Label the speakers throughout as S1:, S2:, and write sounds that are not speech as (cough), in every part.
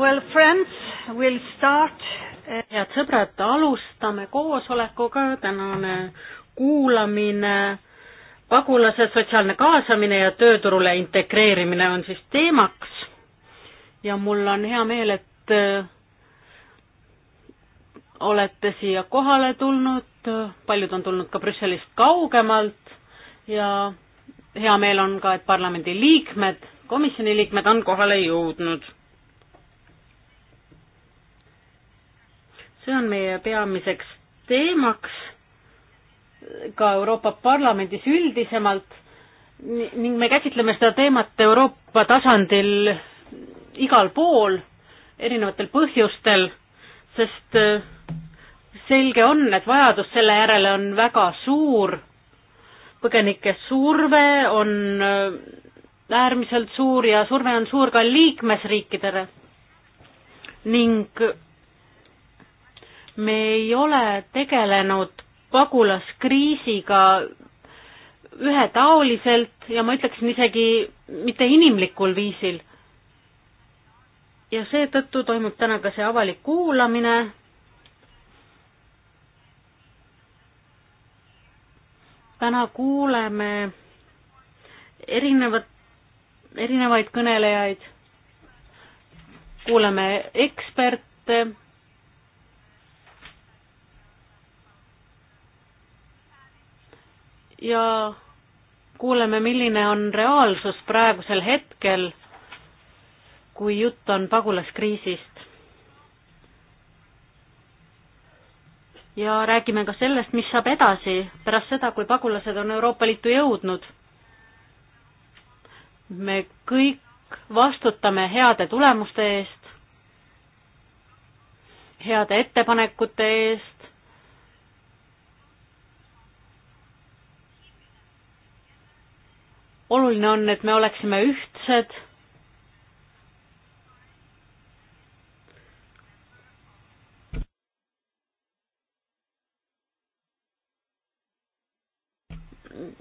S1: Well, friends, we'll start. Uh, head sõbrad, alustame koosolekuga, tänane kuulamine, pagulased, sotsiaalne kaasamine ja tööturule integreerimine on siis teemaks. ja mul on hea meel, et äh, olete siia kohale tulnud, paljud on tulnud ka Brüsselist kaugemalt ja hea meel on ka, et parlamendi liikmed, komisjoni liikmed on kohale jõudnud see on meie peamiseks teemaks ka Euroopa Parlamendis üldisemalt ning me käsitleme seda teemat Euroopa tasandil igal pool erinevatel põhjustel, sest äh, selge on, et vajadus selle järele on väga suur, põgenike surve on äh, äärmiselt suur ja surve on suur ka liikmesriikidele ning me ei ole tegelenud pagulaskriisiga ühetaoliselt ja ma ütleksin isegi mitte inimlikul viisil. ja seetõttu toimub täna ka see avalik kuulamine. täna kuuleme erinevat, erinevaid kõnelejaid, kuuleme eksperte ja kuuleme, milline on reaalsus praegusel hetkel, kui jutt on pagulaskriisist. ja räägime ka sellest, mis saab edasi pärast seda, kui pagulased on Euroopa Liitu jõudnud. me kõik vastutame heade tulemuste eest, heade ettepanekute eest, oluline on, et me oleksime ühtsed.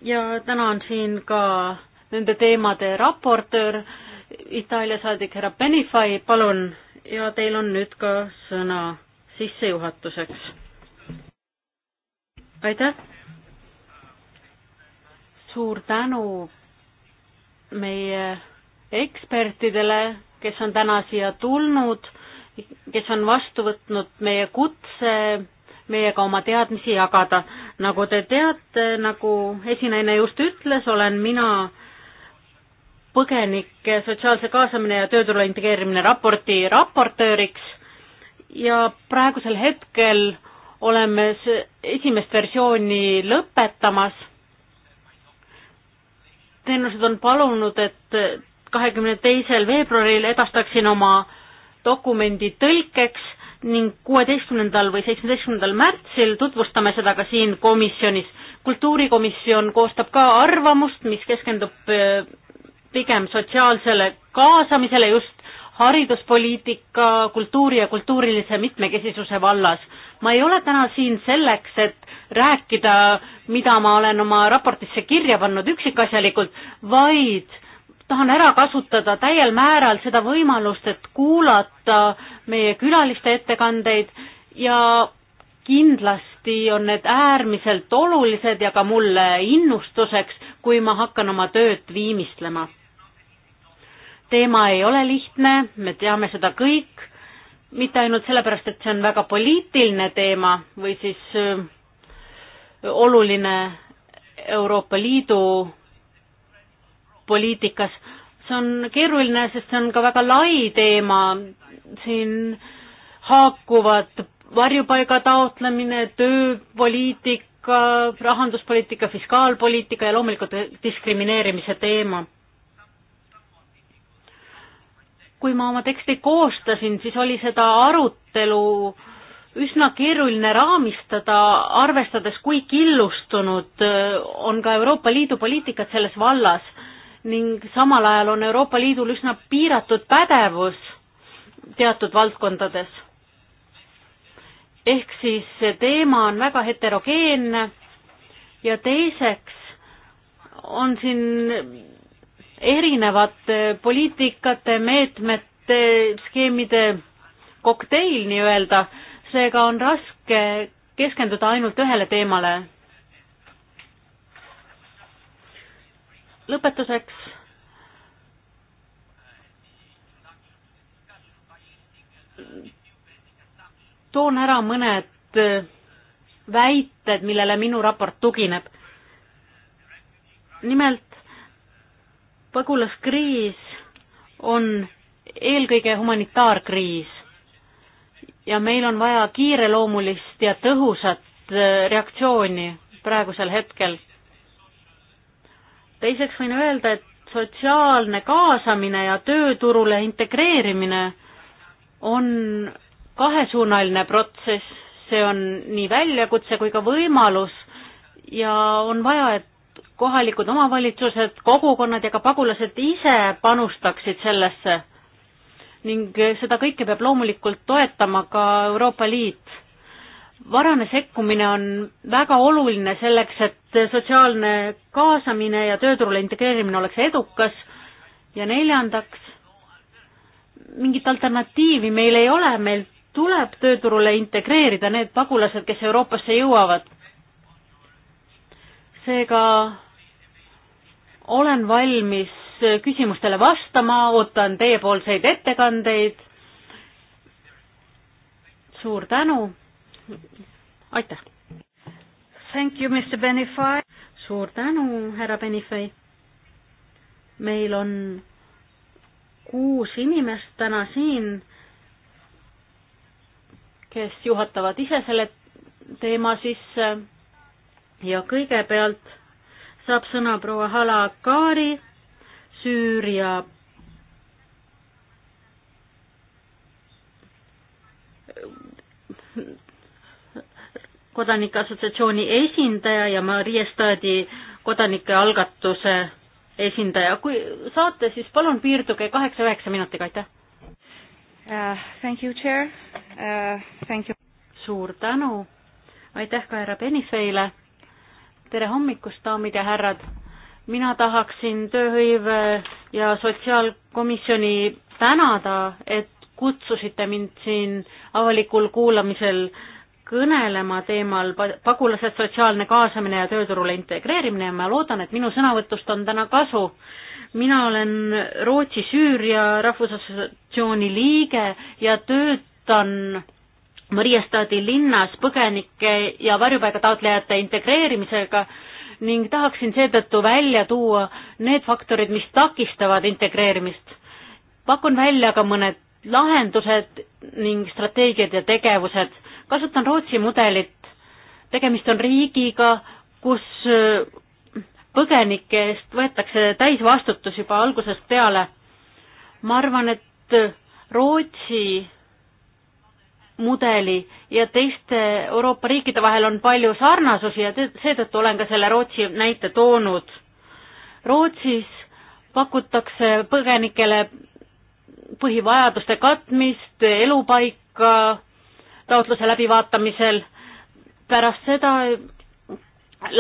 S1: ja täna on siin ka nende teemade raportöör, Itaalia saadik härra Benify, palun, ja teil on nüüd ka sõna sissejuhatuseks. aitäh! suur tänu meie ekspertidele, kes on täna siia tulnud, kes on vastu võtnud meie kutse meiega oma teadmisi jagada. nagu te teate, nagu esinaine just ütles, olen mina põgenike sotsiaalse kaasamine ja tööturu integreerimine raporti raportööriks ja praegusel hetkel oleme esimest versiooni lõpetamas teenused on palunud, et kahekümne teisel veebruaril edastaksin oma dokumendi tõlkeks ning kuueteistkümnendal või seitsmeteistkümnendal märtsil tutvustame seda ka siin komisjonis. kultuurikomisjon koostab ka arvamust, mis keskendub äh, pigem sotsiaalsele kaasamisele just hariduspoliitika, kultuuri ja kultuurilise mitmekesisuse vallas. ma ei ole täna siin selleks, et rääkida, mida ma olen oma raportisse kirja pannud üksikasjalikult, vaid tahan ära kasutada täiel määral seda võimalust, et kuulata meie külaliste ettekandeid ja kindlasti on need äärmiselt olulised ja ka mulle innustuseks, kui ma hakkan oma tööd viimistlema teema ei ole lihtne, me teame seda kõik, mitte ainult sellepärast, et see on väga poliitiline teema või siis äh, oluline Euroopa Liidu poliitikas, see on keeruline, sest see on ka väga lai teema, siin haakuvad varjupaiga taotlemine, tööpoliitika, rahanduspoliitika, fiskaalpoliitika ja loomulikult diskrimineerimise teema kui ma oma teksti koostasin, siis oli seda arutelu üsna keeruline raamistada, arvestades, kui killustunud äh, on ka Euroopa Liidu poliitikad selles vallas ning samal ajal on Euroopa Liidul üsna piiratud pädevus teatud valdkondades. ehk siis see teema on väga heterogeenne ja teiseks on siin erinevate poliitikate, meetmete, skeemide kokteil nii-öelda, seega on raske keskenduda ainult ühele teemale. lõpetuseks toon ära mõned väited, millele minu raport tugineb. nimelt pagulaskriis on eelkõige humanitaarkriis ja meil on vaja kiireloomulist ja tõhusat äh, reaktsiooni praegusel hetkel. teiseks võin öelda, et sotsiaalne kaasamine ja tööturule integreerimine on kahesuunaline protsess, see on nii väljakutse kui ka võimalus ja on vaja, et kohalikud omavalitsused, kogukonnad ja ka pagulased ise panustaksid sellesse. ning seda kõike peab loomulikult toetama ka Euroopa Liit. varane sekkumine on väga oluline selleks, et sotsiaalne kaasamine ja tööturule integreerimine oleks edukas ja neljandaks, mingit alternatiivi meil ei ole, meil tuleb tööturule integreerida need pagulased, kes Euroopasse jõuavad. seega olen valmis küsimustele vastama, ootan teiepoolseid ettekandeid. suur tänu. aitäh. Thank you, Mr Benify. suur tänu, härra Benify. meil on kuus inimest täna siin, kes juhatavad ise selle teema sisse ja kõigepealt saab sõna proua Hala Akari, Süüria kodanike assotsiatsiooni esindaja ja Marie Stadi kodanike algatuse esindaja. kui saate, siis palun piirduge kaheksa-üheksa minutiga, aitäh uh,. Thank you, chair uh,. Thank you. suur tänu. aitäh ka härra Benifeile tere hommikust, daamid ja härrad! mina tahaksin tööhõive ja sotsiaalkomisjoni tänada, et kutsusite mind siin avalikul kuulamisel kõnelema teemal pagulased, sotsiaalne kaasamine ja tööturule integreerimine ja ma loodan, et minu sõnavõtust on täna kasu. mina olen Rootsi-Süüria rahvusassotsiatsiooni liige ja töötan Mariestadi linnas põgenike ja varjupaiga taotlejate integreerimisega ning tahaksin seetõttu välja tuua need faktorid, mis takistavad integreerimist. pakun välja ka mõned lahendused ning strateegiad ja tegevused. kasutan Rootsi mudelit. tegemist on riigiga, kus äh, põgenike eest võetakse täisvastutus juba algusest peale. ma arvan, et Rootsi mudeli ja teiste Euroopa riikide vahel on palju sarnasusi ja seetõttu olen ka selle Rootsi näite toonud. Rootsis pakutakse põgenikele põhivajaduste katmist, elupaika taotluse läbivaatamisel, pärast seda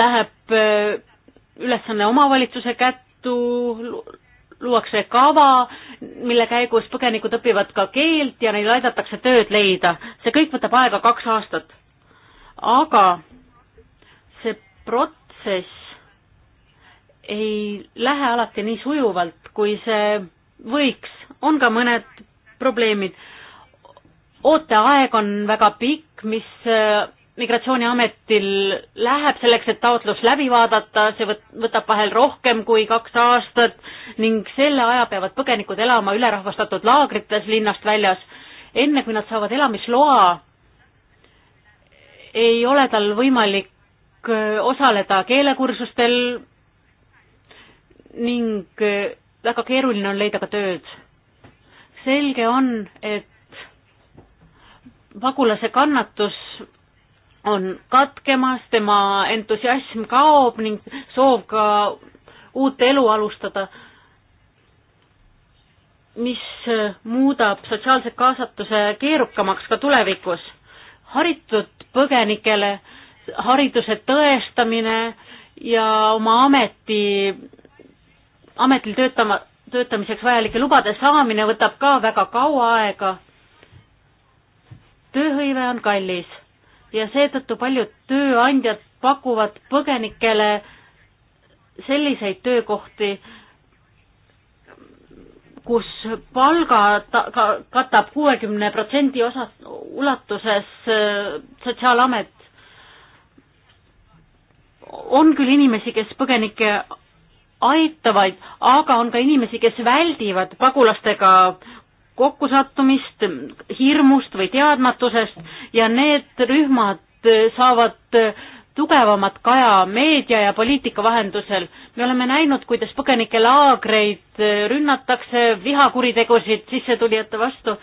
S1: läheb äh, ülesanne omavalitsuse kättu, luuakse kava, mille käigus põgenikud õpivad ka keelt ja neil aidatakse tööd leida. see kõik võtab aega kaks aastat. aga see protsess ei lähe alati nii sujuvalt, kui see võiks. on ka mõned probleemid. ooteaeg on väga pikk, mis migratsiooniametil läheb selleks, et taotlus läbi vaadata, see võtab vahel rohkem kui kaks aastat ning selle aja peavad põgenikud elama ülerahvastatud laagrites linnast väljas. enne kui nad saavad elamisloa, ei ole tal võimalik äh, osaleda keelekursustel ning äh, väga keeruline on leida ka tööd. selge on, et pagulase kannatus on katkemas, tema entusiasm kaob ning soov ka uut elu alustada, mis muudab sotsiaalse kaasatuse keerukamaks ka tulevikus. haritud põgenikele hariduse tõestamine ja oma ameti, ametil töötama, töötamiseks vajalike lubade saamine võtab ka väga kaua aega. tööhõive on kallis ja seetõttu paljud tööandjad pakuvad põgenikele selliseid töökohti, kus palga ta, ka, katab kuuekümne protsendi osas ulatuses äh, Sotsiaalamet. on küll inimesi, kes põgenikke aitavad, aga on ka inimesi, kes väldivad pagulastega kokkusattumist, hirmust või teadmatusest ja need rühmad saavad tugevamat kaja meedia ja poliitika vahendusel. me oleme näinud, kuidas põgenikelaagreid rünnatakse, vihakuritegusid sissetulijate vastu.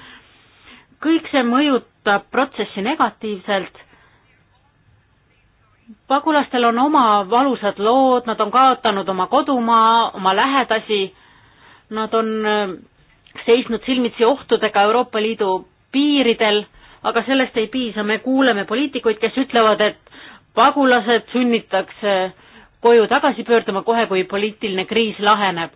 S1: kõik see mõjutab protsessi negatiivselt. pagulastel on oma valusad lood, nad on kaotanud oma kodumaa, oma lähedasi, nad on seisnud silmitsi ohtudega Euroopa Liidu piiridel, aga sellest ei piisa, me kuuleme poliitikuid, kes ütlevad, et pagulased sunnitakse koju tagasi pöörduma kohe, kui poliitiline kriis laheneb.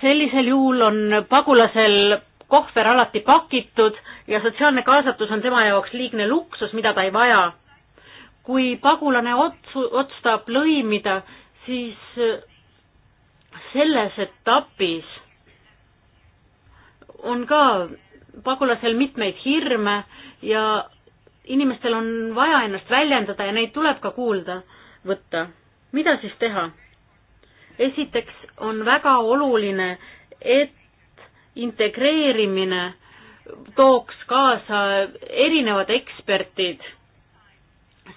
S1: sellisel juhul on pagulasel kohver alati pakitud ja sotsiaalne kaasatus on tema jaoks liigne luksus, mida ta ei vaja. kui pagulane otsu-, otsustab lõimida, siis selles etapis on ka pagulasel mitmeid hirme ja inimestel on vaja ennast väljendada ja neid tuleb ka kuulda võtta. mida siis teha? esiteks on väga oluline, et integreerimine tooks kaasa erinevad eksperdid.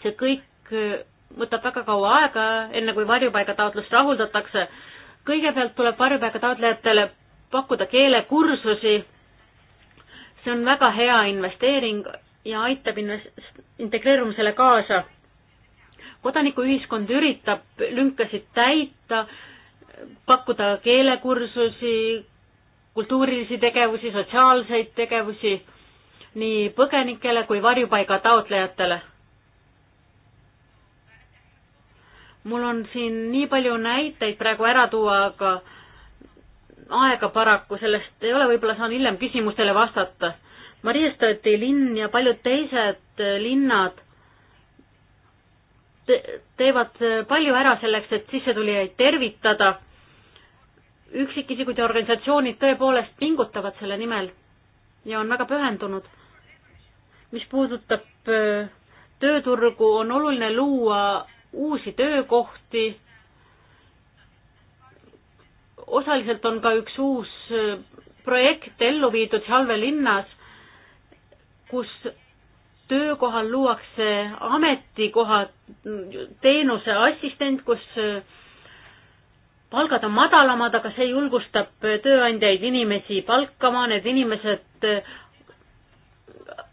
S1: see kõik võtab väga kaua aega, enne kui varjupaigataotlust rahuldatakse. kõigepealt tuleb varjupaigataotlejatele pakkuda keelekursusi. see on väga hea investeering ja aitab invest-, integreerumisele kaasa. kodanikuühiskond üritab lünkasid täita, pakkuda keelekursusi, kultuurilisi tegevusi, sotsiaalseid tegevusi nii põgenikele kui varjupaiga taotlejatele. mul on siin nii palju näiteid praegu ära tuua, aga aega paraku, sellest ei ole, võib-olla saan hiljem küsimustele vastata. Mariestati linn ja paljud teised linnad te teevad palju ära selleks, et sissetulijaid tervitada. üksikisikud ja organisatsioonid tõepoolest pingutavad selle nimel ja on väga pühendunud. mis puudutab äh, tööturgu, on oluline luua uusi töökohti osaliselt on ka üks uus äh, projekt ellu viidud Jalve linnas, kus töökohal luuakse ametikohad, teenuse assistent, kus äh, palgad on madalamad, aga see julgustab äh, tööandjaid inimesi palkama, need inimesed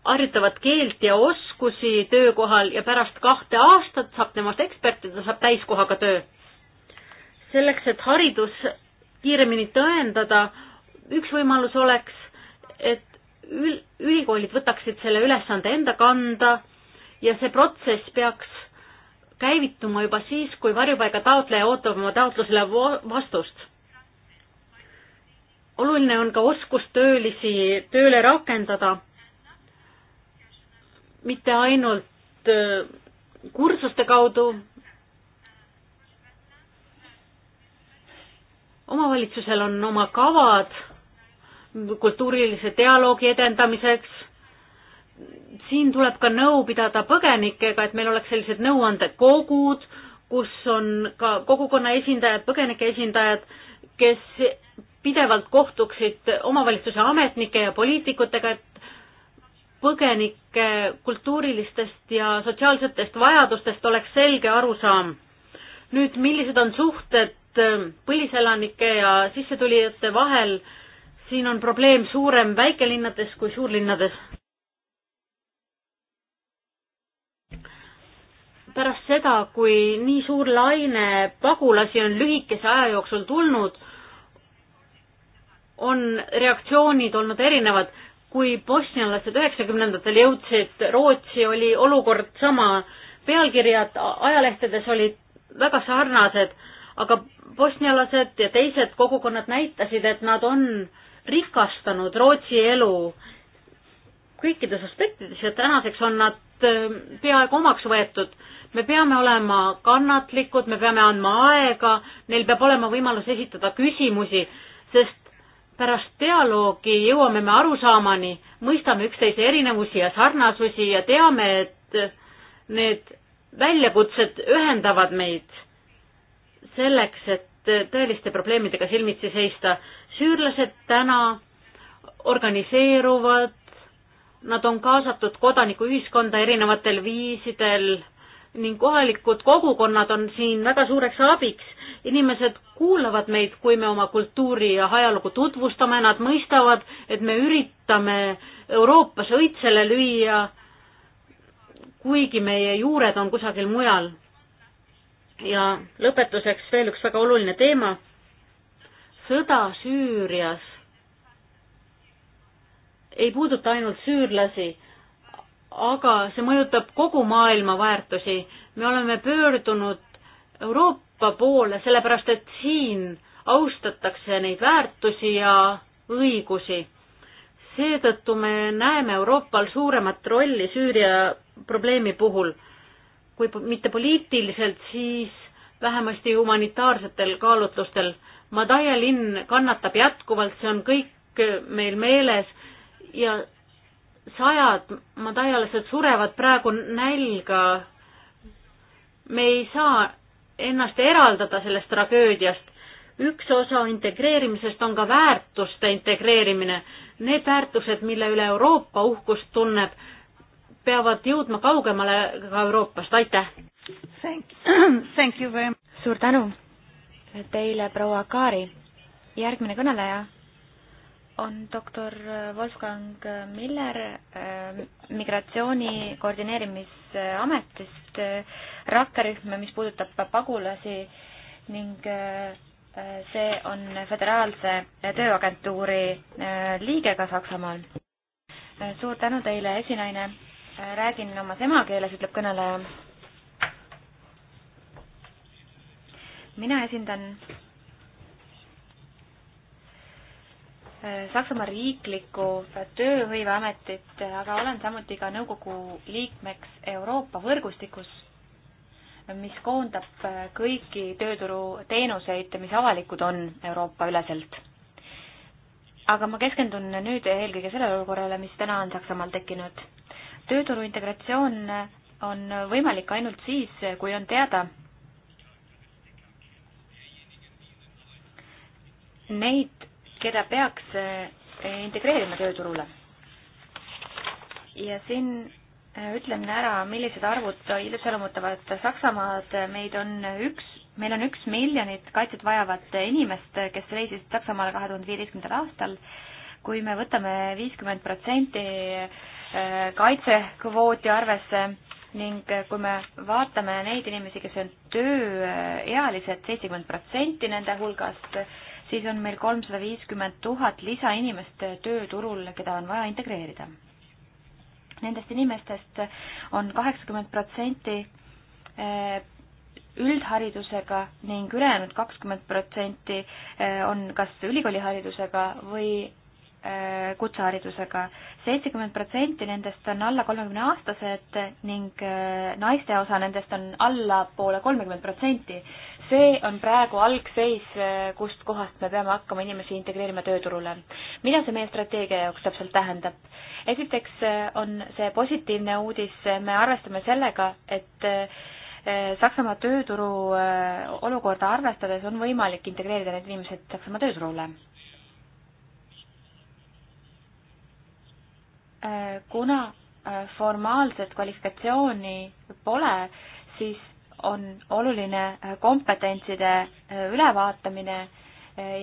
S1: harjutavad keelt ja oskusi töökohal ja pärast kahte aastat saab temast ekspert ja ta saab täiskohaga töö. selleks, et haridus kiiremini tõendada. üks võimalus oleks, et ülikoolid võtaksid selle ülesande enda kanda ja see protsess peaks käivituma juba siis, kui varjupaiga taotleja ootab oma taotlusele vastust. oluline on ka oskustöölisi tööle rakendada, mitte ainult äh, kursuste kaudu, omavalitsusel on oma kavad kultuurilise dialoogi edendamiseks. siin tuleb ka nõu pidada põgenikega, et meil oleks sellised nõuandekogud, kus on ka kogukonna esindajad, põgenike esindajad, kes pidevalt kohtuksid omavalitsuse ametnike ja poliitikutega, et põgenike kultuurilistest ja sotsiaalsetest vajadustest oleks selge arusaam. nüüd, millised on suhted Äh, põliselanike ja sissetulijate vahel, siin on probleem suurem väikelinnades kui suurlinnades. pärast seda, kui nii suur laine pagulasi on lühikese aja jooksul tulnud, on reaktsioonid olnud erinevad. kui bosnialased üheksakümnendatel jõudsid Rootsi, oli olukord sama, pealkirjad ajalehtedes olid väga sarnased aga bosnialased ja teised kogukonnad näitasid, et nad on rikastanud Rootsi elu kõikides aspektides ja tänaseks on nad äh, peaaegu omaks võetud. me peame olema kannatlikud, me peame andma aega, neil peab olema võimalus esitada küsimusi, sest pärast dialoogi jõuame me arusaamani, mõistame üksteise erinevusi ja sarnasusi ja teame, et need väljakutsed ühendavad meid selleks, et tõeliste probleemidega silmitsi seista. süürlased täna organiseeruvad, nad on kaasatud kodanikuühiskonda erinevatel viisidel ning kohalikud kogukonnad on siin väga suureks abiks. inimesed kuulavad meid, kui me oma kultuuri ja ajalugu tutvustame, nad mõistavad, et me üritame Euroopas õitsele lüüa, kuigi meie juured on kusagil mujal ja lõpetuseks veel üks väga oluline teema. sõda Süürias ei puuduta ainult süürlasi, aga see mõjutab kogu maailma väärtusi. me oleme pöördunud Euroopa poole, sellepärast et siin austatakse neid väärtusi ja õigusi. seetõttu me näeme Euroopal suuremat rolli Süüria probleemi puhul kui mitte poliitiliselt, siis vähemasti humanitaarsetel kaalutlustel. Madaia linn kannatab jätkuvalt, see on kõik meil meeles ja sajad madaialased surevad praegu nälga. me ei saa ennast eraldada sellest tragöödiast. üks osa integreerimisest on ka väärtuste integreerimine. Need väärtused, mille üle Euroopa uhkust tunneb, peavad jõudma kaugemale ka Euroopast, aitäh! (clears throat) Thank you very much!
S2: suur tänu teile, proua Kaari! järgmine kõneleja on doktor Wolfgang Miller ähm, migratsiooni koordineerimisametist, äh, rakkerühm, mis puudutab pagulasi ning äh, äh, see on Föderaalse Tööagentuuri liige ka Saksamaal. suur tänu teile, esinaine räägin omas emakeeles, ütleb kõneleja. mina esindan äh, Saksamaa riiklikku tööhõiveametit, aga olen samuti ka nõukogu liikmeks Euroopa võrgustikus, mis koondab äh, kõiki tööturuteenuseid, mis avalikud on Euroopa üleselt. aga ma keskendun nüüd eelkõige sellele olukorrale, mis täna on Saksamaal tekkinud tööturu integratsioon on võimalik ainult siis, kui on teada neid, keda peaks eh, integreerima tööturule. ja siin eh, ütlen ära, millised arvud iseloomutavad Saksamaad, meid on üks, meil on üks miljonit kaitset vajavat inimest, kes reisisid Saksamaale kahe tuhande viieteistkümnendal aastal. kui me võtame viiskümmend protsenti kaitsekvooti arvesse ning kui me vaatame neid inimesi, kes on tööealised, seitsekümmend protsenti nende hulgast, siis on meil kolmsada viiskümmend tuhat lisainimest tööturul, keda on vaja integreerida. Nendest inimestest on kaheksakümmend protsenti eh, üldharidusega ning ülejäänud kakskümmend protsenti eh, on kas ülikooliharidusega või Äh, kutseharidusega. seitsekümmend protsenti nendest on alla kolmekümne aastased ning äh, naiste osa nendest on allapoole kolmekümmend protsenti. see on praegu algseis, äh, kust kohast me peame hakkama inimesi integreerima tööturule. mida see meie strateegia jaoks täpselt tähendab? esiteks on see positiivne uudis, me arvestame sellega, et Saksamaa tööturu olukorda arvestades on võimalik integreerida need inimesed Saksamaa tööturule Äh, kuna äh, formaalset kvalifikatsiooni pole, siis on oluline äh, kompetentside ülevaatamine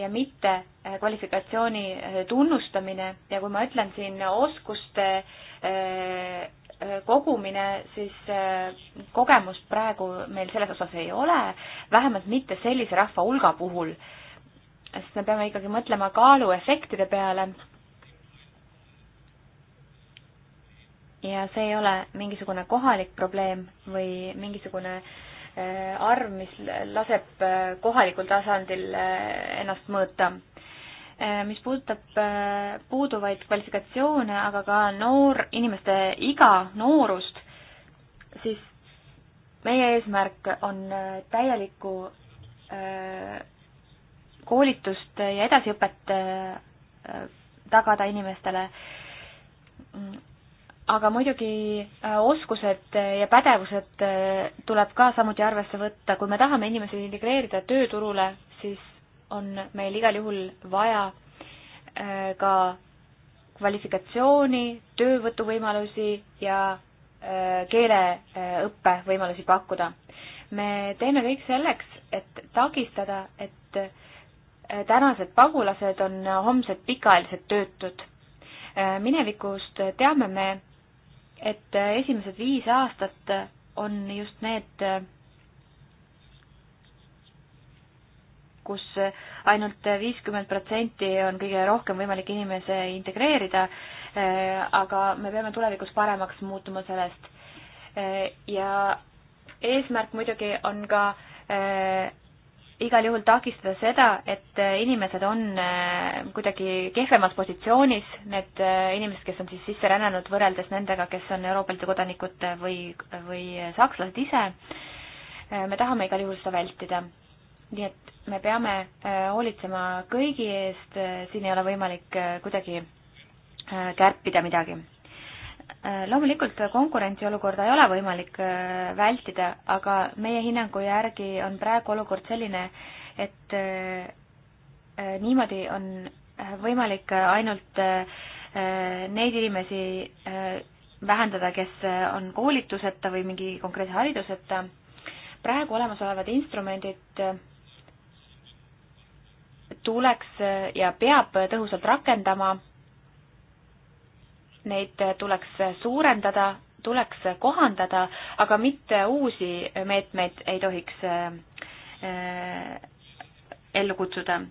S2: ja mitte kvalifikatsiooni tunnustamine ja kui ma ütlen siin oskuste kogumine, siis kogemust praegu meil selles osas ei ole, vähemalt mitte sellise rahva hulga puhul. sest me peame ikkagi mõtlema kaaluefektide peale ja see ei ole mingisugune kohalik probleem või mingisugune äh, arv, mis laseb äh, kohalikul tasandil äh, ennast mõõta. mis puudutab puuduvaid kvalifikatsioone, aga ka noor, inimeste iga, noorust, siis meie eesmärk on täielikku koolitust ja edasiõpet tagada inimestele aga muidugi äh, oskused äh, ja pädevused äh, tuleb ka samuti arvesse võtta, kui me tahame inimesi integreerida tööturule, siis on meil igal juhul vaja ka kvalifikatsiooni, töövõtuvõimalusi ja keeleõppe võimalusi pakkuda. me teeme kõik selleks, et takistada, et tänased pagulased on homsed pikaajalised töötud. minevikust teame me, et äh, esimesed viis aastat äh, on just need, äh, kus ainult viiskümmend protsenti on kõige rohkem võimalik inimese integreerida, aga me peame tulevikus paremaks muutuma sellest. ja eesmärk muidugi on ka igal juhul takistada seda, et äh, inimesed on äh, kuidagi kehvemas positsioonis, need äh, inimesed, kes on siis sisse rännanud võrreldes nendega, kes on Euroopa Liidu kodanikud või, või sakslased ise. me tahame igal juhul seda vältida. nii et me peame hoolitsema kõigi eest, siin ei ole võimalik kuidagi kärpida midagi Äh, loomulikult konkurentsiolukorda ei ole võimalik äh, vältida, aga meie hinnangu järgi on praegu olukord selline, et äh, niimoodi on võimalik ainult neid inimesi vähendada, kes on koolituseta või mingi konkreetse hariduseta. praegu olemasolevad instrumendid tuleks ja peab tõhusalt rakendama neid tuleks suurendada, tuleks kohandada, aga mitte uusi meetmeid ei tohiks äh, ellu kutsuda.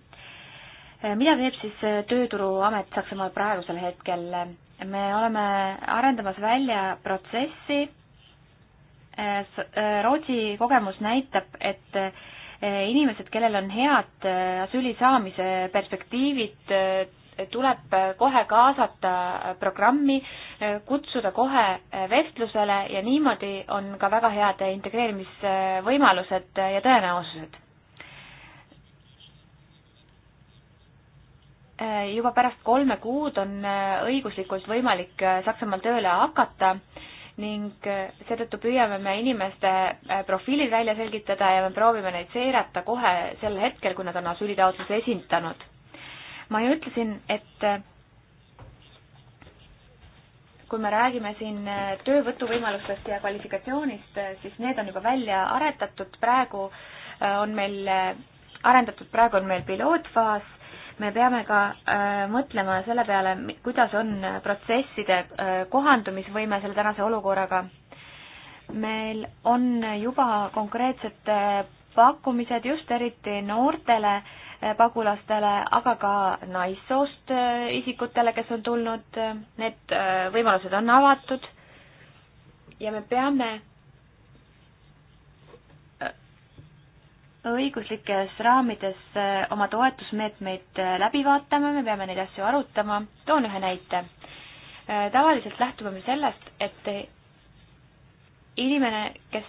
S2: Äh, mida teeb siis äh, Tööturuamet Saksamaal praegusel hetkel? me oleme arendamas välja protsessi, Rootsi kogemus näitab, et inimesed, kellel on head asüüli saamise perspektiivid, tuleb kohe kaasata programmi, kutsuda kohe vestlusele ja niimoodi on ka väga head integreerimisvõimalused ja tõenäosused. juba pärast kolme kuud on õiguslikult võimalik Saksamaal tööle hakata ning seetõttu püüame me inimeste profiilid välja selgitada ja me proovime neid seirata kohe sel hetkel, kui nad on asüülitaotluse esitanud ma ju ütlesin, et äh, kui me räägime siin äh, töövõtuvõimalustest ja kvalifikatsioonist, äh, siis need on juba välja aretatud, praegu on meil arendatud, praegu on meil pilootfaas, me peame ka äh, mõtlema selle peale, kuidas on protsesside äh, kohandumisvõime selle tänase olukorraga. meil on juba konkreetsed äh, pakkumised just eriti noortele äh, Äh, pagulastele, aga ka naissoost äh, isikutele, kes on tulnud, need äh, võimalused on avatud ja me peame õiguslikes raamides oma toetusmeetmeid läbi vaatama, me peame neid asju arutama, toon ühe näite. tavaliselt lähtume me sellest, et inimene, kes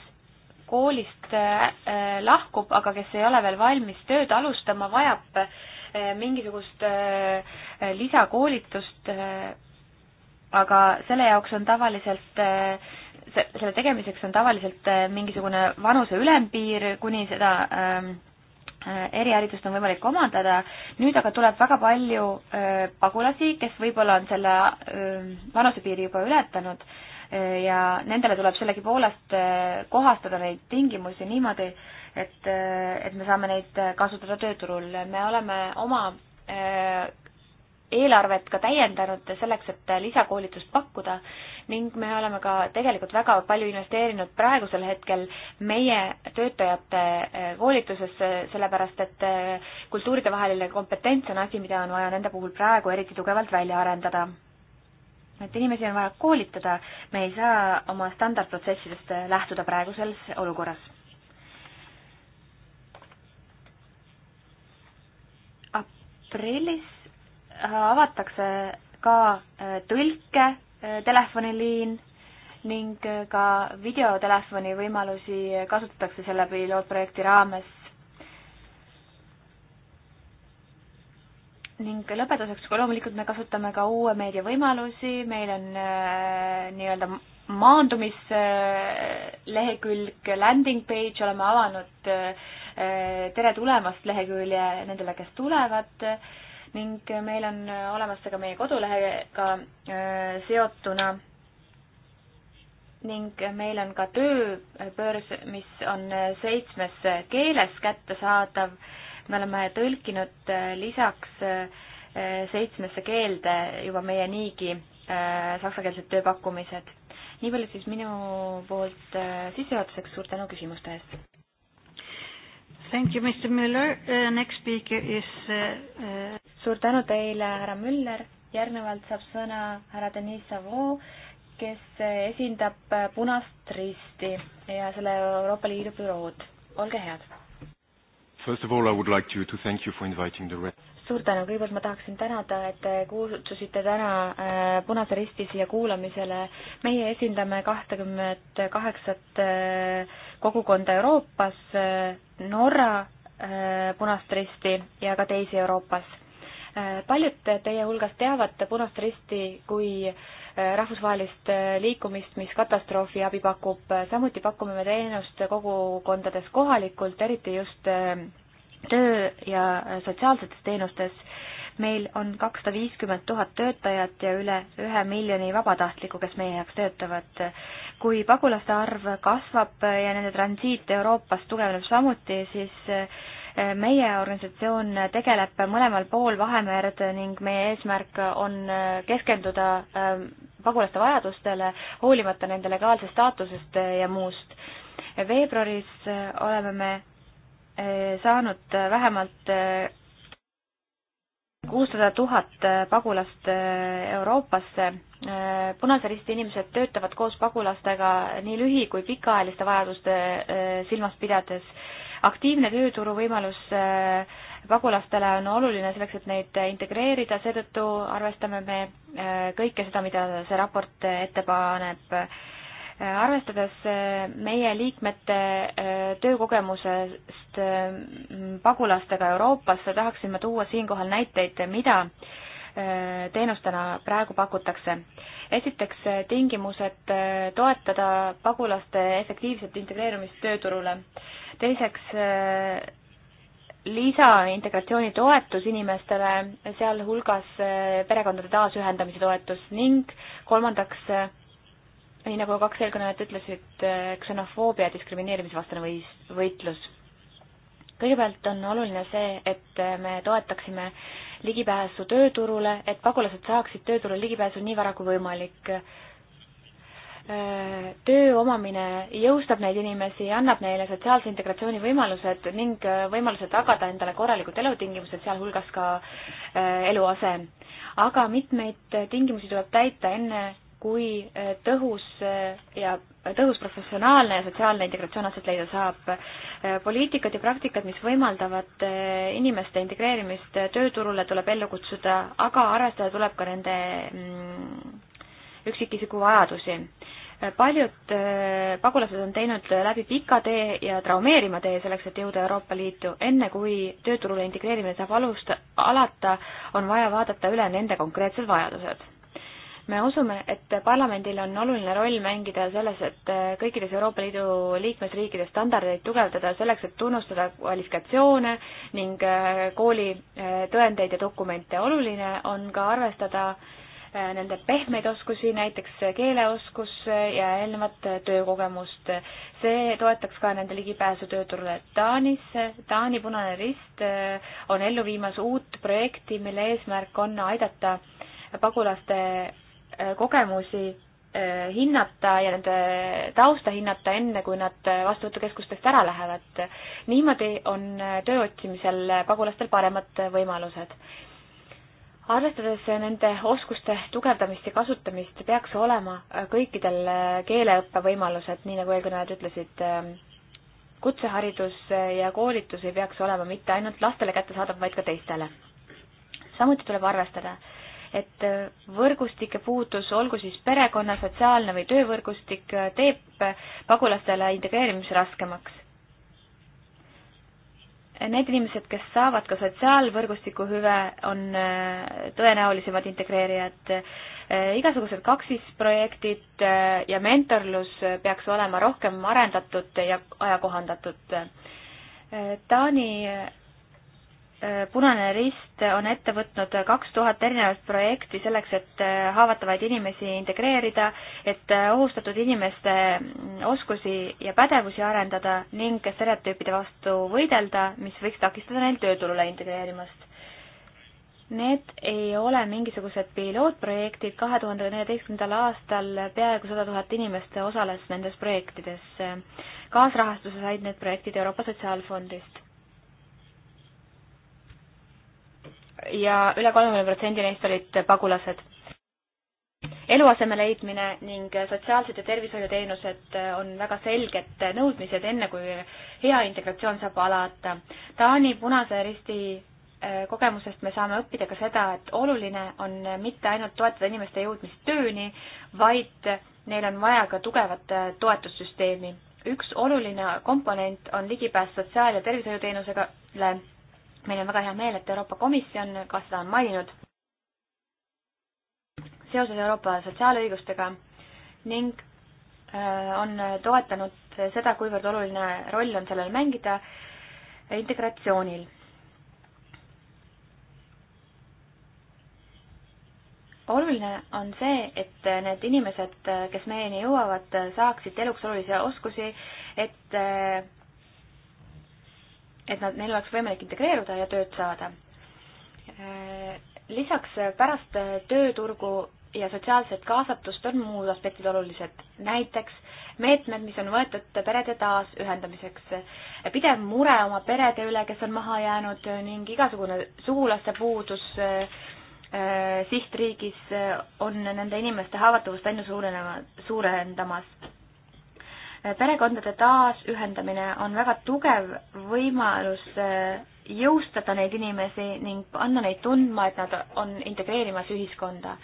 S2: koolist äh, lahkub, aga kes ei ole veel valmis tööd alustama, vajab äh, mingisugust äh, lisakoolitust. aga selle jaoks on tavaliselt, selle tegemiseks on tavaliselt mingisugune vanuse ülempiir, kuni seda ähm, eriharidust on võimalik omandada, nüüd aga tuleb väga palju pagulasi, kes võib-olla on selle vanusepiiri juba ületanud ja nendele tuleb sellegipoolest eh, kohastada neid tingimusi niimoodi, et, eh, et me saame neid eh, kasutada tööturul. me oleme oma eelarvet ka täiendanud selleks, et lisakoolitust pakkuda ning me oleme ka tegelikult väga palju investeerinud praegusel hetkel meie töötajate koolitusesse, sellepärast et kultuuridevaheline kompetents on asi, mida on vaja nende puhul praegu eriti tugevalt välja arendada et inimesi on vaja koolitada, me ei saa oma standardprotsessidest lähtuda praeguses olukorras. aprillis äh, avatakse ka äh, tõlke äh, telefoniliin ning ka videotelefoni võimalusi kasutatakse selle pilootprojekti raames ning lõpetuseks, loomulikult me kasutame ka uue meedia võimalusi, meil on äh, nii-öelda maandumislehekülg, äh, landing page oleme avanud äh, tere tulemast lehekülje nendele, kes tulevad ning meil on äh, olemas see ka meie kodulehega äh, seotuna ning meil on ka tööbörs, mis on äh, seitsmes keeles kättesaadav äh, me oleme tõlkinud äh, lisaks äh, seitsmesse keelde juba meie niigi äh, saksakeelsed tööpakkumised. nii palju siis minu poolt sissejuhatuseks, suur tänu küsimuste eest!
S1: Thank you, Mr Müller uh,, next speaker
S2: is uh, uh, suur tänu teile, härra Müller, järgnevalt saab sõna härra Deniss Savoo, kes esindab Punast Risti ja selle Euroopa Liidu bürood, olge head!
S1: First of all, I would like to, to thank you for inviting the Red
S2: suur tänu, kõigepealt ma tahaksin tänada, et te kutsusite täna äh, Punase Risti siia kuulamisele. meie esindame kahtekümmet kaheksat äh, kogukonda Euroopas, äh, Norra Punast Risti ja ka teisi Euroopas. paljud teie hulgast teavad Punast Risti kui rahvusvahelist äh, liikumist, mis katastroofiabi pakub, samuti pakume me teenust kogukondades kohalikult, eriti just äh, töö ja äh, sotsiaalsetes teenustes. meil on kakssada viiskümmend tuhat töötajat ja üle ühe miljoni vabatahtlikku, kes meie heaks töötavad. kui pagulaste arv kasvab ja nende transiit Euroopas tugevneb samuti, siis meie organisatsioon tegeleb mõlemal pool Vahemerd ning meie eesmärk on keskenduda ähm, pagulaste vajadustele, hoolimata nende legaalsest staatusest ja muust. veebruaris äh, oleme me äh, saanud äh, vähemalt kuussada tuhat pagulast Euroopasse. Punase Risti inimesed töötavad koos pagulastega nii lühi- kui pikaajaliste vajaduste silmas pidades. aktiivne tööturuvõimalus äh, pagulastele on oluline selleks, et neid integreerida, seetõttu arvestame me äh, kõike seda, mida see raport ette paneb. Äh, arvestades äh, meie liikmete töökogemusest pagulastega Euroopas, tahaksime tuua siinkohal näiteid, mida teenustena praegu pakutakse. esiteks tingimused toetada pagulaste efektiivset integreerumist tööturule. teiseks lisaintegratsiooni toetus inimestele, sealhulgas eh, perekondade taasühendamise toetus ning kolmandaks, eh, nii nagu kaks eelkõnelejat ütlesid, eh, ksenofoobia ja diskrimineerimisvastane või-, võitlus. kõigepealt on oluline see, et me toetaksime ligipääsu tööturule, et pagulased saaksid tööturule ligipääsu nii vara kui võimalik Äh, töö omamine jõustab neid inimesi, annab neile sotsiaalse integratsiooni võimalused ning äh, võimaluse tagada endale korralikud elutingimused, sealhulgas ka äh, eluase. aga mitmeid tingimusi tuleb täita enne, kui tõhus ja tõhus professionaalne ja sotsiaalne integratsioon aset leida saab. poliitikad ja praktikad, mis võimaldavad inimeste integreerimist tööturule, tuleb ellu kutsuda, aga arvestada tuleb ka nende mm, üksikisiku vajadusi. paljud äh, pagulased on teinud läbi pika tee ja traumeerima tee selleks, et jõuda Euroopa Liitu. enne kui tööturule integreerimine saab alust-, alata, on vaja vaadata üle nende konkreetsed vajadused me usume, et parlamendil on oluline roll mängida selles, et äh, kõikides Euroopa Liidu liikmesriikide standardeid tugevdada selleks, et tunnustada kvalifikatsioone ning äh, koolitõendeid ja dokumente. oluline on ka arvestada Äh, nende pehmeid oskusi, näiteks keeleoskus äh, ja eelnevat äh, töökogemust. see toetaks ka nende ligipääsu tööturule. Taanis, Taani Punane Rist on ellu viimas uut projekti, mille eesmärk on aidata pagulaste kogemusi hinnata ja nende tausta hinnata, enne kui nad vastuvõtukeskustest ära lähevad. niimoodi on töö otsimisel pagulastel paremad võimalused arvestades nende oskuste tugevdamist ja kasutamist, peaks olema äh, kõikidel äh, keeleõppevõimalused, nii nagu eelkõnelejad ütlesid, ähm, kutseharidus äh, ja koolitus ei peaks olema mitte ainult lastele kättesaadav, vaid ka teistele. samuti tuleb arvestada, et võrgustike puudus, olgu siis perekonna, sotsiaalne või töövõrgustik, teeb pagulastele integreerimise raskemaks need inimesed, kes saavad ka sotsiaalvõrgustiku hüve, on äh, tõenäolisemad integreerijad. Äh, igasugused kaksisprojektid äh, ja mentorlus peaks olema rohkem arendatud ja ajakohandatud. Taani Äh, Punane Rist on ette võtnud kaks tuhat erinevat projekti selleks, et äh, haavatavaid inimesi integreerida, et äh, ohustatud inimeste mm, oskusi ja pädevusi arendada ning stereotüüpide vastu võidelda, mis võiks takistada neil tööturule integreerimast. Need ei ole mingisugused pilootprojektid, kahe tuhande neljateistkümnendal aastal peaaegu sada tuhat inimest osales nendes projektides. kaasrahastuse said need projektid Euroopa Sotsiaalfondist ja üle kolmekümne protsendi neist olid pagulased. eluaseme leidmine ning sotsiaalsed ja tervishoiuteenused on väga selged nõudmised, enne kui hea integratsioon saab alata. Taani Punase Risti äh, kogemusest me saame õppida ka seda, et oluline on mitte ainult toetada inimeste jõudmist tööni, vaid neil on vaja ka tugevat äh, toetussüsteemi. üks oluline komponent on ligipääs sotsiaal- ja tervishoiuteenusele meil on väga hea meel, et Euroopa Komisjon ka seda on maininud seoses Euroopa sotsiaalõigustega ning äh, on toetanud seda, kuivõrd oluline roll on sellel mängida integratsioonil. oluline on see, et need inimesed, kes meieni jõuavad, saaksid eluks olulisi oskusi, et äh, et nad, neil oleks võimalik integreeruda ja tööd saada. Äh, lisaks äh, pärast äh, tööturgu ja sotsiaalset kaasatust on muud aspektid olulised, näiteks meetmed, mis on võetud perede taasühendamiseks, pidev mure oma perede üle, kes on maha jäänud ning igasugune sugulaste puudus sihtriigis on nende inimeste haavatavust aina suurenema, suurendamas perekondade taasühendamine on väga tugev võimalus eh, jõustada neid inimesi ning panna neid tundma, et nad on integreerimas ühiskonda.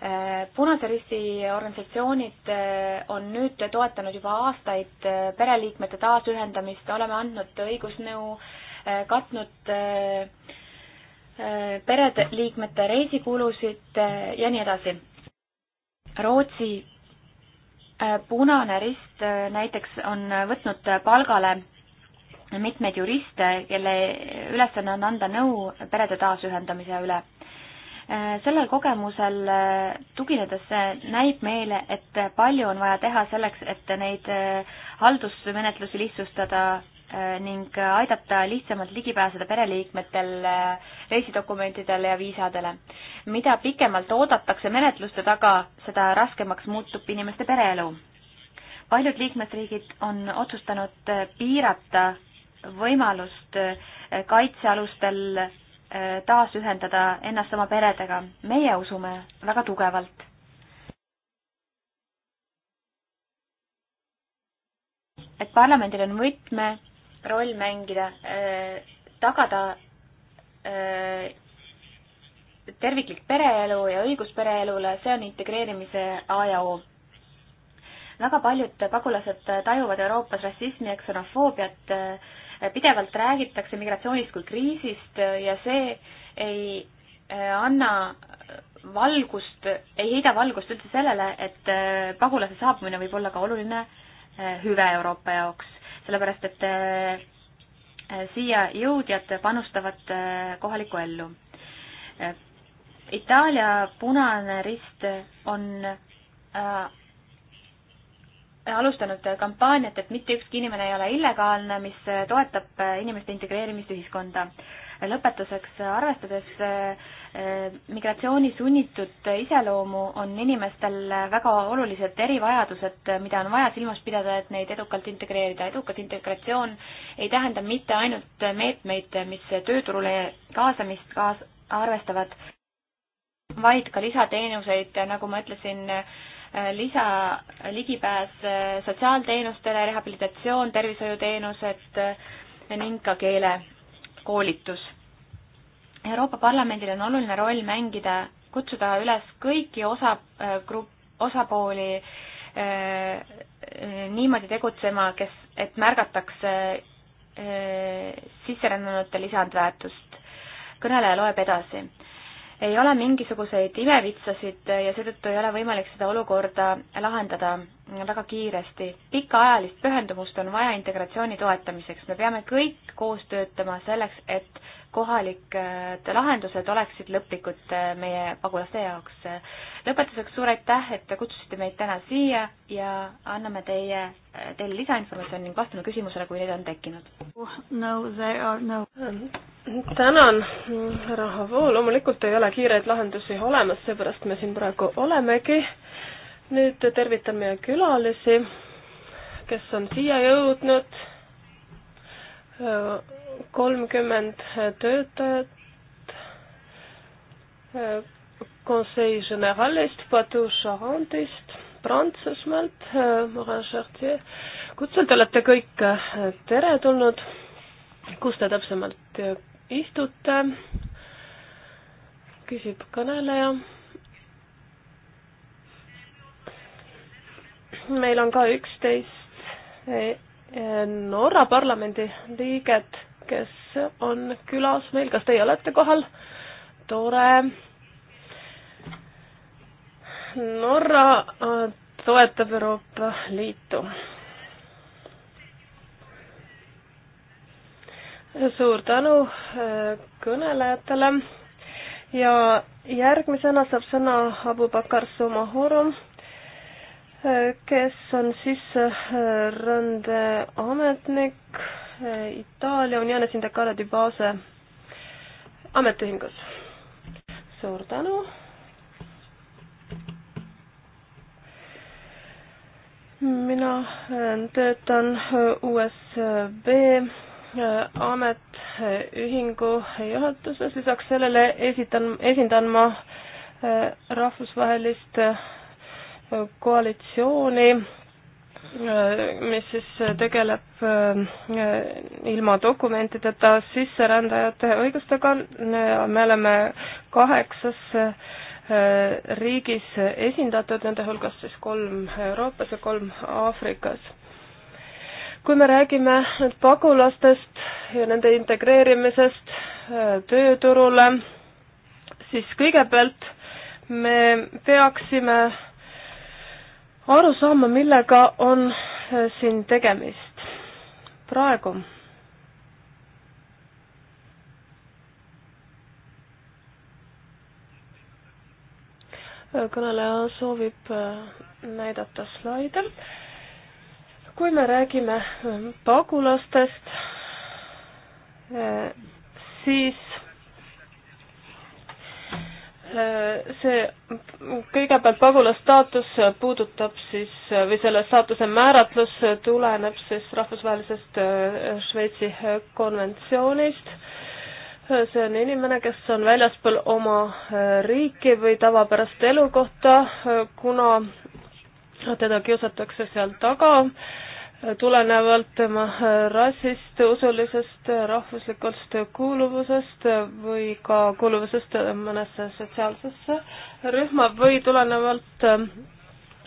S2: Eh, Punase Risti organisatsioonid eh, on nüüd toetanud juba aastaid pereliikmete taasühendamist, oleme andnud õigusnõu, katnud pereliikmete reisikulusid ja nii edasi. Rootsi Äh, punane rist äh, näiteks on äh, võtnud palgale mitmeid juriste, kelle ülesanne on anda nõu perede taasühendamise üle. sellel kogemusel tuginedes näib meile, et palju on vaja teha selleks, et neid haldusmenetlusi lihtsustada, Äh, ning äh, aidata lihtsamalt ligi pääseda pereliikmetel äh, reisidokumentidele ja viisadele. mida pikemalt oodatakse menetluste taga, seda raskemaks muutub inimeste pereelu. paljud liikmesriigid on otsustanud piirata võimalust kaitsealustel taasühendada ennast oma peredega. meie usume väga tugevalt et parlamendil on võtme roll mängida, äh, tagada äh, terviklik pereelu ja õigus pereelule, see on integreerimise A ja O. väga paljud pagulased tajuvad Euroopas rassismi ja ksenofoobiat, äh, pidevalt räägitakse migratsioonist kui kriisist ja see ei anna valgust, ei heida valgust üldse sellele, et pagulase saabumine võib olla ka oluline hüve Euroopa jaoks sellepärast et äh, siia jõudjad panustavad äh, kohalikku ellu. Itaalia Punane Rist on äh, alustanud kampaaniat, et mitte ükski inimene ei ole illegaalne, mis toetab inimeste integreerimist ühiskonda lõpetuseks, arvestades eh, migratsiooni sunnitud iseloomu, on inimestel väga olulised erivajadused, mida on vaja silmas pidada, et neid edukalt integreerida. edukas integratsioon ei tähenda mitte ainult meetmeid, mis tööturule kaasamist kaas-, arvestavad, vaid ka lisateenuseid, nagu ma ütlesin, eh, lisa ligipääs eh, sotsiaalteenustele, rehabilitatsioon, tervishoiuteenused ning ka keele koolitus. Euroopa Parlamendil on oluline roll mängida, kutsuda üles kõiki osa, äh, grupp, osapooli äh, äh, niimoodi tegutsema, kes, et märgatakse sisserännanute lisandväärtust. kõneleja loeb edasi ei ole mingisuguseid imevitsasid ja seetõttu ei ole võimalik seda olukorda lahendada väga kiiresti. pikaajalist pühendumust on vaja integratsiooni toetamiseks, me peame kõik koos töötama selleks, et kohalikud lahendused oleksid lõplikud meie pagulaste jaoks. lõpetuseks suur aitäh, et te kutsusite meid täna siia ja anname teie, teile lisainformatsiooni ning vastame
S3: küsimusele, kui neid on tekkinud. no they are no um, tänan, härra Havoo, loomulikult ei ole kiireid lahendusi olemas, seepärast me siin praegu olemegi. nüüd tervitan meie külalisi, kes on siia jõudnud. kolmkümmend töötajat Conseil Generalist, Poitou-Charentist, Prantsusmaalt, Morin-Chartier. kutselt olete kõik teretulnud kus te täpsemalt istute, küsib kõneleja. meil on ka üksteist eh, eh, Norra parlamendi liiget, kes on külas meil, kas teie olete kohal? tore. Norra eh, toetab Euroopa Liitu suur tänu äh, kõnelejatele ja järgmisena saab sõna Abu Bakar Sumahorum, äh, kes on sisserändeametnik äh, Itaalia Unione Sindicale di Base ametiühingus. suur tänu. mina töötan USB ametiühingu juhatuses, lisaks sellele esitan, esindan ma äh, rahvusvahelist äh, koalitsiooni, äh, mis siis tegeleb ilma dokumentideta sisserändajate õigustega, me oleme kaheksas riigis esindatud, nende hulgas siis kolm Euroopas ja kolm Aafrikas kui me räägime nüüd pagulastest ja nende integreerimisest äh, tööturule, siis kõigepealt me peaksime aru saama, millega on äh, siin tegemist praegu. kõneleja soovib äh, näidata slaidel äh, kui me räägime ähm, pagulastest, äh, siis äh, see kõigepealt pagulastaatus puudutab siis äh, või selle staatuse määratlus tuleneb siis rahvusvahelisest Šveitsi konventsioonist. see on inimene, kes on väljaspool oma riiki või tavapärast elukohta, kuna teda kiusatakse seal taga äh, tulenevalt tema äh, rassist, usulisest, rahvuslikust kuuluvusest või ka kuuluvusest mõnesse sotsiaalsesse rühma või tulenevalt äh,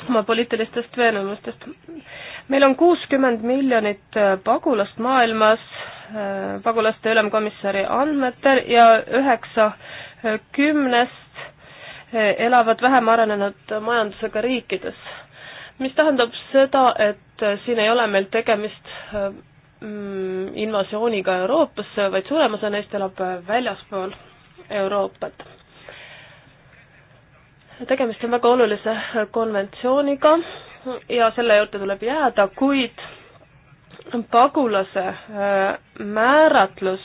S3: oma poliitilistest veenumustest. meil on kuuskümmend miljonit äh, pagulast maailmas, pagulaste ülemkomissari andmetel ja üheksa kümnest elavad vähem arenenud majandusega riikides mis tähendab seda, et äh, siin ei ole meil tegemist äh, mm, invasiooniga Euroopasse, vaid suurem osa neist elab äh, väljaspool Euroopat. tegemist on väga olulise konventsiooniga ja selle juurde tuleb jääda, kuid pagulase määratlus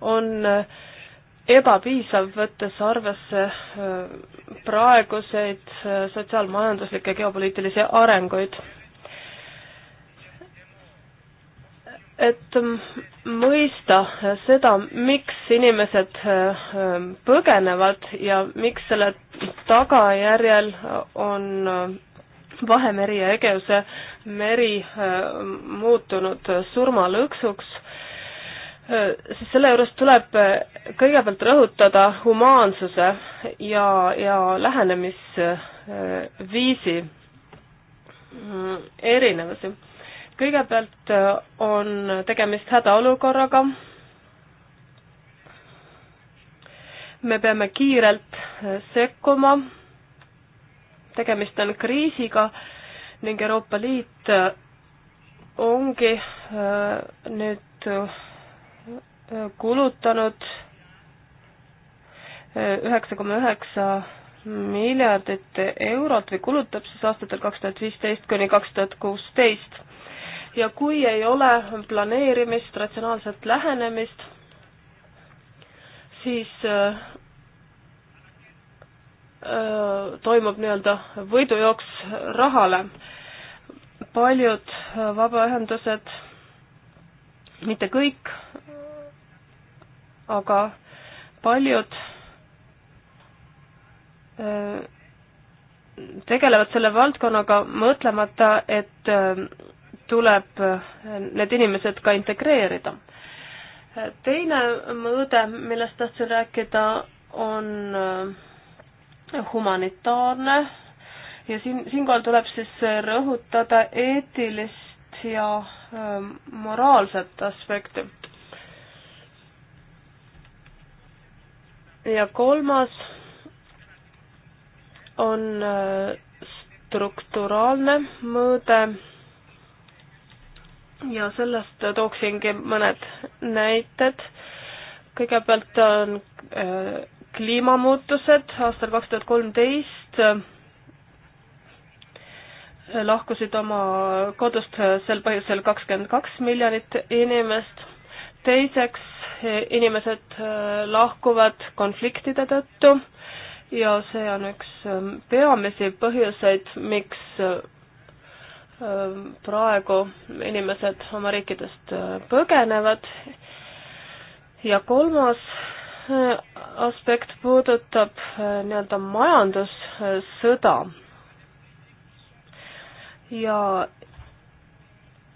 S3: on äh, ebapiisav, võttes arvesse äh, praeguseid äh, sotsiaalmajanduslikke geopoliitilisi arenguid. et mõista seda, miks inimesed äh, põgenevad ja miks selle tagajärjel on Vahemeri ja Egeuse meri muutunud surmalõksuks sest äh, selle juures tuleb äh, kõigepealt rõhutada humaansuse ja, ja lähenemisviisi mm, erinevusi. kõigepealt äh, on tegemist hädaolukorraga, me peame kiirelt sekkuma, tegemist on kriisiga ning Euroopa Liit ongi nüüd kulutanud eh, üheksa koma üheksa miljardit eurot või kulutab siis aastatel kaks tuhat viisteist kuni kaks tuhat kuusteist. ja kui ei ole planeerimist, ratsionaalset lähenemist, siis öö, eh, toimub nii-öelda võidujooks rahale. paljud vabaühendused, mitte kõik, aga paljud äh, tegelevad selle valdkonnaga mõtlemata, et äh, tuleb äh, need inimesed ka integreerida. teine mõõde, millest tahtsin rääkida, on humanitaarne ja siin, siinkohal tuleb siis rõhutada eetilist ja moraalset aspekti ja kolmas on äh, strukturaalne mõõde ja sellest tooksingi mõned näited. kõigepealt on äh, kliimamuutused aastal kaks tuhat kolmteist äh, lahkusid oma kodust sel põhjusel kakskümmend kaks miljonit inimest teiseks, inimesed äh, lahkuvad konfliktide tõttu ja see on üks ähm, peamisi põhjuseid, miks ähm, praegu inimesed oma riikidest äh, põgenevad. ja kolmas äh, aspekt puudutab nii-öelda majandussõda. ja,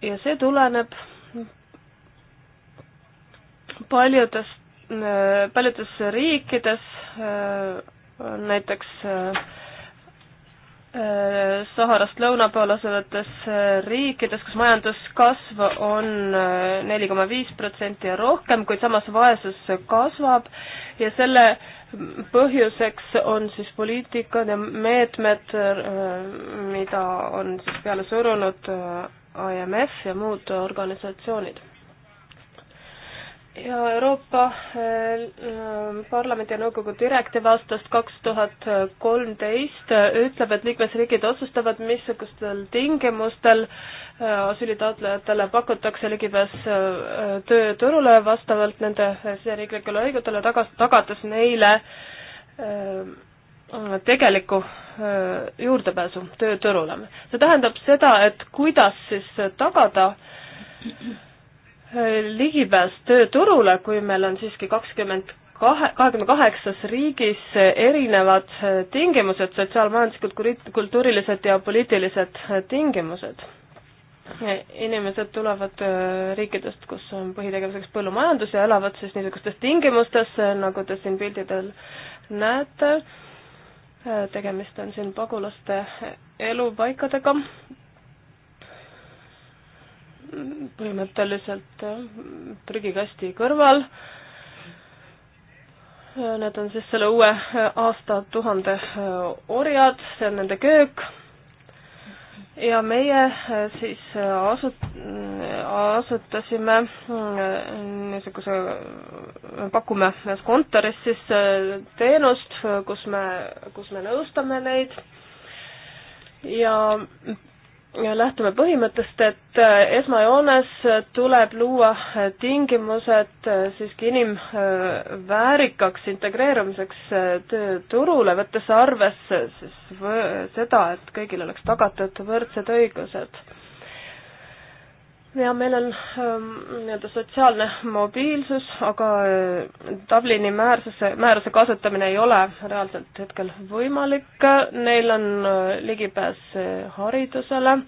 S3: ja see tuleneb paljudes, paljudes riikides, näiteks Saharast lõuna pool asuvates riikides, kus majanduskasv on neli koma viis protsenti ja rohkem, kuid samas vaesus kasvab ja selle põhjuseks on siis poliitikad ja meetmed, mida on siis peale surunud IMF ja muud organisatsioonid ja Euroopa äh, äh, Parlamendi ja Nõukogu direktiiv aastast kaks tuhat kolmteist äh, ütleb, et liikmesriigid otsustavad, missugustel tingimustel asüülitaotlejatele pakutakse ligipääs tööturule vastavalt nende siseriiklikele õigutele, tagas-, tagades neile tegeliku juurdepääsu tööturule. see tähendab seda, et kuidas siis tagada ligipääs tööturule, kui meil on siiski kakskümmend kahe, kahekümne kaheksas riigis erinevad tingimused, sotsiaalmajanduslikud, kultuurilised ja poliitilised tingimused. inimesed tulevad äh, riikidest, kus on põhitegevuseks põllumajandus ja elavad siis niisugustes tingimustes, nagu te siin pildidel näete. Äh, tegemist on siin pagulaste elupaikadega põhimõtteliselt prügikasti kõrval. Need on siis selle uue aastatuhande orjad, see on nende köök. ja meie siis asut-, asutasime niisuguse, pakume ühes kontoris siis teenust, kus me, kus me nõustame neid ja lähtume põhimõttest, et äh, esmajoones äh, tuleb luua äh, tingimused siiski inimväärikaks integreerumiseks tööturule, võttes arvesse siis seda, et kõigil oleks tagatud võrdsed õigused ja meil on ähm, nii-öelda sotsiaalne mobiilsus, aga äh, Dublini määruse, määruse kasutamine ei ole reaalselt hetkel võimalik, neil on äh, ligipääs äh, haridusele,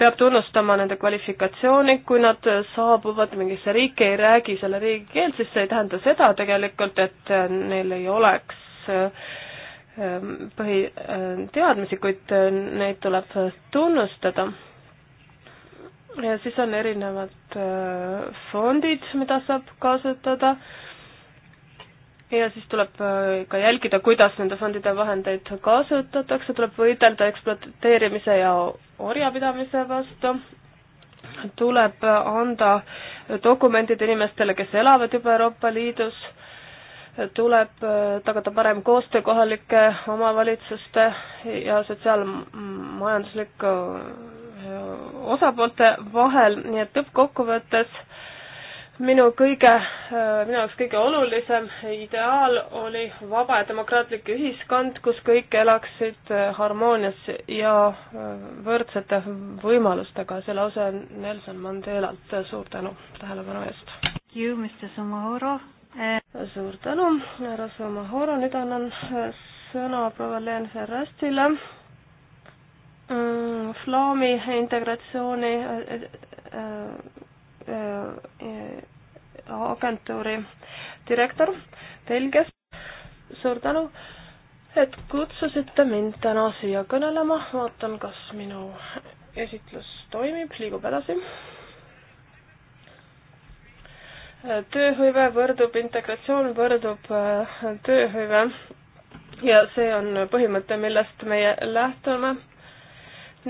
S3: peab tunnustama nende kvalifikatsiooni, kui nad saabuvad mingisse riiki, ei räägi selle riigi keelt, siis see ei tähenda seda tegelikult, et neil ei oleks põhiteadmisi, kuid neid tuleb tunnustada ja siis on erinevad äh, fondid, mida saab kasutada ja siis tuleb äh, ka jälgida, kuidas nende fondide vahendeid kasutatakse, tuleb võidelda ekspluateerimise ja orjapidamise vastu, tuleb äh, anda dokumendid inimestele, kes elavad juba Euroopa Liidus, tuleb tagada parem koostöö kohalike omavalitsuste ja sotsiaalmajanduslik Äh, osapoolte vahel, nii et lõppkokkuvõttes minu kõige, äh, minu jaoks kõige olulisem ideaal oli vaba ja demokraatlik ühiskond, kus kõik elaksid äh, harmoonias ja võrdsete võimalustega. see lause on Nelson Mandelalt. suur tänu tähelepanu eest! Eh, suur tänu, härra Somahoro, nüüd annan sõna proua Leen Ferrastile Flaami mm, integratsiooni äh, äh, äh, agentuuri direktor Belgias. suur tänu, et kutsusite mind täna siia kõnelema, vaatan, kas minu esitlus toimib, liigub edasi. tööhõive võrdub integratsioon, võrdub tööhõive ja see on põhimõte, millest meie lähtume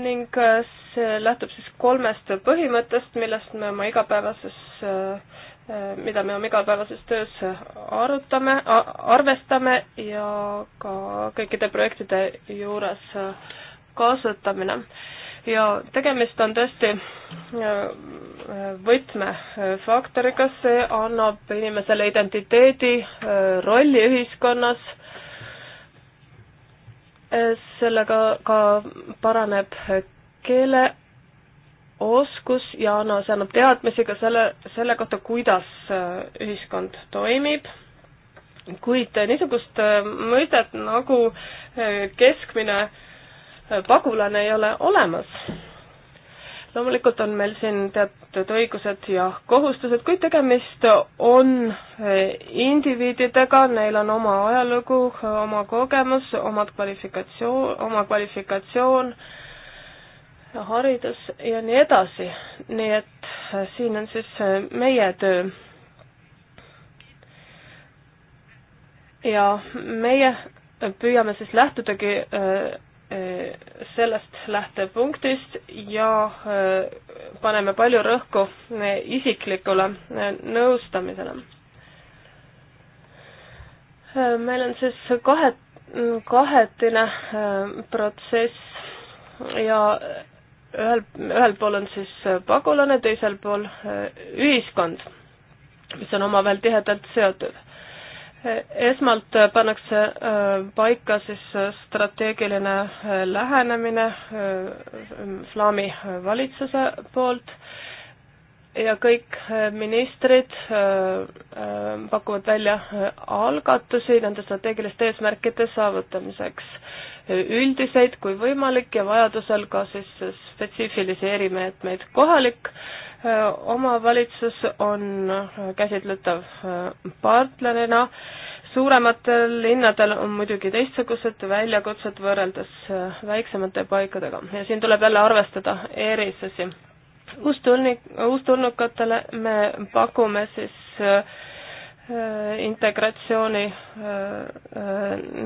S3: ning äh, see lähtub siis kolmest põhimõttest, millest me oma igapäevases, äh, äh, mida me oma igapäevases töös arutame, arvestame ja ka kõikide projektide juures kasutamine. ja tegemist on tõesti võtmefaktoriga, see annab inimesele identiteedi, rolli ühiskonnas Äh, sellega ka paraneb keeleoskus ja no see annab teadmisi ka selle, selle kohta, kuidas äh, ühiskond toimib kuid äh, niisugust mõistet nagu keskmine pagulane ei ole olemas loomulikult on meil siin teatud õigused ja kohustused, kuid tegemist on eh, indiviididega, neil on oma ajalugu, oma kogemus, omad kvalifikatsioon, oma kvalifikatsioon, haridus ja nii edasi. nii et eh, siin on siis eh, meie töö. ja meie püüame siis lähtudagi sellest lähtepunktist ja äh, paneme palju rõhku äh, isiklikule äh, nõustamisele. meil on siis kahe, kahetine protsess ja ühel, ühel pool on siis pagulane, teisel pool ühiskond, mis on omavahel tihedalt seotud esmalt äh, pannakse äh, paika siis äh, strateegiline lähenemine Flaami valitsuse poolt ja kõik ministrid pakuvad välja algatusi nende strateegiliste eesmärkide saavutamiseks, üldiseid kui võimalik ja vajadusel ka siis spetsiifilisi erimeetmeid. kohalik äh, omavalitsus on käsitletav partnerina, suurematel linnadel on muidugi teistsugused väljakutsed võrreldes väiksemate paikadega ja siin tuleb jälle arvestada erisusi. uustulnik, uustulnukatele me pakume siis integratsiooni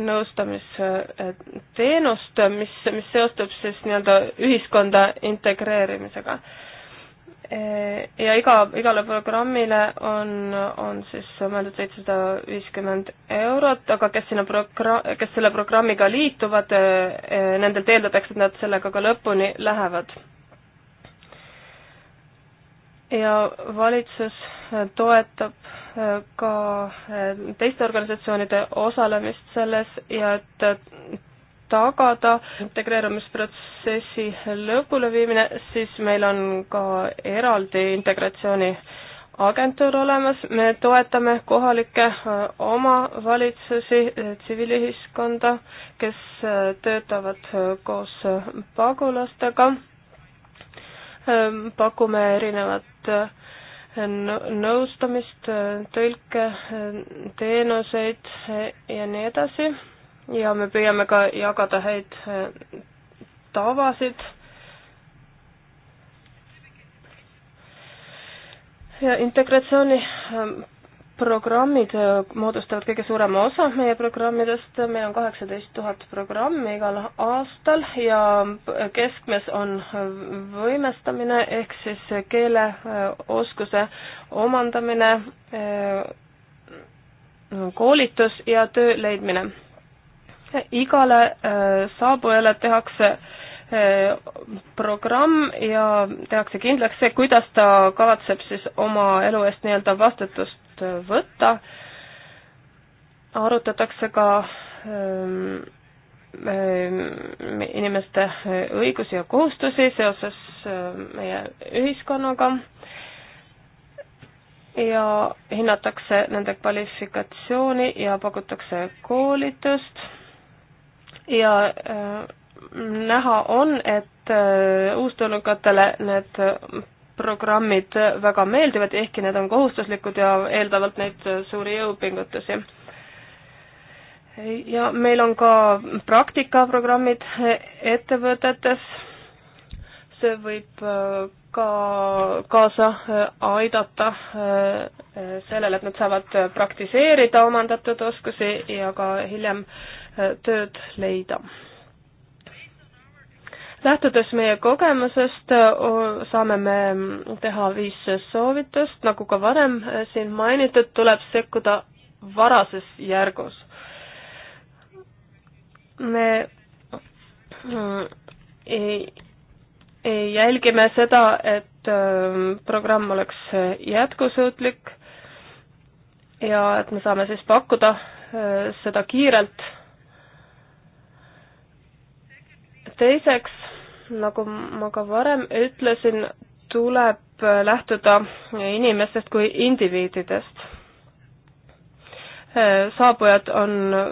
S3: nõustamisteenust, mis, mis seostub siis nii-öelda ühiskonda integreerimisega ja iga, igale programmile on, on siis mõeldud seitsesada viiskümmend eurot, aga kes sinna progra-, kes selle programmiga liituvad, eh, nendelt eeldatakse, et nad sellega ka lõpuni lähevad. ja valitsus toetab eh, ka eh, teiste organisatsioonide osalemist selles ja et tagada integreerumisprotsessi lõpuleviimine, siis meil on ka eraldi integratsiooni agentuur olemas, me toetame kohalikke äh, omavalitsusi, äh, tsiviilühiskonda, kes äh, töötavad koos pagulastega, ähm, pakume erinevat nõustamist, tõlke, teenuseid ja nii edasi ja me püüame ka jagada häid äh, tavasid. ja integratsiooni ähm, programmid äh, moodustavad kõige suurema osa meie programmidest, meil on kaheksateist tuhat programmi igal aastal ja äh, keskmes on võimestamine ehk siis keeleoskuse omandamine, koolitus ja töö leidmine igale äh, saabujale tehakse äh, programm ja tehakse kindlaks see, kuidas ta kavatseb siis oma elu eest nii-öelda vastutust äh, võtta. arutatakse ka ähm, inimeste õigusi ja kohustusi seoses meie ühiskonnaga ja hinnatakse nende kvalifikatsiooni ja pakutakse koolitust ja äh, näha on, et äh, uustulnukatele need programmid väga meeldivad, ehkki need on kohustuslikud ja eeldavalt neid suuri jõupingutusi. ja meil on ka praktikaprogrammid ettevõtetes, see võib äh, ka kaasa aidata sellele, et nad saavad praktiseerida omandatud oskusi ja ka hiljem äh, Äh, tööd leida. lähtudes meie kogemusest, äh, saame me mm, teha viis soovitust, nagu ka varem äh, siin mainitud, tuleb sekkuda varases järgus. me mm, ei, ei, jälgime seda, et ähm, programm oleks jätkusuutlik ja et me saame siis pakkuda seda kiirelt teiseks, nagu ma ka varem ütlesin, tuleb lähtuda inimestest kui indiviididest. saabujad on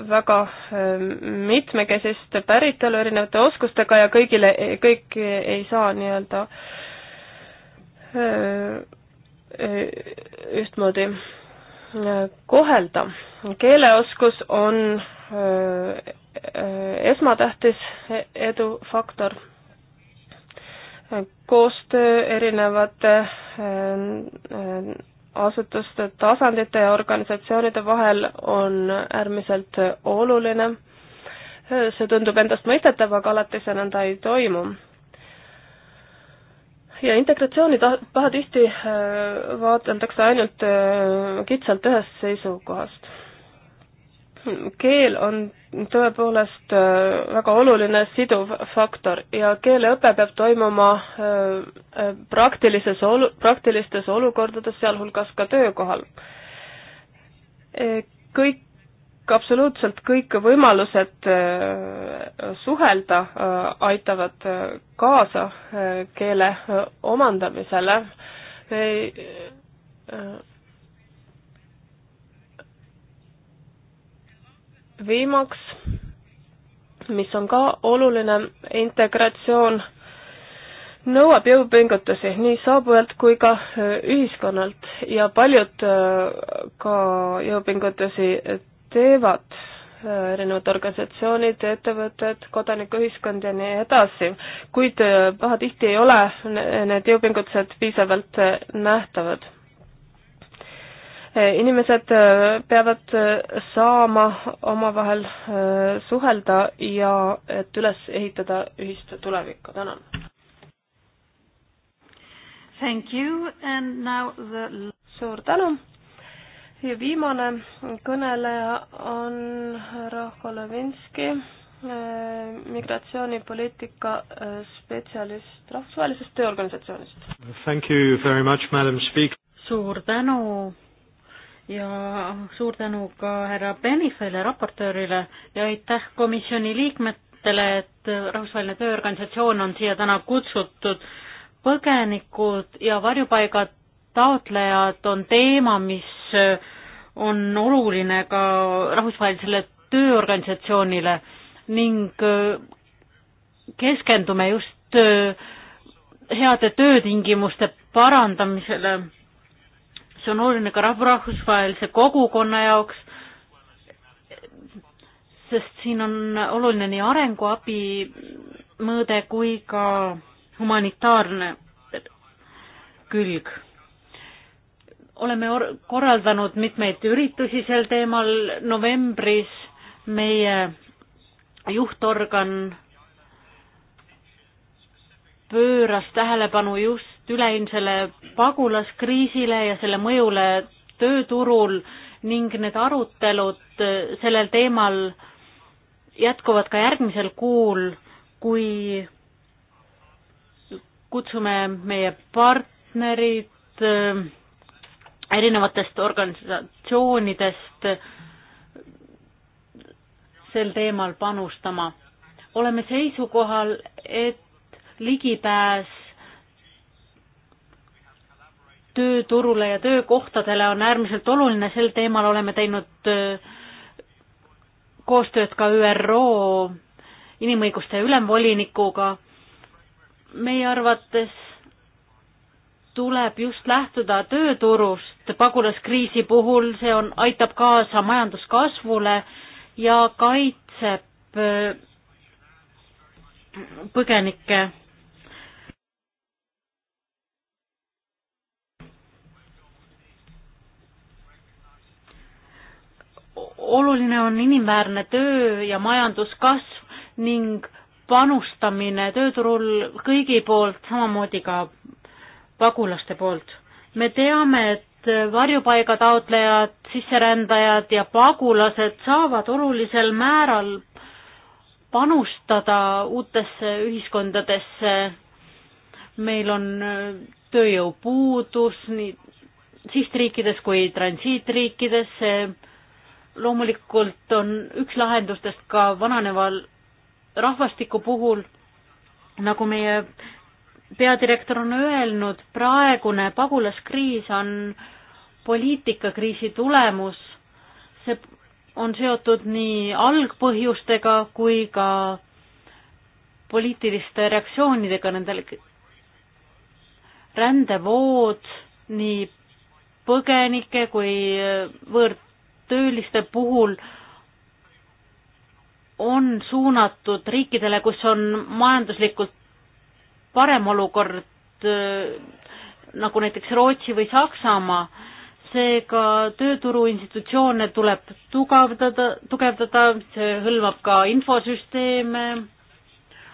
S3: väga ehm, mitmekesist päritolu, erinevate oskustega ja kõigile, kõik ei saa nii-öelda ehm, ühtmoodi ehm, kohelda. keeleoskus on Äh, esmatähtis edufaktor. koostöö erinevate äh, asutuste, tasandite ja organisatsioonide vahel on äärmiselt oluline. Äh, see tundub endastmõistetav, aga alati see nõnda ei toimu. ja integratsiooni ta-, pahatihti vaadeldakse ainult kitsalt ühest seisukohast keel on tõepoolest äh, väga oluline siduv faktor ja keeleõpe peab toimuma äh, äh, praktilises olu-, praktilistes olukordades, sealhulgas ka töökohal. E, kõik, absoluutselt kõik võimalused suhelda aitavad kaasa keele omandamisele viimaks, mis on ka oluline, integratsioon nõuab jõupingutusi nii saabujalt kui ka äh, ühiskonnalt ja paljud äh, ka jõupingutusi teevad, äh, erinevad organisatsioonid, ettevõtted, kodanikuühiskond ja nii edasi, kuid pahatihti ei ole need jõupingutused piisavalt nähtavad Eh, inimesed eh, peavad eh, saama omavahel suhelda ja et üles ehitada ühist tulevikku, tänan. Thank you and now the suur tänu ja viimane kõneleja on Rahko Levinski, migratsioonipoliitika spetsialist rahvusvahelisest tööorganisatsioonist. Thank you very much, madam speaker. suur
S1: tänu, ja suur tänu ka härra Benifele, raportöörile ja aitäh komisjoni liikmetele, et Rahvusvaheline Tööorganisatsioon on siia täna kutsutud. põgenikud ja varjupaiga taotlejad on teema, mis on oluline ka Rahvusvahelisele Tööorganisatsioonile ning keskendume just heade töötingimuste parandamisele see on oluline ka rahvusvahelise kogukonna jaoks, sest siin on oluline nii arenguabi mõõde kui ka humanitaarne külg. oleme korraldanud mitmeid üritusi sel teemal, novembris meie juhtorgan pööras tähelepanu just üleilmsele pagulaskriisile ja selle mõjule tööturul ning need arutelud sellel teemal jätkuvad ka järgmisel kuul, kui kutsume meie partnerid äh, erinevatest organisatsioonidest sel teemal panustama. oleme seisukohal, et ligipääs tööturule ja töökohtadele on äärmiselt oluline, sel teemal oleme teinud äh, koostööd ka ÜRO inimõiguste ülemvolinikuga. meie arvates tuleb just lähtuda tööturust pagulaskriisi puhul, see on, aitab kaasa majanduskasvule ja kaitseb äh, põgenikke oluline on inimväärne töö ja majanduskasv ning panustamine tööturul kõigi poolt, samamoodi ka pagulaste poolt. me teame, et varjupaiga taotlejad, sisserändajad ja pagulased saavad olulisel määral panustada uutesse ühiskondadesse. meil on äh, tööjõupuudus nii sihtriikides kui transiitriikides, see loomulikult on üks lahendustest ka vananeval rahvastiku puhul, nagu meie peadirektor on öelnud, praegune pagulaskriis on poliitikakriisi tulemus, see on seotud nii algpõhjustega kui ka poliitiliste reaktsioonidega nendele rändevood, nii põgenike kui võõrt tööliste puhul on suunatud riikidele, kus on majanduslikult parem olukord, äh, nagu näiteks Rootsi või Saksamaa, seega tööturuinstitutsioone tuleb tugevdada, tugevdada, see hõlmab ka infosüsteeme,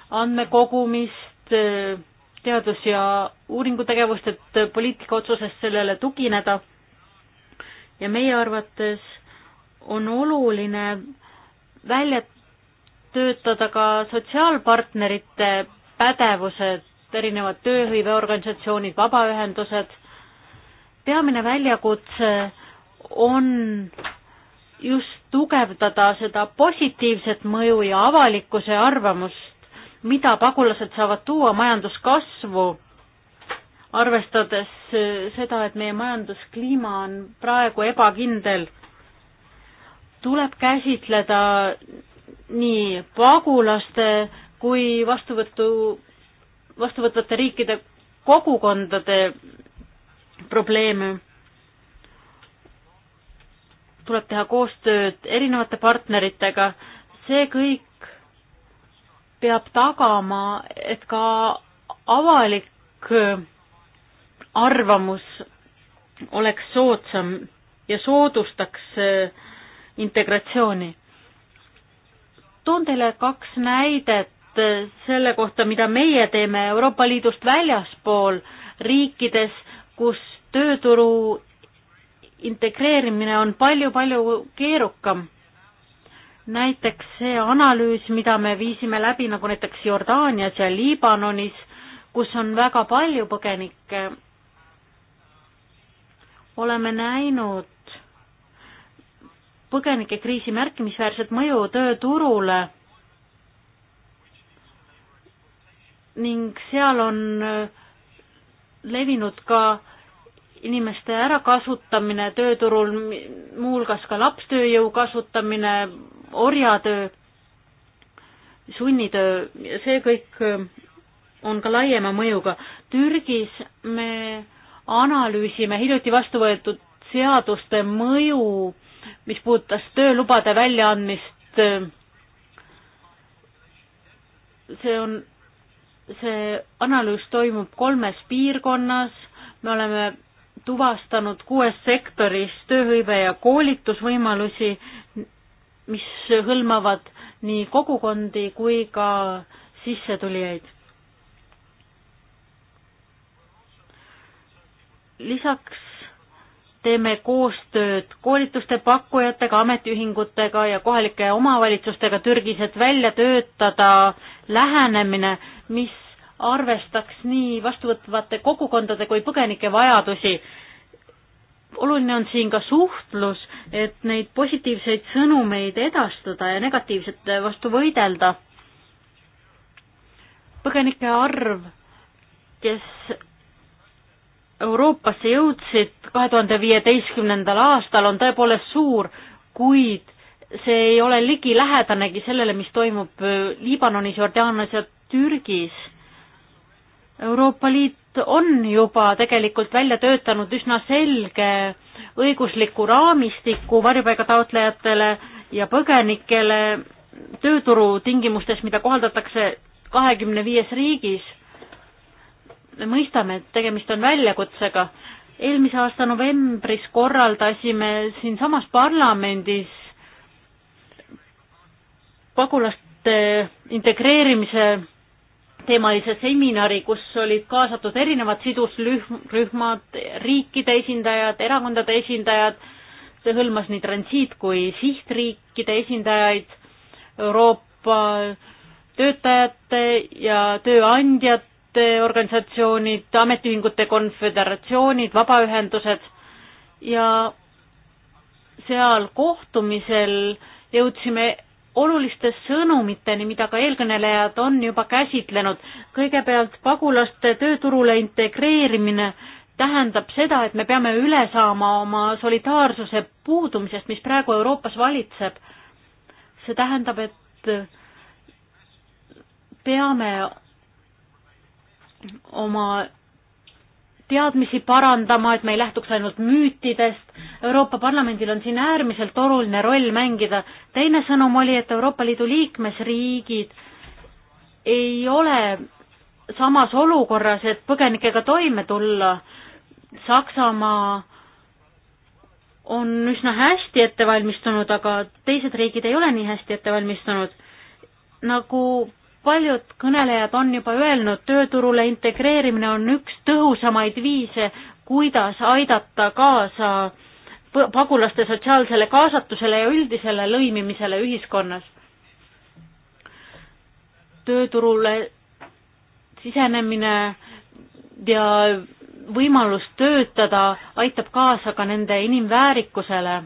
S1: andmekogumist, äh, teadus- ja uuringutegevust, et poliitikaotsusest sellele tugineda. ja meie arvates on oluline välja töötada ka sotsiaalpartnerite pädevused, erinevad tööhõiveorganisatsioonid, vabaühendused. peamine väljakutse on just tugevdada seda positiivset mõju ja avalikkuse arvamust, mida pagulased saavad tuua majanduskasvu, arvestades seda, et meie majanduskliima on praegu ebakindel tuleb käsitleda nii pagulaste kui vastuvõtu, vastuvõtvate riikide kogukondade probleeme. tuleb teha koostööd erinevate partneritega, see kõik peab tagama, et ka avalik arvamus oleks soodsam ja soodustaks äh, integratsiooni. toon teile kaks näidet selle kohta, mida meie teeme Euroopa Liidust väljaspool riikides, kus tööturu integreerimine on palju-palju keerukam. näiteks see analüüs, mida me viisime läbi nagu näiteks Jordaanias ja Liibanonis, kus on väga palju põgenikke, oleme näinud, põgenikekriisi märkimisväärset mõju tööturule ning seal on äh, levinud ka inimeste ärakasutamine tööturul, muuhulgas ka lapstööjõu kasutamine, orjatöö, sunnitöö, see kõik äh, on ka laiema mõjuga. Türgis me analüüsime hiljuti vastu võetud seaduste mõju mis puudutas töölubade väljaandmist, see on, see analüüs toimub kolmes piirkonnas, me oleme tuvastanud kuues sektoris tööhõive ja koolitusvõimalusi, mis hõlmavad nii kogukondi kui ka sissetulijaid. lisaks teeme koostööd koolituste pakkujatega, ametiühingutega ja kohalike omavalitsustega Türgis, et välja töötada lähenemine, mis arvestaks nii vastuvõtvate kogukondade kui põgenike vajadusi. oluline on siin ka suhtlus, et neid positiivseid sõnumeid edastada ja negatiivsete vastu võidelda. põgenike arv, kes Euroopasse jõudsid kahe tuhande viieteistkümnendal aastal, on tõepoolest suur, kuid see ei ole ligilähedanegi sellele, mis toimub äh, Liibanonis, Jordaanias ja Türgis. Euroopa Liit on juba tegelikult välja töötanud üsna selge õigusliku raamistiku varjupaigataotlejatele ja põgenikele tööturu tingimustes, mida kohaldatakse kahekümne viies riigis me mõistame, et tegemist on väljakutsega. eelmise aasta novembris korraldasime siinsamas parlamendis pagulaste integreerimise teemalise seminari, kus olid kaasatud erinevad sidusrühmad, riikide esindajad, erakondade esindajad, see hõlmas nii transiit kui sihtriikide esindajaid, Euroopa töötajate ja tööandjad, organisatsioonid, ametiühingute konföderatsioonid, vabaühendused ja seal kohtumisel jõudsime oluliste sõnumiteni, mida ka eelkõnelejad on juba käsitlenud. kõigepealt pagulaste tööturule integreerimine tähendab seda, et me peame üle saama oma solidaarsuse puudumisest, mis praegu Euroopas valitseb. see tähendab, et peame oma teadmisi parandama, et me ei lähtuks ainult müütidest. Euroopa Parlamendil on siin äärmiselt oluline roll mängida. teine sõnum oli, et Euroopa Liidu liikmesriigid ei ole samas olukorras, et põgenikega toime tulla. Saksamaa on üsna hästi ette valmistunud, aga teised riigid ei ole nii hästi ette valmistunud. nagu paljud kõnelejad on juba öelnud, tööturule integreerimine on üks tõhusamaid viise, kuidas aidata kaasa pagulaste sotsiaalsele kaasatusele ja üldisele lõimimisele ühiskonnas. tööturule sisenemine ja võimalus töötada aitab kaasa ka nende inimväärikusele.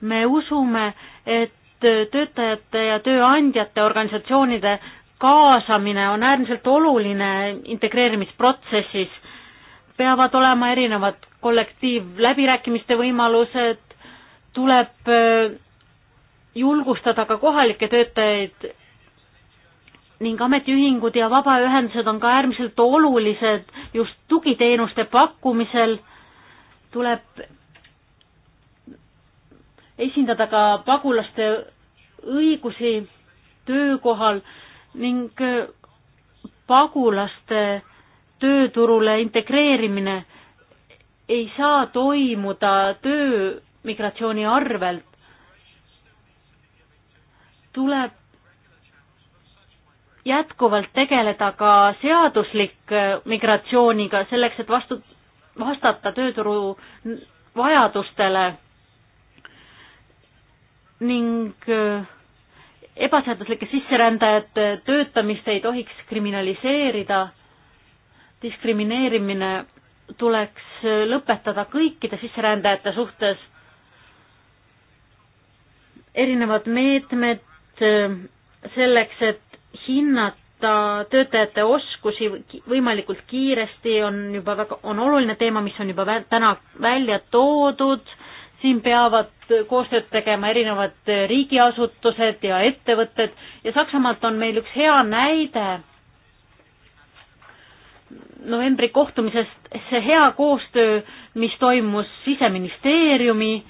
S1: me usume, et töötajate ja tööandjate organisatsioonide kaasamine on äärmiselt oluline integreerimisprotsessis. peavad olema erinevad kollektiivläbirääkimiste võimalused, tuleb äh, julgustada ka kohalikke töötajaid ning ametiühingud ja vabaühendused on ka äärmiselt olulised just tugiteenuste pakkumisel, tuleb esindada ka pagulaste õigusi töökohal ning äh, pagulaste tööturule integreerimine ei saa toimuda töömigratsiooni arvelt. tuleb jätkuvalt tegeleda ka seaduslik äh, migratsiooniga selleks, et vastu, vastata tööturu vajadustele ning äh, ebaseaduslike sisserändajate töötamist ei tohiks kriminaliseerida. diskrimineerimine tuleks äh, lõpetada kõikide sisserändajate suhtes. erinevad meetmed äh, selleks, et hinnata töötajate oskusi võimalikult kiiresti on juba väga, on oluline teema, mis on juba täna välja toodud siin peavad koostööd tegema erinevad riigiasutused ja ettevõtted ja Saksamaalt on meil üks hea näide novembri kohtumisest, see hea koostöö, mis toimus siseministeeriumi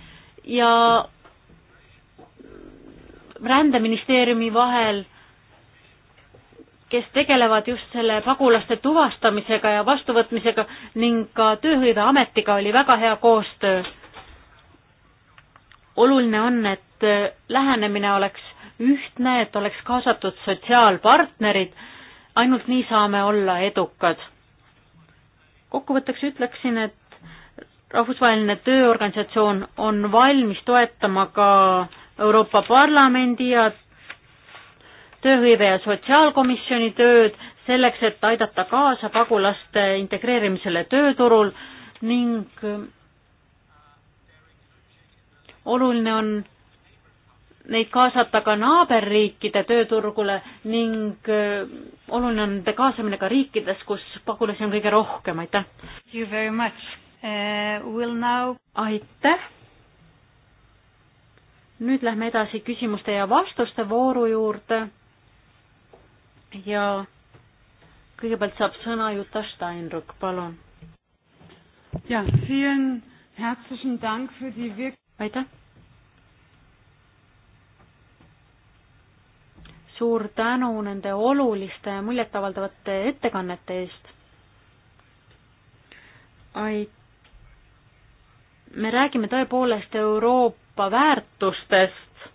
S1: ja rändeministeeriumi vahel, kes tegelevad just selle pagulaste tuvastamisega ja vastuvõtmisega ning ka Tööhõiveametiga oli väga hea koostöö oluline on, et äh, lähenemine oleks ühtne, et oleks kaasatud sotsiaalpartnerid, ainult nii saame olla edukad. kokkuvõtteks ütleksin, et rahvusvaheline tööorganisatsioon on valmis toetama ka Euroopa Parlamendi ja tööhõive ja sotsiaalkomisjoni tööd selleks, et aidata kaasa pagulaste integreerimisele tööturul ning oluline on neid kaasata ka naaberriikide tööturgule ning äh, oluline on nende kaasamine ka riikides, kus pagulasi on kõige rohkem, aitäh! Uh, we'll now... aitäh! nüüd lähme edasi küsimuste ja vastuste vooru juurde ja kõigepealt saab sõna Jutta Steinruck, palun. jah, vielen herzlichen Dank für die wirk- aitäh! suur tänu nende oluliste ja muljetavaldavate ettekannete eest. ait-, me räägime tõepoolest Euroopa väärtustest.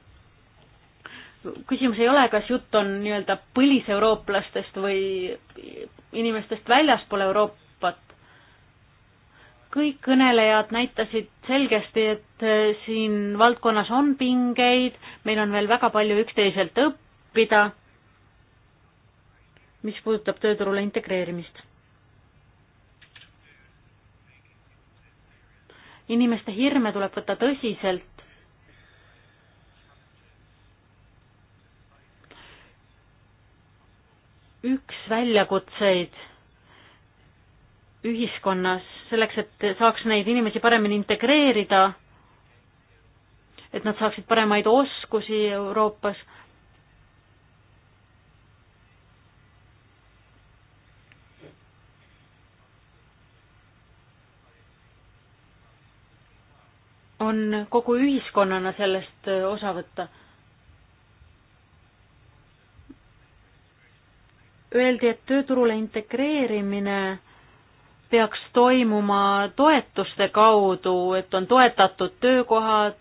S1: küsimus ei ole, kas jutt on nii-öelda põliseurooplastest või inimestest väljaspool Euroopa kõik kõnelejad näitasid selgesti, et äh, siin valdkonnas on pingeid, meil on veel väga palju üksteiselt õppida, mis puudutab tööturule integreerimist. inimeste hirme tuleb võtta tõsiselt. üks väljakutseid ühiskonnas, selleks, et saaks neid inimesi paremini integreerida, et nad saaksid paremaid oskusi Euroopas. on kogu ühiskonnana sellest osa võtta. Öeldi, et tööturule integreerimine peaks toimuma toetuste kaudu, et on toetatud töökohad,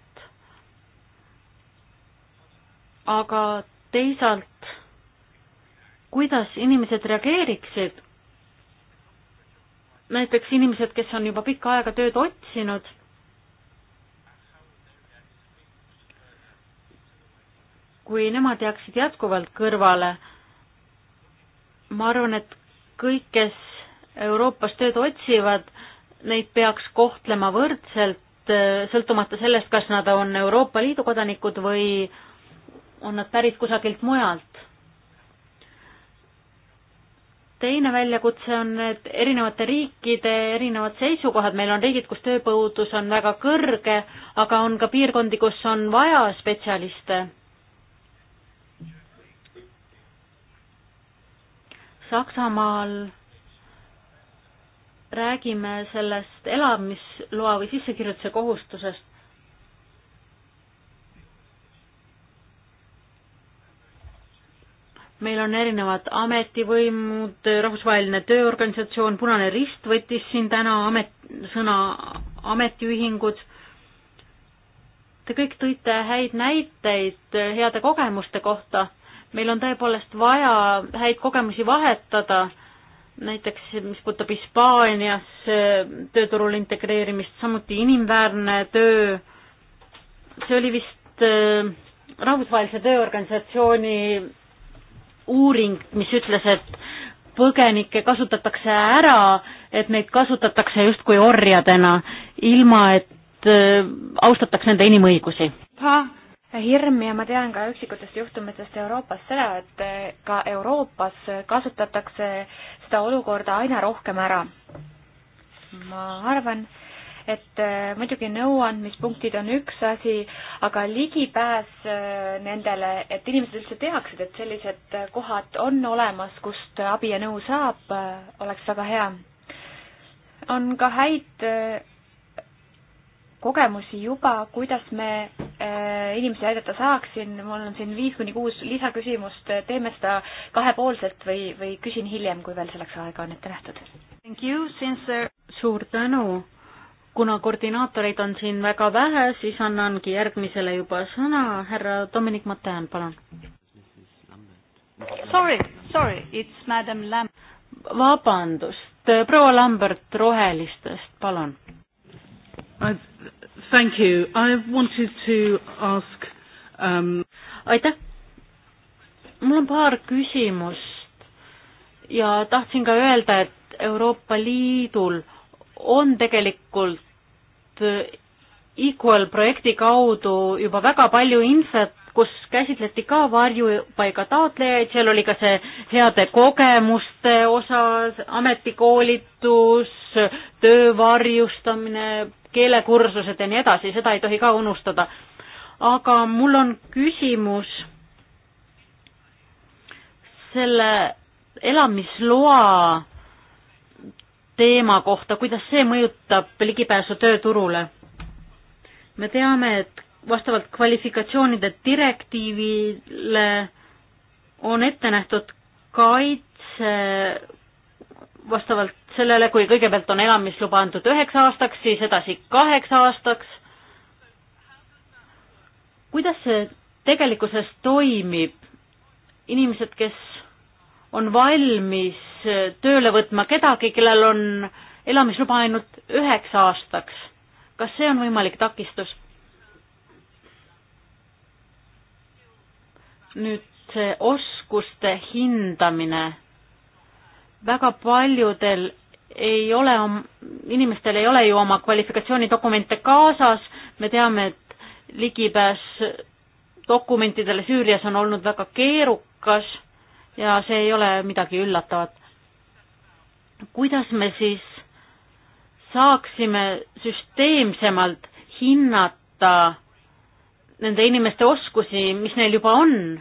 S1: aga teisalt, kuidas inimesed reageeriksid? näiteks inimesed, kes on juba pikka aega tööd otsinud, kui nemad jääksid jätkuvalt kõrvale, ma arvan, et kõik, kes Euroopas tööd otsivad, neid peaks kohtlema võrdselt, äh, sõltumata sellest, kas nad on Euroopa Liidu kodanikud või on nad pärit kusagilt mujalt. teine väljakutse on need erinevate riikide erinevad seisukohad, meil on riigid, kus tööpuudus on väga kõrge, aga on ka piirkondi, kus on vaja spetsialiste. Saksamaal räägime sellest elamisloa või sissekirjutuse kohustusest, meil on erinevad ametivõimud, Rahvusvaheline Tööorganisatsioon, Punane Rist võttis siin täna amet, sõna ametiühingud. Te kõik tõite häid näiteid heade kogemuste kohta. meil on tõepoolest vaja häid kogemusi vahetada näiteks mis puudutab Hispaanias äh, tööturul integreerimist, samuti inimväärne töö, see oli vist äh, Rahvusvahelise Tööorganisatsiooni uuring, mis ütles, et põgenikke kasutatakse ära, et neid kasutatakse justkui orjadena, ilma et äh, austataks nende inimõigusi
S2: hirm ja ma tean ka üksikutest juhtumitest Euroopas seda, et eh, ka Euroopas kasutatakse seda olukorda aina rohkem ära. ma arvan, et eh, muidugi nõuandmispunktid on üks asi, aga ligipääs eh, nendele, et inimesed üldse teaksid, et sellised kohad on olemas, kust abi ja nõu saab, oleks väga hea. on ka häid kogemusi juba, kuidas me Äh, inimesi aidata saaksin, mul on siin viis kuni kuus lisaküsimust, teeme seda kahepoolselt või, või küsin hiljem, kui
S1: veel selleks aega on ette nähtud. Uh, suur tänu. kuna koordinaatoreid on siin väga vähe, siis annangi järgmisele juba sõna, härra Dominic Matten, palun. Sorry, sorry, it's madam Lamb. vabandust, proua Lambert Rohelistest, palun. Thank you. I wanted to ask um... aitäh. mul on paar küsimust ja tahtsin ka öelda, et Euroopa Liidul on tegelikult äh, Equal projekti kaudu juba väga palju infot kus käsitleti ka varjupaiga taotlejaid, seal oli ka see heade kogemuste osas, ametikoolitus, töö varjustamine, keelekursused ja nii edasi, seda ei tohi ka unustada. aga mul on küsimus selle elamisloa teema kohta, kuidas see mõjutab ligipääsu tööturule? me teame, et vastavalt kvalifikatsioonide direktiivile on ette nähtud kaitse vastavalt sellele, kui kõigepealt on elamisluba antud üheks aastaks, siis edasi kaheks aastaks. kuidas see tegelikkuses toimib? inimesed, kes on valmis tööle võtma kedagi, kellel on elamisluba ainult üheks aastaks, kas see on võimalik takistus? nüüd see oskuste hindamine. väga paljudel ei ole, inimestel ei ole ju oma kvalifikatsioonidokumente kaasas, me teame, et ligipääs dokumentidele Süürias on olnud väga keerukas ja see ei ole midagi üllatavat. kuidas me siis saaksime süsteemsemalt hinnata nende inimeste oskusi, mis neil juba on.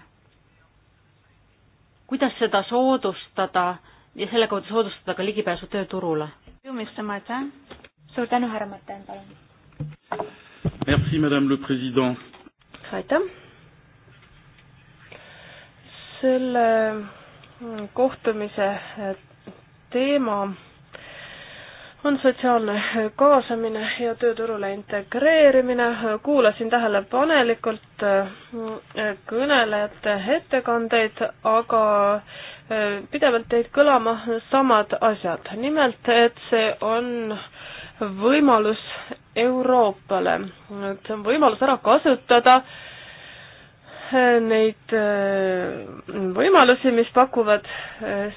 S1: kuidas seda soodustada ja selle kaudu soodustada ka ligipääsu tööturule?
S2: suur tänu, härra Martin, palun.
S1: Merci, madame le president.
S3: aitäh. selle kohtumise teema on sotsiaalne kaasamine ja tööturule integreerimine. kuulasin tähelepanelikult äh, kõnelejate ettekandeid, aga äh, pidevalt jäid kõlama samad asjad. nimelt, et see on võimalus Euroopale, et see on võimalus ära kasutada äh, neid võimalusi, mis pakuvad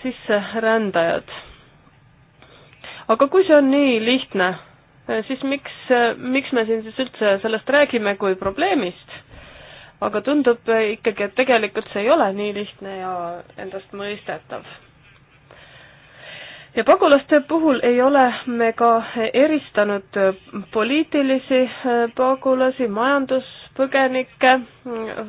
S3: sisserändajad aga kui see on nii lihtne, eh, siis miks, eh, miks me siin siis üldse sellest räägime kui probleemist? aga tundub eh, ikkagi, et tegelikult see ei ole nii lihtne ja endastmõistetav. ja pagulaste puhul ei ole me ka eristanud poliitilisi pagulasi, majandus, põgenikke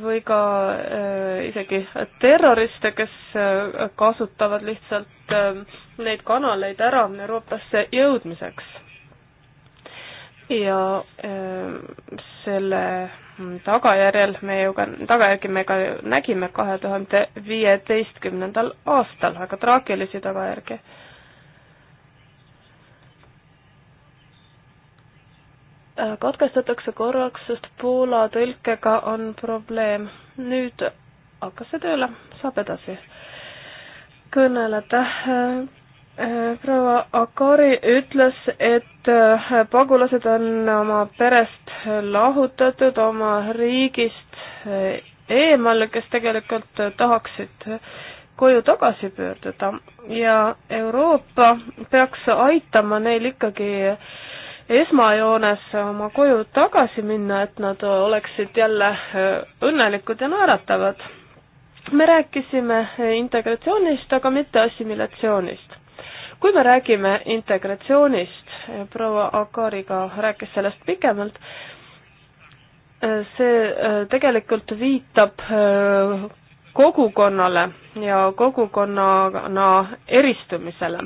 S3: või ka äh, isegi terroriste, kes äh, kasutavad lihtsalt äh, neid kanaleid ära Euroopasse jõudmiseks. ja selle tagajärjel me ju ka, tagajärgi me ka nägime kahe tuhande viieteistkümnendal aastal, väga traagilisi tagajärgi Äh, katkestatakse korraks, sest Poola tõlkega on probleem. nüüd hakkas see tööle, saab edasi kõneleda. Äh, äh, proua Akari ütles, et pagulased on oma perest lahutatud, oma riigist eemal, kes tegelikult tahaksid koju tagasi pöörduda ja Euroopa peaks aitama neil ikkagi äh, esmajoones oma koju tagasi minna, et nad oleksid jälle äh, õnnelikud ja naeratavad. me rääkisime äh, integratsioonist, aga mitte assimilatsioonist. kui me räägime integratsioonist, äh, proua Akariga rääkis sellest pikemalt, see tegelikult viitab kogukonnale ja kogukonnana eristumisele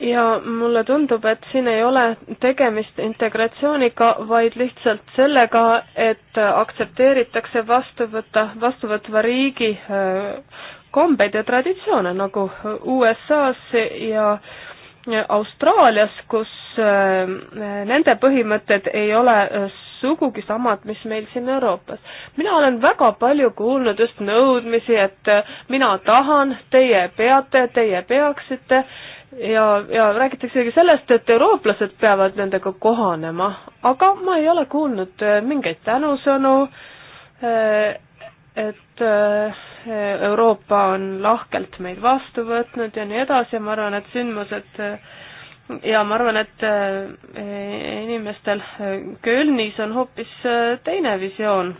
S3: ja mulle tundub, et siin ei ole tegemist integratsiooniga, vaid lihtsalt sellega, et aktsepteeritakse vastu võtta, vastuvõtva riigi äh, kombeid ja traditsioone, nagu USA-s ja Austraalias, kus äh, nende põhimõtted ei ole äh, sugugi samad, mis meil siin Euroopas. mina olen väga palju kuulnud just nõudmisi, et mina tahan, teie peate, teie peaksite ja, ja räägitaksegi sellest, et eurooplased peavad nendega kohanema, aga ma ei ole kuulnud äh, mingeid tänusõnu, äh, et äh, Euroopa on lahkelt meid vastu võtnud ja nii edasi ja ma arvan, et sündmused ja ma arvan, et inimestel Kölnis on hoopis teine visioon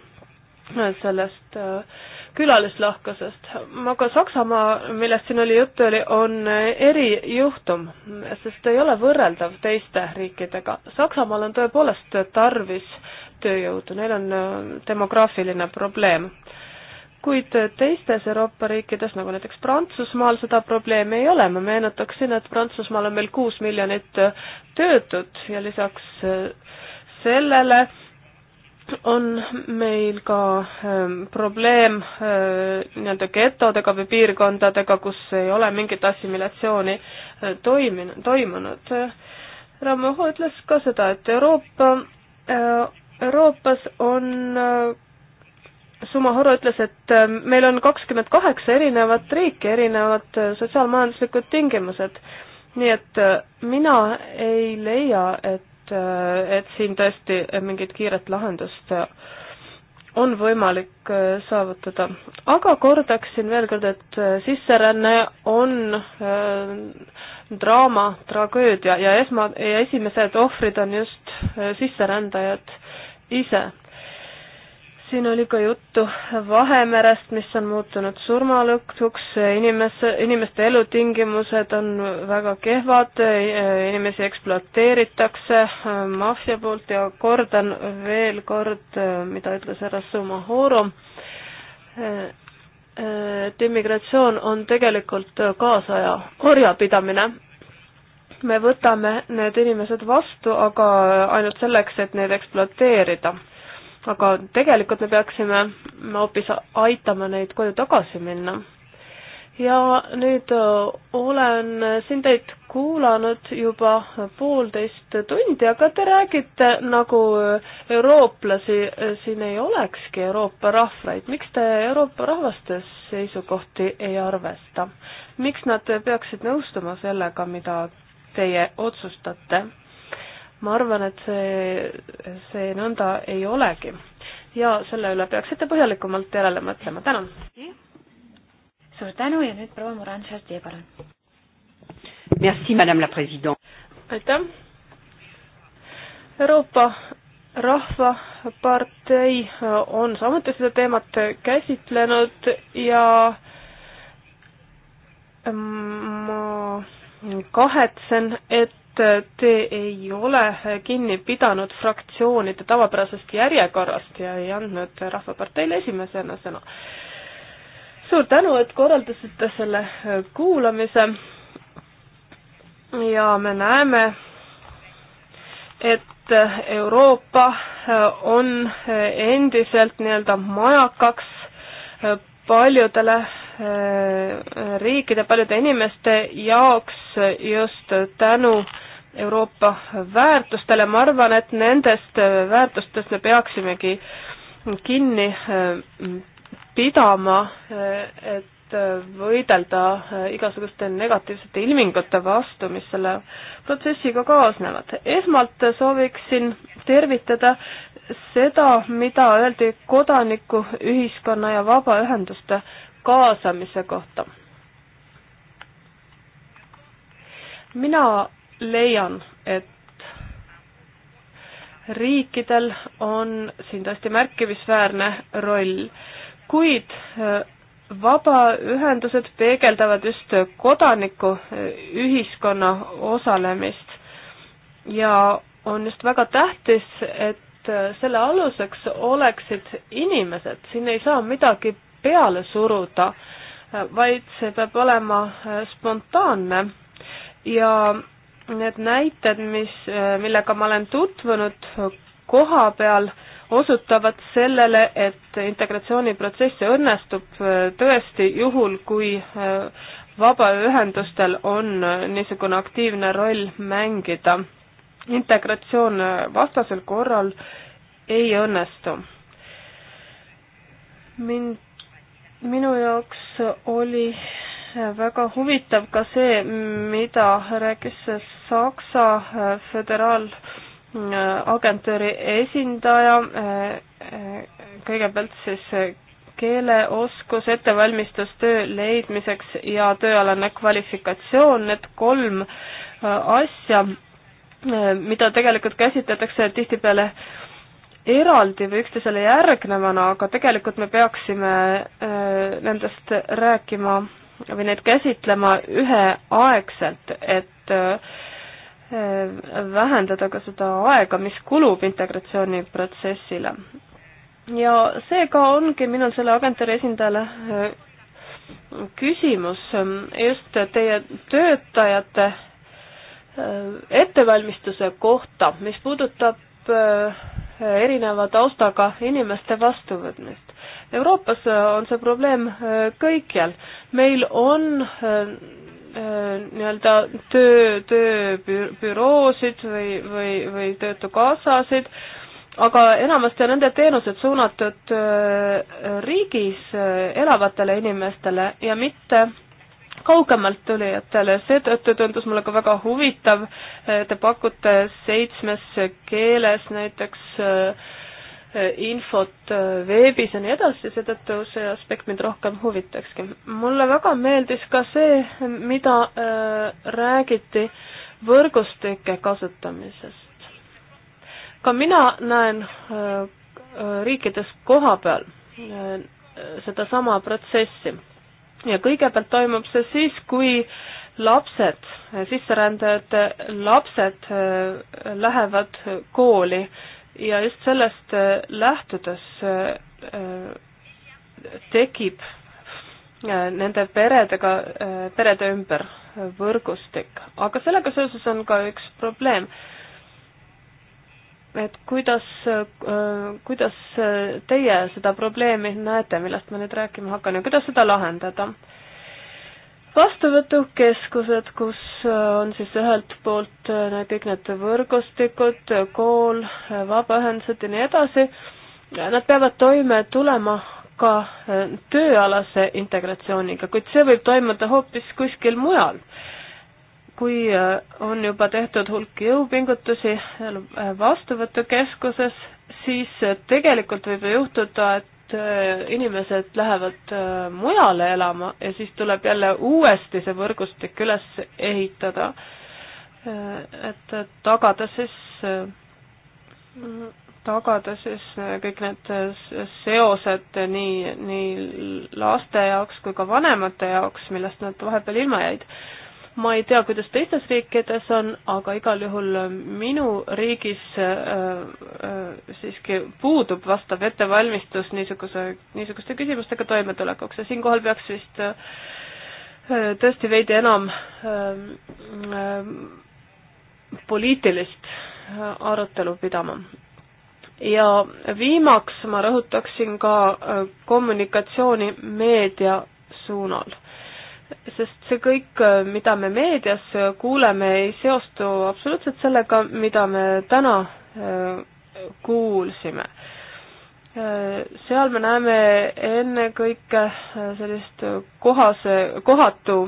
S3: sellest äh, külalislahkusest. aga Saksamaa, millest siin oli juttu, oli, on erijuhtum, sest ei ole võrreldav teiste riikidega. Saksamaal on tõepoolest tarvis tööjõudu, neil on äh, demograafiline probleem. kuid teistes Euroopa riikides, nagu näiteks Prantsusmaal, seda probleemi ei ole. ma meenutaksin, et Prantsusmaal on meil kuus miljonit töötut ja lisaks äh, sellele on meil ka ähm, probleem äh, nii-öelda getodega või piirkondadega, kus ei ole mingit assimilatsiooni äh, toiminud, toimunud. Ramoho ütles ka seda, et Euroopa, äh, Euroopas on Sumahoro ütles, et meil on kakskümmend kaheksa erinevat riiki, erinevad sotsiaalmajanduslikud tingimused. nii et mina ei leia, et et siin tõesti mingit kiiret lahendust on võimalik äh, saavutada. aga kordaksin veel kord, et äh, sisseränne on äh, draama, tragöödia ja esma, ja esimesed ohvrid on just sisserändajad ise siin oli ka juttu Vahemerest, mis on muutunud surmalõksuks, inimese, inimeste elutingimused on väga kehvad, inimesi ekspluateeritakse maffia poolt ja kordan veel kord, mida ütles härra Sumahoro, et immigratsioon on tegelikult kaasaja orjapidamine me võtame need inimesed vastu, aga ainult selleks, et neid ekspluateerida aga tegelikult me peaksime hoopis aitama neid koju tagasi minna. ja nüüd äh, olen siin teid kuulanud juba poolteist tundi, aga te räägite nagu äh, eurooplasi äh, siin ei olekski Euroopa rahvaid. miks te Euroopa rahvaste seisukohti ei arvesta? miks nad peaksid nõustuma sellega, mida teie otsustate? ma arvan, et see, see nõnda ei olegi. ja selle üle peaksite põhjalikumalt järele mõtlema, tänan! suur tänu ja nüüd proua
S2: Moran-Chartier, palun!
S3: Merci, madame la president! aitäh! Euroopa Rahvapartei on samuti seda teemat käsitlenud ja ma kahetsen, et Äh, te ei ole äh, kinni pidanud fraktsioonide tavapärasest järjekorrast ja ei andnud Rahvaparteile esimesena sõna. suur tänu, et korraldasite selle äh, kuulamise ja me näeme, et Euroopa on endiselt nii-öelda majakaks paljudele Äh, riikide, paljude inimeste jaoks just tänu Euroopa väärtustele, ma arvan, et nendest väärtustest me peaksimegi kinni äh, pidama, äh, et võidelda igasuguste negatiivsete ilmingute vastu, mis selle protsessiga kaasnevad. esmalt sooviksin tervitada seda, mida öeldi kodanikuühiskonna ja vabaühenduste kaasamise kohta. mina leian, et riikidel on siin tõesti märkimisväärne roll, kuid äh, vabaühendused peegeldavad just kodanikuühiskonna äh, osalemist ja on just väga tähtis, et äh, selle aluseks oleksid inimesed, siin ei saa midagi peale suruda, vaid see peab olema äh, spontaanne ja need näited, mis, äh, millega ma olen tutvunud koha peal, osutavad sellele, et integratsiooniprotsess õnnestub äh, tõesti juhul, kui vabaühendustel on niisugune aktiivne roll mängida. integratsioon vastasel korral ei õnnestu. mind minu jaoks oli väga huvitav ka see, mida rääkis Saksa föderaalagentuuri esindaja, kõigepealt siis keeleoskus, ettevalmistus töö leidmiseks ja tööalane kvalifikatsioon, need kolm asja, mida tegelikult käsitletakse tihtipeale äh, eraldi või üksteisele järgnevana, aga tegelikult me peaksime äh, nendest rääkima või neid käsitlema üheaegselt, et äh, vähendada ka seda aega, mis kulub integratsiooniprotsessile. ja seega ongi minul selle agentuuri esindajale äh, küsimus just teie töötajate ettevalmistuse kohta, mis puudutab äh, erineva taustaga inimeste vastuvõtmist. Euroopas äh, on see probleem äh, kõikjal. meil on äh, nii-öelda töö, tööbüroosid või, või, või töötukassasid, aga enamasti on nende teenused suunatud riigis elavatele inimestele ja mitte kaugemalt tulijatele, seetõttu tundus mulle ka väga huvitav, te pakute seitsmes keeles näiteks eh, infot eh, veebis ja nii edasi, seetõttu see aspekt mind rohkem huvitakski. mulle väga meeldis ka see, mida eh, räägiti võrgustike kasutamisest. ka mina näen riikides koha peal sedasama protsessi ja kõigepealt toimub see siis, kui lapsed, sisserändajate lapsed äh, lähevad kooli ja just sellest äh, lähtudes äh, tekib nende peredega, perede ümber võrgustik. aga sellega seoses on ka üks probleem et kuidas, äh, kuidas teie seda probleemi näete, millest ma nüüd rääkima hakkan ja kuidas seda lahendada? vastuvõtukeskused, kus äh, on siis ühelt poolt äh, need kõik need võrgustikud, kool, vabaühendused ja nii edasi, nad peavad toime tulema ka tööalase integratsiooniga, kuid see võib toimuda hoopis kuskil mujal kui äh, on juba tehtud hulk jõupingutusi äh, vastuvõtukeskuses, siis äh, tegelikult võib ju juhtuda, et inimesed lähevad mujale elama ja siis tuleb jälle uuesti see võrgustik üles ehitada, et tagada siis, tagada siis kõik need seosed nii, nii laste jaoks kui ka vanemate jaoks, millest nad vahepeal ilma jäid ma ei tea, kuidas teistes riikides on, aga igal juhul minu riigis äh, äh, siiski puudub vastav ettevalmistus niisuguse, niisuguste küsimustega toimetulekuks ja siinkohal peaks vist äh, äh tõesti veidi enam ähm, ähm, poliitilist äh, arutelu pidama. ja viimaks ma rõhutaksin ka äh, kommunikatsiooni meedia suunal sest see kõik, mida me meedias kuuleme, ei seostu absoluutselt sellega, mida me täna äh, kuulsime. Äh, seal me näeme ennekõike äh, sellist kohase, kohatu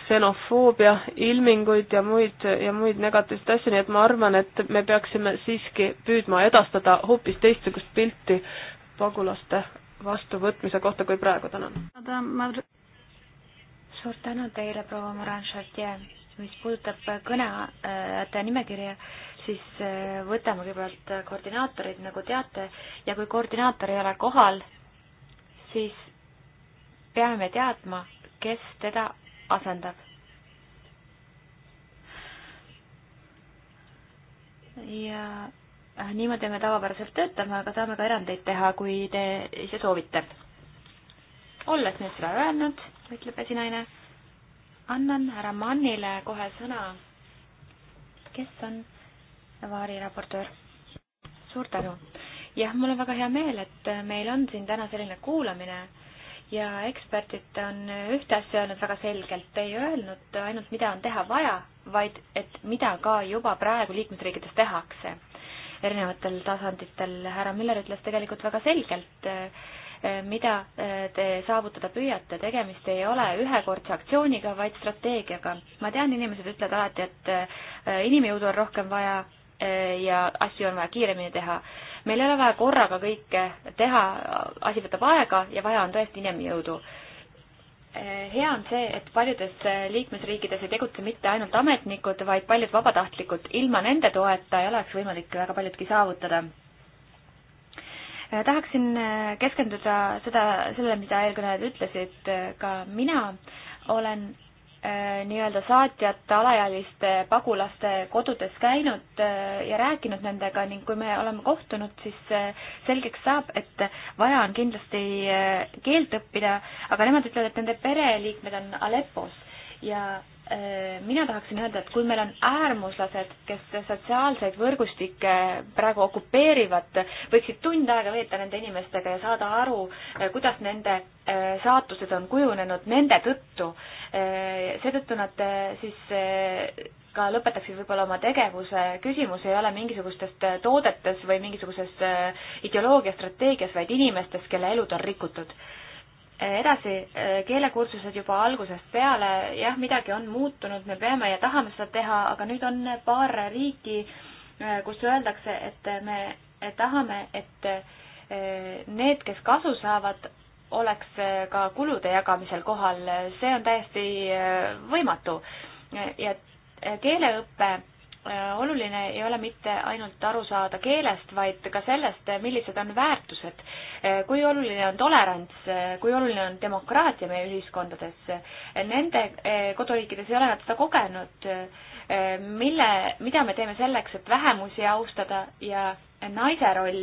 S3: ksenofoobia ilminguid ja muid, ja muid negatiivseid asju, nii et ma arvan, et me peaksime siiski püüdma edastada hoopis teistsugust pilti pagulaste vastuvõtmise kohta kui praegu, tänan
S2: suur tänu teile, proua Morin-Chartier. mis puudutab äh, kõnejate äh, nimekirja, siis äh, võtame kõigepealt koordinaatorid, nagu teate, ja kui koordinaator ei ole kohal, siis peame teadma, kes teda asendab. ja niimoodi me tavapäraselt töötame, aga saame ka erandeid teha, kui te ise soovite olles nüüd seda öelnud, ütleb esinaine, annan härra Mannile kohe sõna, kes on vaariraportöör. suur tänu. jah, mul on väga hea meel, et meil on siin täna selline kuulamine ja eksperdid on ühte asja öelnud väga selgelt, ei öelnud ainult, mida on teha vaja, vaid et mida ka juba praegu liikmesriikides tehakse erinevatel tasanditel. härra Miller ütles tegelikult väga selgelt äh, Äh, mida äh, te saavutada püüate, tegemist ei ole ühekordse aktsiooniga, vaid strateegiaga. ma tean, inimesed ütlevad alati, et äh, inimjõudu on rohkem vaja ja asju on vaja kiiremini teha. meil ei ole vaja korraga kõike teha, asi võtab aega ja vaja on tõesti inimjõudu hea on see, et paljudes liikmesriikides ei tegutse mitte ainult ametnikud, vaid paljud vabatahtlikud. ilma nende toeta ei oleks võimalik väga paljutki saavutada Äh, tahaksin äh, keskenduda seda, sellele, mida eelkõnelejad ütlesid, äh, ka mina olen nii-öelda saatjate, alaealiste pagulaste kodudes käinud ja rääkinud nendega ning kui me oleme kohtunud, siis selgeks saab, et vaja on kindlasti keelt õppida, aga nemad ütlevad, et nende pereliikmed on Aleppos ja Äh, mina tahaksin öelda, et kui meil on äärmuslased, kes sotsiaalseid võrgustikke praegu okupeerivad, võiksid tund aega veeta nende inimestega ja saada aru, äh, kuidas nende äh, saatused on kujunenud nende tõttu. seetõttu nad siis ka lõpetaksid võib-olla oma tegevuse, küsimus ei ole mingisugustest toodetes või mingisuguses ideoloogia strateegias, vaid inimestes, kelle elud on rikutud edasi, äh, keelekursused juba algusest peale, jah, midagi on muutunud, me peame ja tahame seda teha, aga nüüd on paar riiki, äh, kus öeldakse, et me tahame, et äh, need, kes kasu saavad, oleks ka kulude jagamisel kohal, see on täiesti võimatu. ja keeleõpe Äh, oluline ei ole mitte ainult aru saada keelest, vaid ka sellest, millised on väärtused. Äh, kui oluline on tolerants, äh, kui oluline on demokraatia meie ühiskondades. Nende koduriikides ei ole nad seda kogenud. mille, mida me teeme selleks, et vähemusi austada ja naise roll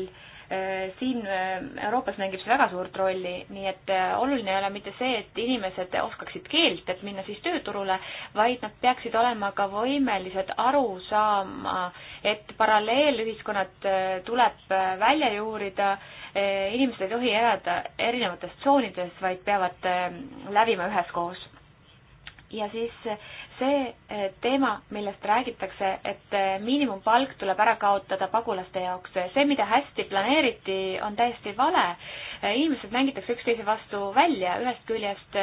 S2: Äh, siin äh, Euroopas mängib see väga suurt rolli, nii et äh, oluline ei ole mitte see, et inimesed oskaksid keelt, et minna siis tööturule, vaid nad peaksid olema ka võimelised aru saama, et paralleelühiskonnad tuleb välja juurida, inimesed ei tohi elada erinevates tsoonides, vaid peavad läbima üheskoos ja siis see eh, teema, millest räägitakse, et eh, miinimumpalk tuleb ära kaotada pagulaste jaoks, eh, see, mida hästi planeeriti, on täiesti vale. inimesed mängitakse üksteise vastu välja, ühest küljest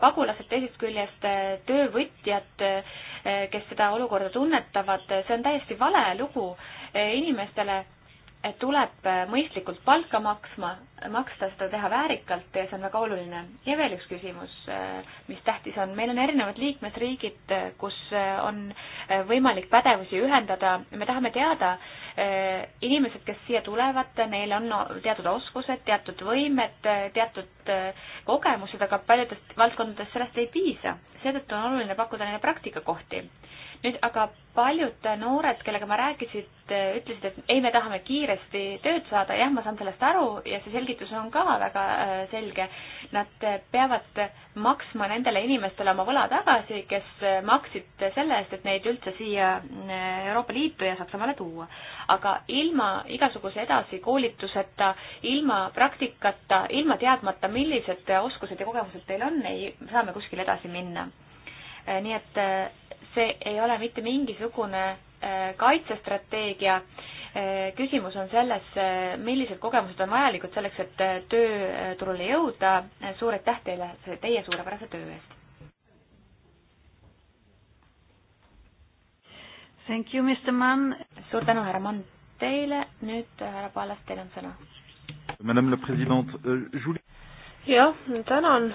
S2: pagulased, teisest küljest töövõtjad, kes seda olukorda tunnetavad, see on täiesti vale lugu inimestele et tuleb äh, mõistlikult palka maksma, maksta, seda teha väärikalt ja see on väga oluline. ja veel üks küsimus, äh, mis tähtis on, meil on erinevad liikmesriigid, äh, kus on võimalik pädevusi ühendada, me tahame teada, inimesed, kes siia tulevad, neil on teatud oskused, teatud võimed, teatud kogemused, aga paljudest valdkondadest sellest ei piisa. seetõttu on oluline pakkuda neile praktikakohti nüüd aga paljud noored, kellega ma rääkisid, ütlesid, et ei, me tahame kiiresti tööd saada, jah, ma saan sellest aru ja see selgitus on ka väga äh, selge. Nad peavad maksma nendele inimestele oma võla tagasi, kes äh, maksid selle eest, et neid üldse siia äh, Euroopa Liitu ja Saksamaale tuua. aga ilma igasuguse edasikoolituseta, ilma praktikata, ilma teadmata, millised oskused ja kogemused teil on, ei saa me kuskile edasi minna. nii et see ei ole mitte mingisugune äh, kaitsestrateegia. Äh, küsimus on selles, äh, millised kogemused on vajalikud selleks, et tööturule jõuda. suur aitäh teile teie suurepärase töö eest.
S1: Thank you, Mr Mann. suur tänu, härra Mann,
S2: teile. nüüd härra Pallas, teil on sõna.
S3: Madame la Présidente, euh, jah, tänan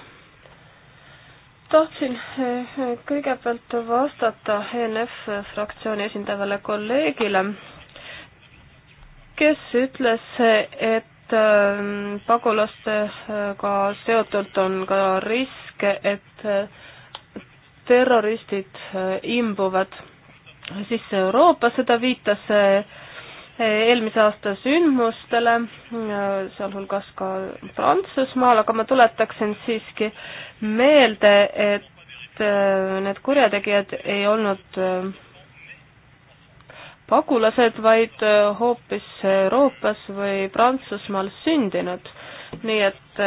S3: tahtsin eh, kõigepealt vastata ENF fraktsiooni esindavale kolleegile, kes ütles, et eh, pagulastega seotult on ka risk, et eh, terroristid imbuvad sisse Euroopa, seda viitas eelmise aasta sündmustele, sealhulgas ka Prantsusmaal, aga ma tuletaksin siiski meelde, et äh, need kurjategijad ei olnud äh, pagulased, vaid äh, hoopis Euroopas või Prantsusmaal sündinud. nii et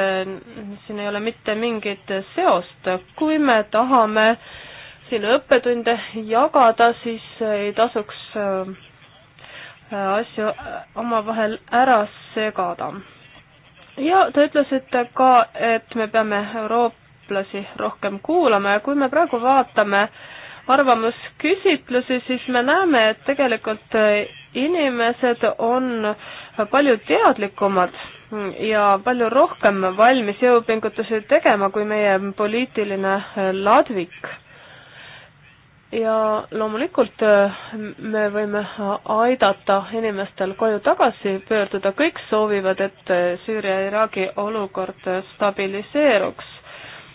S3: siin ei ole mitte mingit seost, kui me tahame siin õppetunde jagada, siis ei tasuks asju äh, omavahel ära segada. ja te ütlesite ka, et me peame eurooplasi rohkem kuulama ja kui me praegu vaatame arvamusküsitlusi, siis me näeme, et tegelikult äh, inimesed on palju teadlikumad ja palju rohkem valmis jõupingutusi tegema kui meie poliitiline ladvik ja loomulikult äh, me võime aidata inimestel koju tagasi pöörduda, kõik soovivad, et äh, Süüria ja Iraagi olukord stabiliseeruks,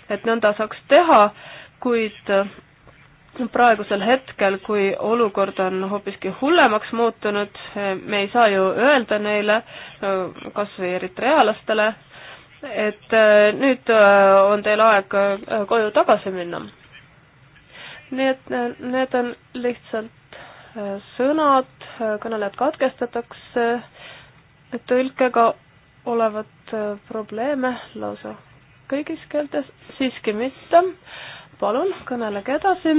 S3: et nõnda saaks teha, kuid äh, praegusel hetkel, kui olukord on hoopiski hullemaks muutunud, me ei saa ju öelda neile, kas või eritrealastele, et nüüd on teil aeg koju tagasi minna nii et need on lihtsalt äh, sõnad, äh, kõnelejad katkestatakse, tõlkega olevat äh, probleeme lausa kõigis keeltes, siiski mitte. palun, kõnelege edasi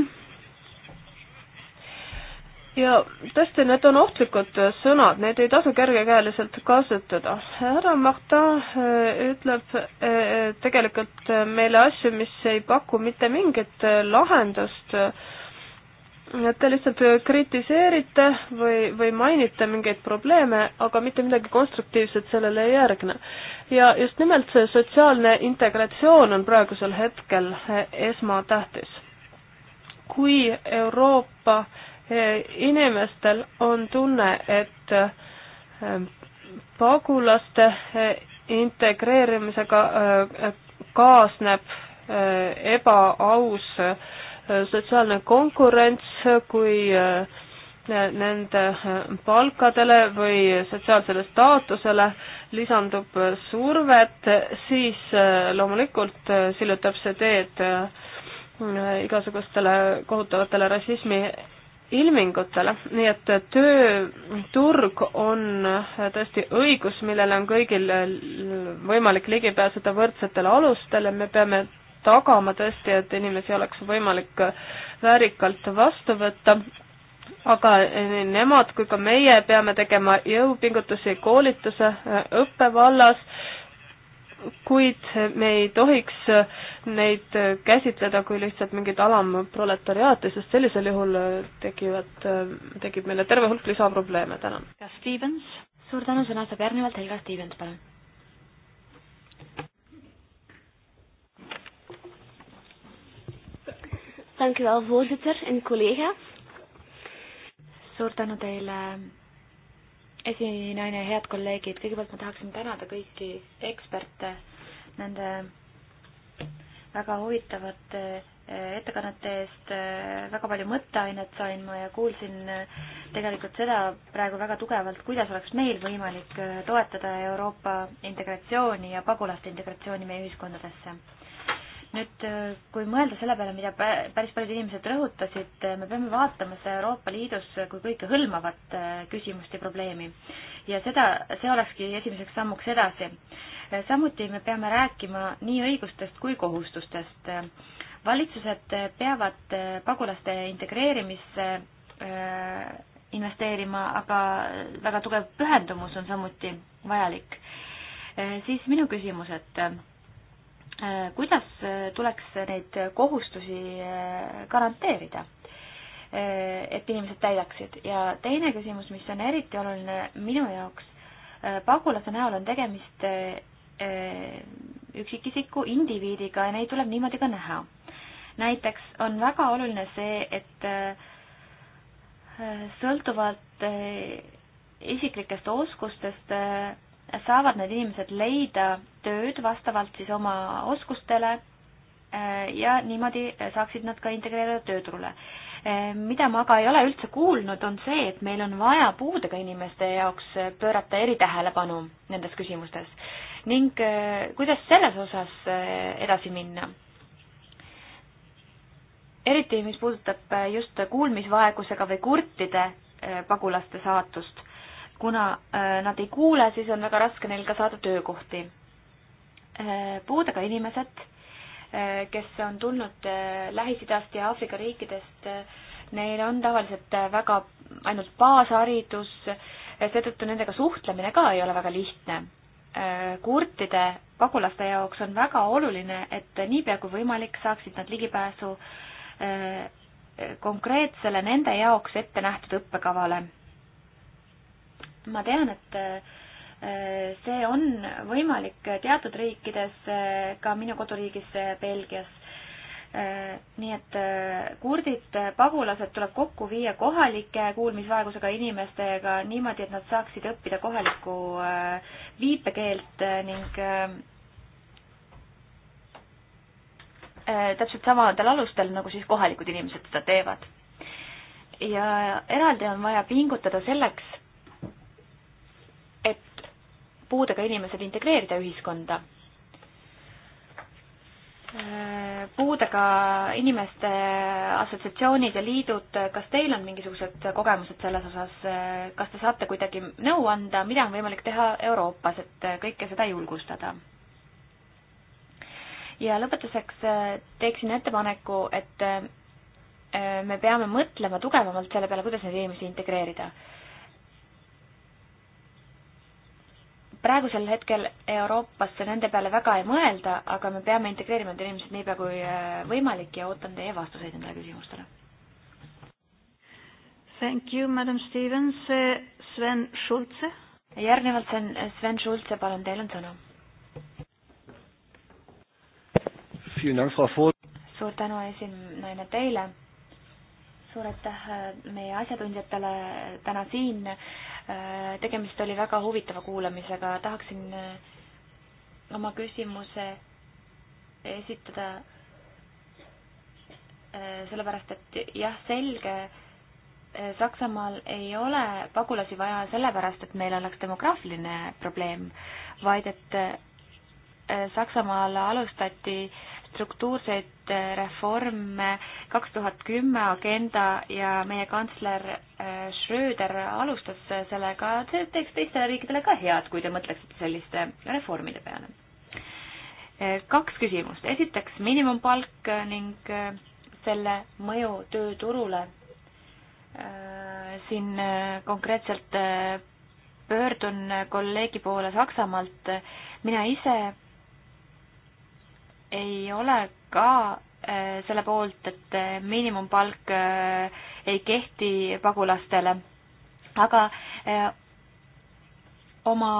S3: ja tõesti, need on ohtlikud sõnad, neid ei tasu kergekäeliselt kasutada. härra Martin äh, ütleb äh, tegelikult äh, meile asju, mis ei paku mitte mingit lahendust et te lihtsalt kritiseerite või, või mainite mingeid probleeme, aga mitte midagi konstruktiivset sellele ei järgne. ja just nimelt see sotsiaalne integratsioon on praegusel hetkel esmatähtis. kui Euroopa äh, Eh, inimestel on tunne, et eh, pagulaste eh, integreerimisega kaasneb ebaaus sotsiaalne konkurents, kui nende palkadele või sotsiaalsele staatusele lisandub survet, siis loomulikult sillutab see teed igasugustele kohutavatele rassismi ilmingutele, nii et tööturg on tõesti õigus, millele on kõigil võimalik ligi pääseda võrdsetele alustele, me peame tagama tõesti, et inimesi oleks võimalik väärikalt vastu võtta, aga nii nemad kui ka meie peame tegema jõupingutusi koolituse õppe vallas, kuid me ei tohiks neid käsitleda kui lihtsalt mingit alamproletariaati, sest sellisel juhul tekivad, tekib meile terve hulk lisaprobleeme, tänan. ja
S2: Stevens? suur tänu, sõna saab järgnevalt Helga Stevens, palun. Dank u wel, voorzitter en collega's. Suur tänu teile esinaine, head kolleegid, kõigepealt ma tahaksin tänada kõiki eksperte nende väga huvitavate eh, ettekannete eest, eh, väga palju mõtteainet sain ma ja kuulsin eh, tegelikult seda praegu väga tugevalt, kuidas oleks meil võimalik toetada Euroopa integratsiooni ja pagulaste integratsiooni meie ühiskondadesse nüüd äh, kui mõelda selle peale, mida päris paljud inimesed rõhutasid, äh, me peame vaatama seda Euroopa Liidus äh, kui kõikehõlmavat küsimust ja probleemi. ja seda, see olekski esimeseks sammuks edasi. samuti me peame rääkima nii õigustest kui kohustustest. valitsused peavad pagulaste integreerimisse investeerima, aga väga tugev pühendumus on samuti vajalik. siis minu küsimus, et Äh, kuidas äh, tuleks neid kohustusi äh, garanteerida, et inimesed täidaksid ja teine küsimus, mis on eriti oluline minu jaoks, pagulase näol on tegemist üksikisiku, indiviidiga ja neid tuleb niimoodi ka näha. näiteks on väga oluline see, et sõltuvalt isiklikest oskustest saavad need inimesed leida tööd vastavalt siis oma oskustele äh, ja niimoodi saaksid nad ka integreerida tööturule. Äh, mida ma aga ei ole üldse kuulnud, on see, et meil on vaja puudega inimeste jaoks pöörata eritähelepanu nendes küsimustes ning äh, kuidas selles osas edasi minna eriti mis puudutab just kuulmisvaegusega või kurtide pagulaste saatust. kuna nad ei kuule, siis on väga raske neil ka saada töökohti. Äh, puudega inimesed, äh, kes on tulnud äh, Lähis-Idast ja Aafrika riikidest, neil on tavaliselt väga ainult baasharidus, seetõttu nendega suhtlemine ka ei ole väga lihtne. kurtide pagulaste jaoks on väga oluline, et niipea kui võimalik, saaksid nad ligipääsu konkreetsele nende jaoks ette nähtud õppekavale. ma tean, et see on võimalik teatud riikides, ka minu koduriigis Belgias. nii et äh, kurdid, pagulased tuleb kokku viia kohalike kuulmisvaegusega inimestega niimoodi, et nad saaksid õppida kohalikku äh, viipekeelt äh, ning täpselt samadel alustel, nagu siis kohalikud inimesed seda teevad. ja eraldi on vaja pingutada selleks, puudega inimesed integreerida ühiskonda. puudega inimeste assotsiatsioonid ja liidud, kas teil on mingisugused kogemused selles osas, kas te saate kuidagi nõu anda, mida on võimalik teha Euroopas, et kõike seda julgustada? ja lõpetuseks teeksin ettepaneku, et me peame mõtlema tugevamalt selle peale, kuidas neid inimesi integreerida praegusel hetkel Euroopasse nende peale väga ei mõelda, aga me peame integreerima need inimesed niipea kui äh, võimalik ja ootan teie vastuseid nendele küsimustele.
S1: Thank you, madam Stevens, uh, Sven Schulze.
S2: järgnevalt Sven, äh, Sven Schulze, palun, teil on sõna. suur tänu, esinaine, teile suur aitäh äh, meie asjatundjatele täna siin. Äh, tegemist oli väga huvitava kuulamisega, tahaksin äh, oma küsimuse esitada sellepärast, et jah, selge, Saksamaal ei ole pagulasi vaja sellepärast, et meil oleks demograafiline probleem, vaid et Saksamaal alustati äh, struktuurseid äh, reforme kaks tuhat kümme agenda ja meie kantsler äh, Schröder alustas sellega, see teeks teistele riikidele ka head, kui te mõtleksite selliste reformide peale. Äh, kaks küsimust, esiteks miinimumpalk ning selle mõju tööturule. siin konkreetselt pöördun kolleegi poole Saksamaalt, mina ise ei ole ka äh, selle poolt, et äh, miinimumpalk äh, ei kehti pagulastele, aga oma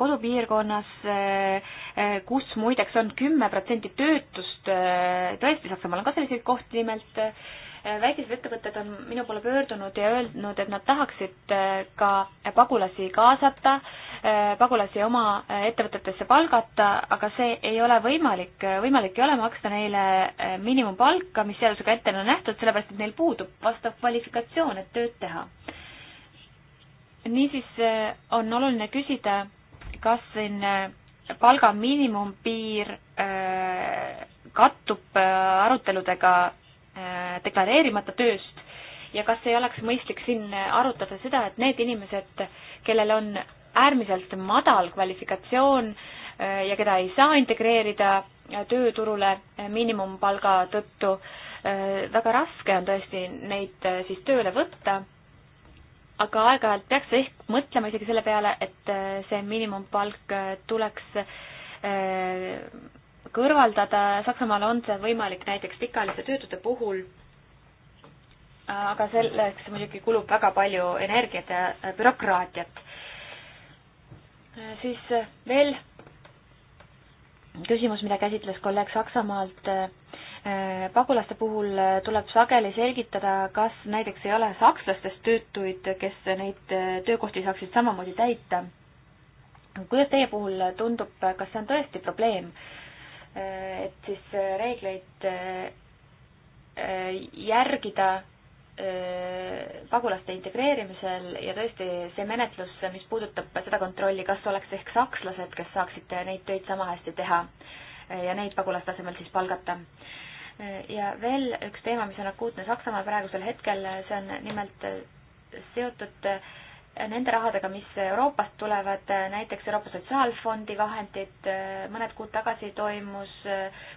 S2: kodupiirkonnas, kus muideks on kümme protsenti töötust, tõesti, Saksamaal on ka selliseid kohti nimelt, väikesed ettevõtted on minu poole pöördunud ja öelnud, et nad tahaksid ka pagulasi kaasata Äh, pagulasi oma äh, ettevõtetesse palgata, aga see ei ole võimalik, äh, võimalik ei ole maksta neile miinimumpalka, mis seadusega ette on nähtud, sellepärast et neil puudub vastav kvalifikatsioon, et tööd teha. niisiis on oluline küsida, kas siin palga miinimumpiir kattub aruteludega deklareerimata tööst ja kas ei oleks mõistlik siin arutada seda, et need inimesed, kellel on äärmiselt madal kvalifikatsioon eh, ja keda ei saa integreerida eh, tööturule eh, miinimumpalga tõttu. väga raske on tõesti neid siis tööle võtta. aga aeg-ajalt peaks ehk mõtlema isegi selle peale, et see miinimumpalk tuleks kõrvaldada, Saksamaal on see võimalik näiteks pikaajaliste töötute puhul, aga selleks muidugi kulub väga palju energiat ja bürokraatiat siis äh, veel küsimus, mida käsitles kolleeg Saksamaalt. Äh, pagulaste puhul äh, tuleb sageli selgitada, kas näiteks ei ole sakslastest töötuid, kes neid töökohti saaksid samamoodi täita. kuidas teie puhul tundub, kas see on tõesti probleem, et siis reegleid järgida Äh, pagulaste integreerimisel ja tõesti see menetlus, mis puudutab seda kontrolli, kas oleks ehk sakslased, kes saaksid neid töid sama hästi teha äh, ja neid pagulaste asemel siis palgata. Äh, ja veel üks teema, mis on akuutne Saksamaal praegusel hetkel, see on nimelt seotud äh, nende rahadega, mis Euroopast tulevad, näiteks Euroopa Sotsiaalfondi vahendid, mõned kuud tagasi toimus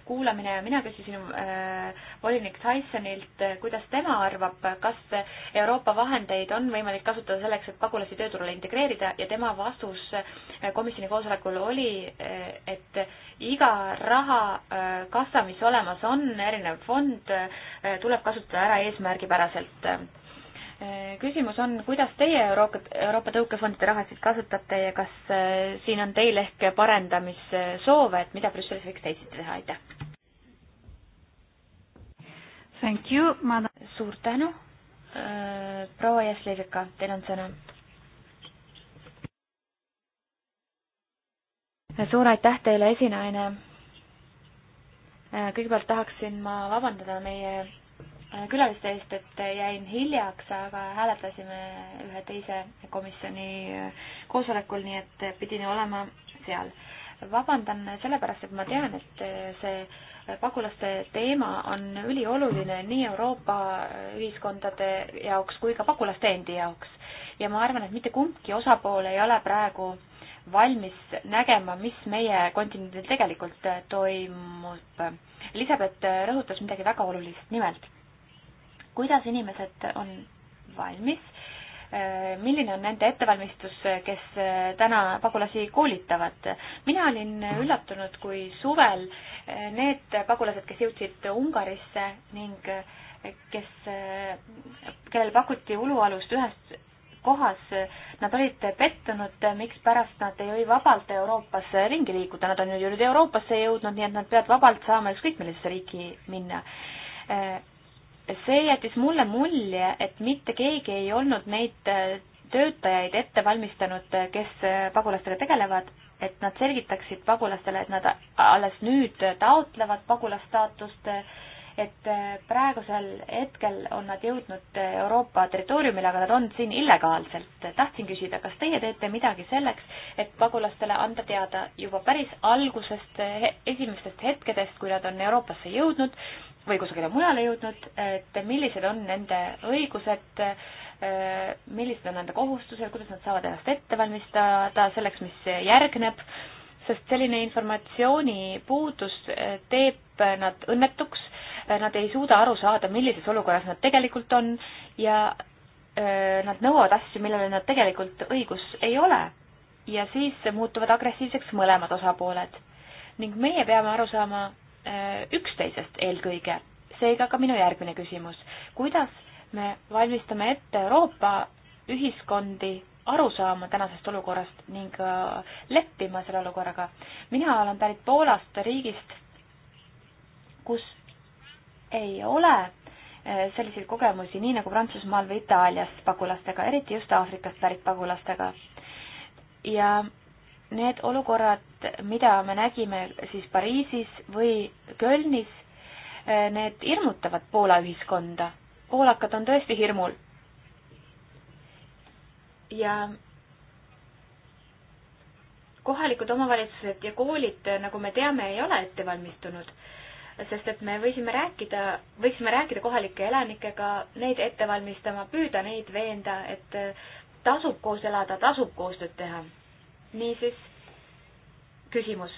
S2: kuulamine ja mina küsisin äh, volinik Tysonilt, kuidas tema arvab, kas Euroopa vahendeid on võimalik kasutada selleks, et pagulasi tööturule integreerida ja tema vastus äh, komisjoni koosolekul oli, äh, et iga rahakassa, äh, mis olemas on, erinev fond, tuleb kasutada ära eesmärgipäraselt küsimus on, kuidas teie Euroopa, Euroopa tõukefondide rahasid kasutate ja kas eh, siin on teil ehk parendamissoove, et mida Brüsselis võiks teisiti teha, aitäh! Thank you, madam. suur tänu, eh, proua Jaslevika, teil on sõna. suur aitäh teile, esinaine. Eh, kõigepealt tahaksin ma vabandada meie Äh, külaliste eest, et jäin hiljaks, aga hääletasime ühe teise komisjoni äh, koosolekul, nii et pidin olema seal. vabandan sellepärast, et ma tean, et äh, see pagulaste teema on ülioluline nii Euroopa ühiskondade jaoks kui ka pagulaste endi jaoks. ja ma arvan, et mitte kumbki osapool ei ole praegu valmis nägema, mis meie kontinendil tegelikult toimub. Elizabeth rõhutas midagi väga olulist, nimelt kuidas inimesed on valmis, milline on nende ettevalmistus, kes eh, täna pagulasi koolitavad. mina olin üllatunud, kui suvel eh, need pagulased, kes jõudsid Ungarisse ning eh, kes, kellele pakuti ulualust ühes kohas, nad olid pettunud, mikspärast nad ei või vabalt Euroopas ringi liikuda, nad on ju nüüd Euroopasse jõudnud, nii et nad peavad vabalt saama ükskõik millisesse riiki minna see jättis mulle mulje, et mitte keegi ei olnud neid äh, töötajaid ette valmistanud, äh, kes äh, pagulastega tegelevad, et nad selgitaksid pagulastele, et nad alles nüüd taotlevad pagulasstaatust et äh, praegusel hetkel on nad jõudnud äh, Euroopa territooriumile, aga nad on siin illegaalselt. tahtsin küsida, kas teie teete midagi selleks, et pagulastele anda teada juba päris algusest, äh, esimestest hetkedest, kui nad on Euroopasse jõudnud või kusagile mujale jõudnud, et millised on nende õigused, millised on nende kohustused, kuidas nad saavad ennast ette valmistada selleks, mis järgneb sest selline informatsiooni puudus teeb nad õnnetuks nad ei suuda aru saada, millises olukorras nad tegelikult on ja nad nõuavad asju, millele nad tegelikult õigus ei ole. ja siis muutuvad agressiivseks mõlemad osapooled. ning meie peame aru saama üksteisest eelkõige. seega ka minu järgmine küsimus. kuidas me valmistame ette Euroopa ühiskondi aru saama tänasest olukorrast ning leppima selle olukorraga. mina olen pärit Poolast, riigist, kus ei ole eh, selliseid kogemusi, nii nagu Prantsusmaal või Itaalias pagulastega, eriti just Aafrikast pärit pagulastega. ja need olukorrad, mida me nägime siis Pariisis või Kölnis, eh, need hirmutavad Poola ühiskonda. poolakad on tõesti hirmul. ja kohalikud omavalitsused ja koolid, nagu me teame, ei ole ette valmistunud sest et me võisime rääkida, võiksime rääkida kohalike elanikega, neid ette valmistama, püüda neid veenda, et eh, tasub koos elada, tasub koostööd teha. niisiis, küsimus.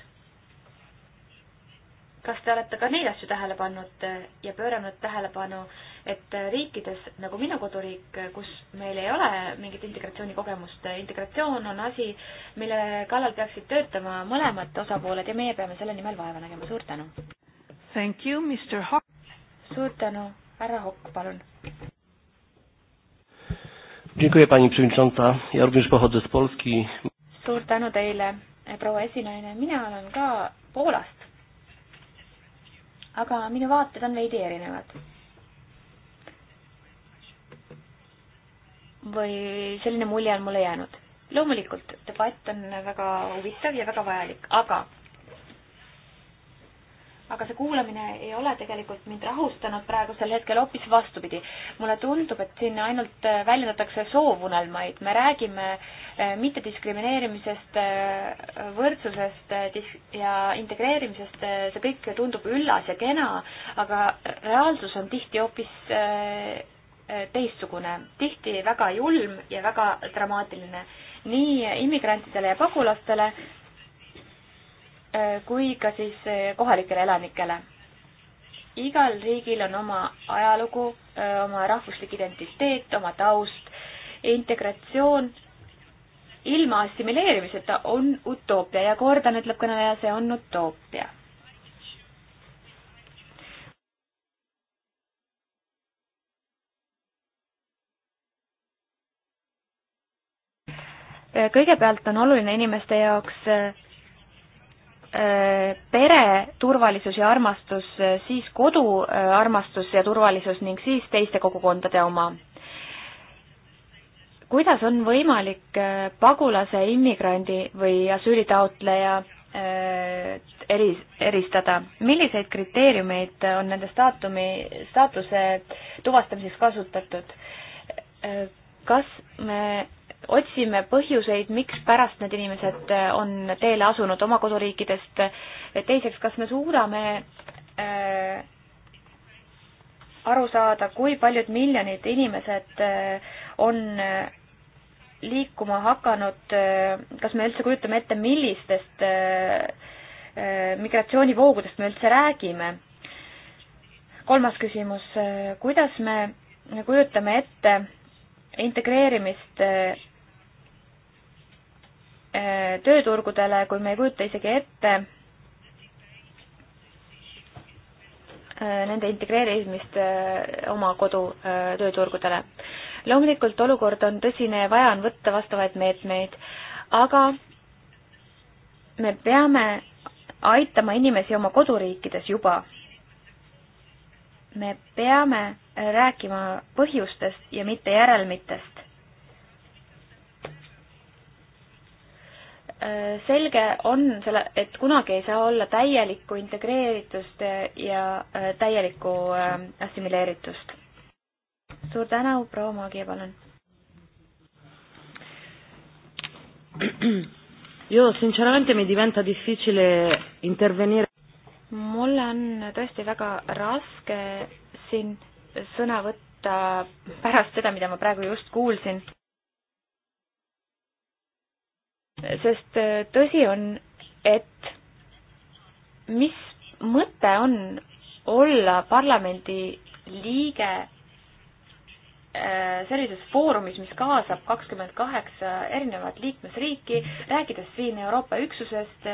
S2: kas te olete ka neid asju tähele pannud eh, ja pööranud tähelepanu, et eh, riikides nagu minu koduriik, kus meil ei ole mingit integratsioonikogemust, integratsioon on asi, mille kallal peaksid töötama mõlemad osapooled ja meie peame selle nimel vaeva nägema, suur tänu! Thank you, Mr Hokk. suur tänu, härra Hokk, palun.
S3: Dziękuję Pani Przewodnicząca. Ja również pochodzę z Polski.
S2: Suur tänu teile, proua esinaine. Mina olen ka Poolast. Aga minu vaated on veidi erinevad. Või selline mulje on mulle jäänud. Loomulikult, debatt on väga huvitav ja väga vajalik, aga aga see kuulamine ei ole tegelikult mind rahustanud praegusel hetkel, hoopis vastupidi. mulle tundub, et siin ainult äh, väljendatakse soovunelmaid, me räägime äh, mittediskrimineerimisest, äh, võrdsusest ja integreerimisest, see kõik tundub üllas ja kena, aga reaalsus on tihti hoopis teistsugune, tihti väga julm ja väga dramaatiline nii immigrantidele ja pagulastele Äh, kui ka siis äh, kohalikele elanikele. igal riigil on oma ajalugu, äh, oma rahvuslik identiteet, oma taust. integratsioon ilma assimileerimiseta on utoopia ja kordan, ütleb kõneleja, see on utoopia kõigepealt on oluline inimeste jaoks Äh, pere turvalisus ja armastus, äh, siis kodu äh, armastus ja turvalisus ning siis teiste kogukondade oma. kuidas on võimalik pagulase, immigrandi või asüülitaotleja eri, eristada. milliseid kriteeriumeid on nende staatumi, staatuse tuvastamiseks kasutatud? kas me otsime põhjuseid, mikspärast need inimesed äh, on teele asunud oma koduriikidest. teiseks, kas me suudame
S1: äh,
S2: aru saada, kui paljud miljonid inimesed äh, on liikuma hakanud, kas me üldse kujutame ette, millistest migratsioonivoogudest me üldse räägime? kolmas küsimus, kuidas me kujutame ette integreerimist Äh, tööturgudele, kui me ei kujuta isegi ette äh, nende integreerimist äh, oma kodu tööturgudele. loomulikult olukord on tõsine ja vaja on võtta vastavaid meetmeid, aga me peame aitama inimesi oma koduriikides juba. me peame rääkima põhjustest ja mitte järelmitest. Äh, selge on selle, et kunagi ei saa olla täielikku integreeritust ja äh, täielikku äh, assimileeritust. suur tänu, proua Maagia, palun.
S1: Io (clears throat) sinceramente mi diventa difficile intervenire.
S2: mul on tõesti väga raske siin sõna võtta pärast seda, mida ma praegu just kuulsin sest äh, tõsi on, et mis mõte on olla parlamendi liige äh, sellises foorumis, mis kaasab kakskümmend kaheksa erinevat liikmesriiki, rääkides siin Euroopa üksusest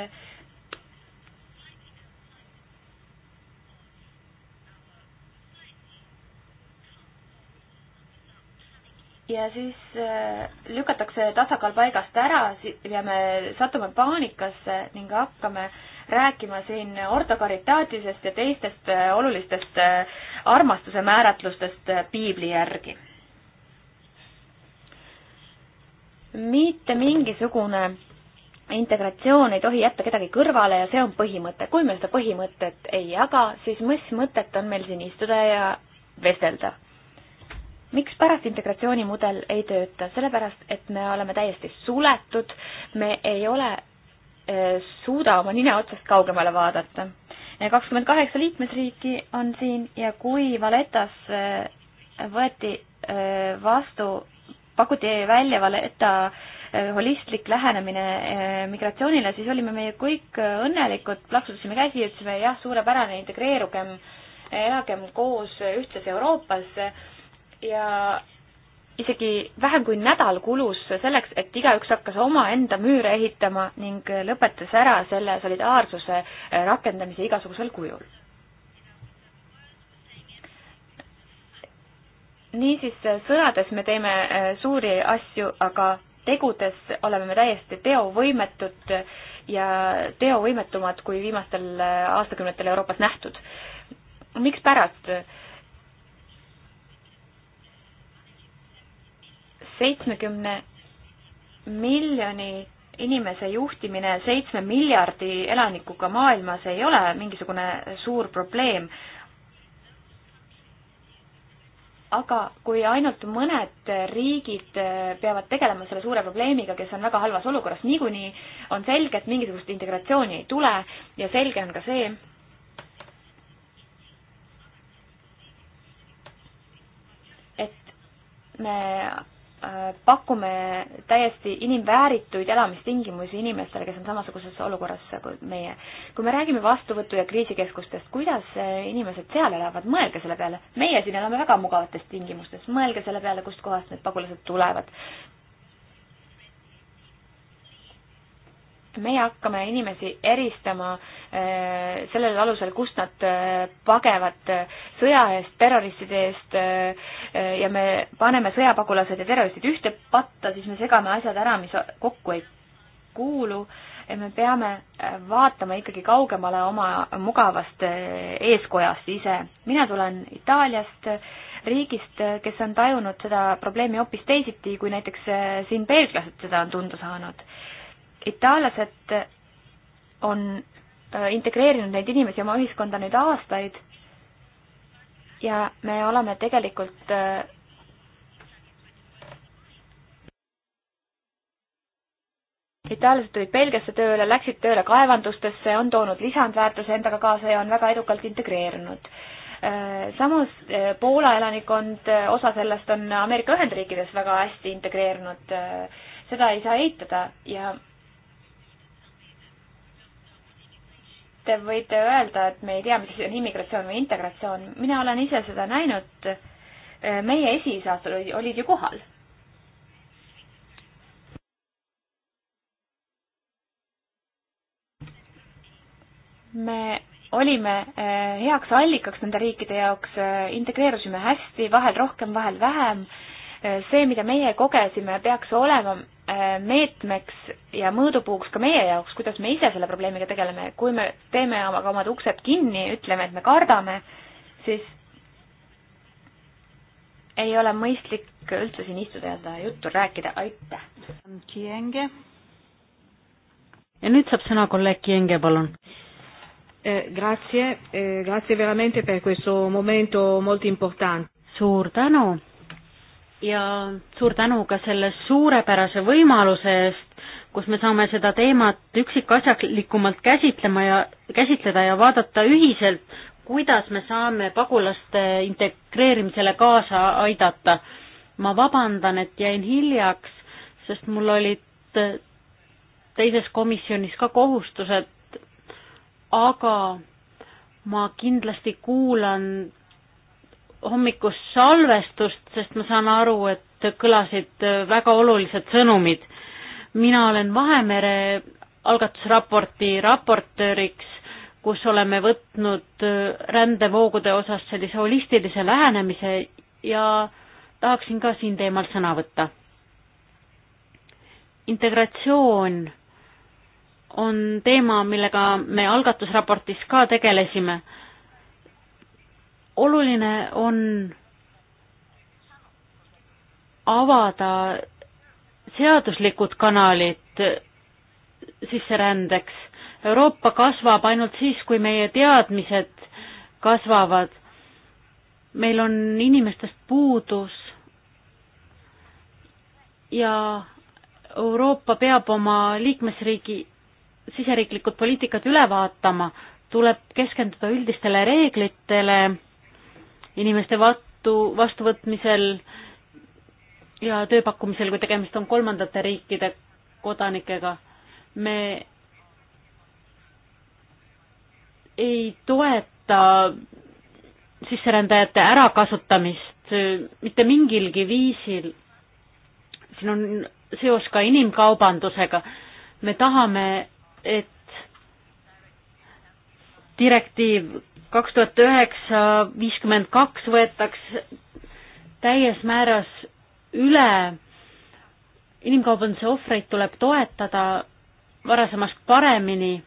S2: ja siis äh, lükatakse tasakaal paigast ära ja me satume paanikasse ning hakkame rääkima siin ortokaritaatilisest ja teistest äh, olulistest äh, armastuse määratlustest piibli järgi. mitte mingisugune integratsioon ei tohi jätta kedagi kõrvale ja see on põhimõte. kui me seda põhimõtet ei jaga, siis mis mõtet on meil siin istuda ja vestelda? mikspärast integratsioonimudel ei tööta, sellepärast et me oleme täiesti suletud, me ei ole, eh, suuda oma nina otsast kaugemale vaadata. kakskümmend kaheksa liikmesriiki on siin ja kui Valetas eh, võeti eh, vastu, pakuti välja Valeta holistlik lähenemine migratsioonile, siis olime meie kõik õnnelikud, plaksutasime käsi, ütlesime jah, suurepärane, integreerugem, elagem koos ühtses Euroopas ja isegi vähem kui nädal kulus selleks, et igaüks hakkas omaenda müüre ehitama ning lõpetas ära selle solidaarsuse äh, rakendamise igasugusel kujul. niisiis, äh, sõnades me teeme äh, suuri asju, aga tegudes oleme me täiesti teovõimetud ja teovõimetumad kui viimastel aastakümnetel Euroopas nähtud. mikspärast? seitsmekümne miljoni inimese juhtimine seitsme miljardi elanikuga maailmas ei ole mingisugune suur probleem. aga kui ainult mõned riigid peavad tegelema selle suure probleemiga, kes on väga halvas olukorras niikuinii, on selge, et mingisugust integratsiooni ei tule ja selge on ka see, et me Äh, pakume täiesti inimväärituid elamistingimusi inimestele, kes on samasuguses olukorras kui meie. kui me räägime vastuvõtu- ja kriisikeskustest, kuidas äh, inimesed seal elavad, mõelge selle peale. meie siin elame väga mugavates tingimustes, mõelge selle peale, kustkohast need pagulased tulevad. meie hakkame inimesi eristama äh, sellel alusel, kust nad äh, pagevad äh, sõja eest, terroristide eest ja me paneme sõjapagulased ja terroristid ühte patta, siis me segame asjad ära, mis kokku ei kuulu. me peame vaatama ikkagi kaugemale oma mugavast eeskojast ise. mina tulen Itaaliast, riigist, kes on tajunud seda probleemi hoopis teisiti, kui näiteks siin belglased seda on tunda saanud itaallased on äh, integreerinud neid inimesi oma ühiskonda nüüd aastaid ja me oleme tegelikult äh, itaallased tulid Belgiasse tööle, läksid tööle kaevandustesse, on toonud lisandväärtuse endaga kaasa ja on väga edukalt integreerunud. Äh, samas Poola elanikkond, osa sellest on Ameerika Ühendriikides väga hästi integreerunud, seda ei saa eitada ja Te võite öelda, et me ei tea, mis asi on immigratsioon või integratsioon. mina olen ise seda näinud. meie esiisad olid ju kohal. me olime eh, heaks allikaks nende riikide jaoks, eh, integreerusime hästi, vahel rohkem, vahel vähem see, mida meie kogesime, peaks olema äh, meetmeks ja mõõdupuuks ka meie jaoks, kuidas me ise selle probleemiga tegeleme. kui me teeme oma, ka omad uksed kinni, ütleme, et me kardame, siis ei ole mõistlik üldse siin istuda ja juttu rääkida, aitäh! Kienge.
S1: ja nüüd saab sõna kolleeg Kienge, palun.
S3: Eh, grazie, eh, grazie veramente per questo momento molto importante.
S1: suur tänu ja suur tänu ka selle suurepärase võimaluse eest, kus me saame seda teemat üksikasjalikumalt käsitlema ja, käsitleda ja vaadata ühiselt, kuidas me saame pagulaste integreerimisele kaasa aidata. ma vabandan, et jäin hiljaks, sest mul olid teises komisjonis ka kohustused, aga ma kindlasti kuulan hommikust salvestust, sest ma saan aru, et kõlasid äh, väga olulised sõnumid. mina olen Vahemere algatusraporti raportööriks, kus oleme võtnud äh, rändevoogude osas sellise holistilise lähenemise ja tahaksin ka siin teemal sõna võtta. integratsioon on teema, millega me algatusraportis ka tegelesime oluline on avada seaduslikud kanalid sisserändeks. Euroopa kasvab ainult siis, kui meie teadmised kasvavad. meil on inimestest puudus ja Euroopa peab oma liikmesriigi siseriiklikud poliitikad üle vaatama, tuleb keskenduda üldistele reeglitele inimeste vattu, vastuvõtmisel ja tööpakkumisel, kui tegemist on kolmandate riikide kodanikega. me ei toeta sisserändajate ärakasutamist äh, mitte mingilgi viisil. siin on seos ka inimkaubandusega. me tahame, et direktiiv kaks tuhat üheksa viiskümmend kaks võetakse täies määras üle. inimkaubanduse ohvreid tuleb toetada varasemast paremini.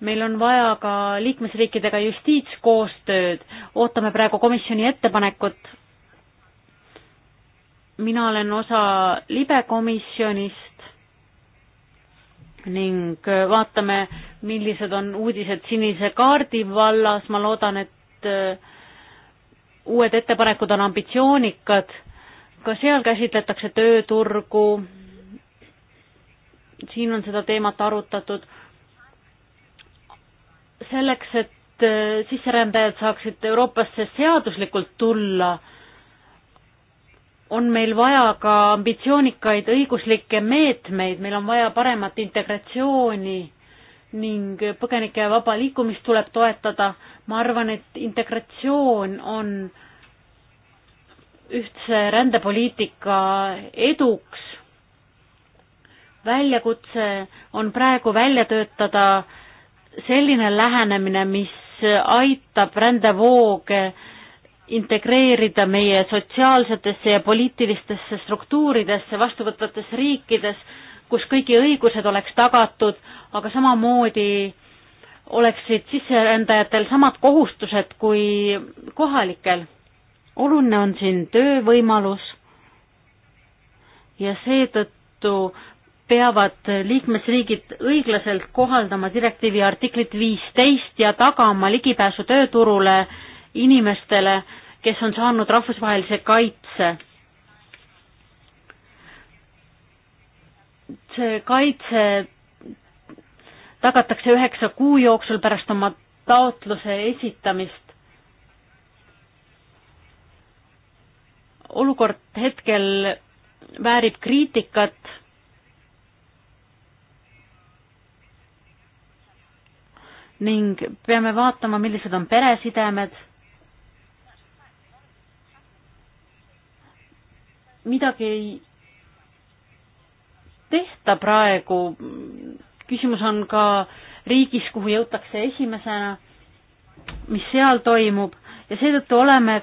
S1: meil on vaja ka liikmesriikidega justiitskoostööd, ootame praegu komisjoni ettepanekut. mina olen osa libekomisjonist ning äh, vaatame, millised on uudised sinise kaardi vallas, ma loodan, et äh, uued ettepanekud on ambitsioonikad, ka seal käsitletakse tööturgu, siin on seda teemat arutatud, selleks, et äh, sisserändajad saaksid Euroopasse seaduslikult tulla on meil vaja ka ambitsioonikaid õiguslikke meetmeid, meil on vaja paremat integratsiooni ning põgenike vaba liikumist tuleb toetada. ma arvan, et integratsioon on ühtse rändepoliitika eduks. väljakutse on praegu välja töötada selline lähenemine, mis aitab rändevooge integreerida meie sotsiaalsetesse ja poliitilistesse struktuuridesse vastuvõtvates riikides, kus kõigi õigused oleks tagatud, aga samamoodi oleksid sisserändajatel samad kohustused kui kohalikel. oluline on siin töövõimalus ja seetõttu peavad liikmesriigid õiglaselt kohaldama direktiivi artiklit viisteist ja tagama ligipääsu tööturule inimestele, kes on saanud rahvusvahelise kaitse. see kaitse tagatakse üheksa kuu jooksul pärast oma taotluse esitamist. olukord hetkel väärib kriitikat. ning peame vaatama, millised on peresidemed midagi ei tehta praegu. küsimus on ka riigis, kuhu jõutakse esimesena, mis seal toimub ja seetõttu oleme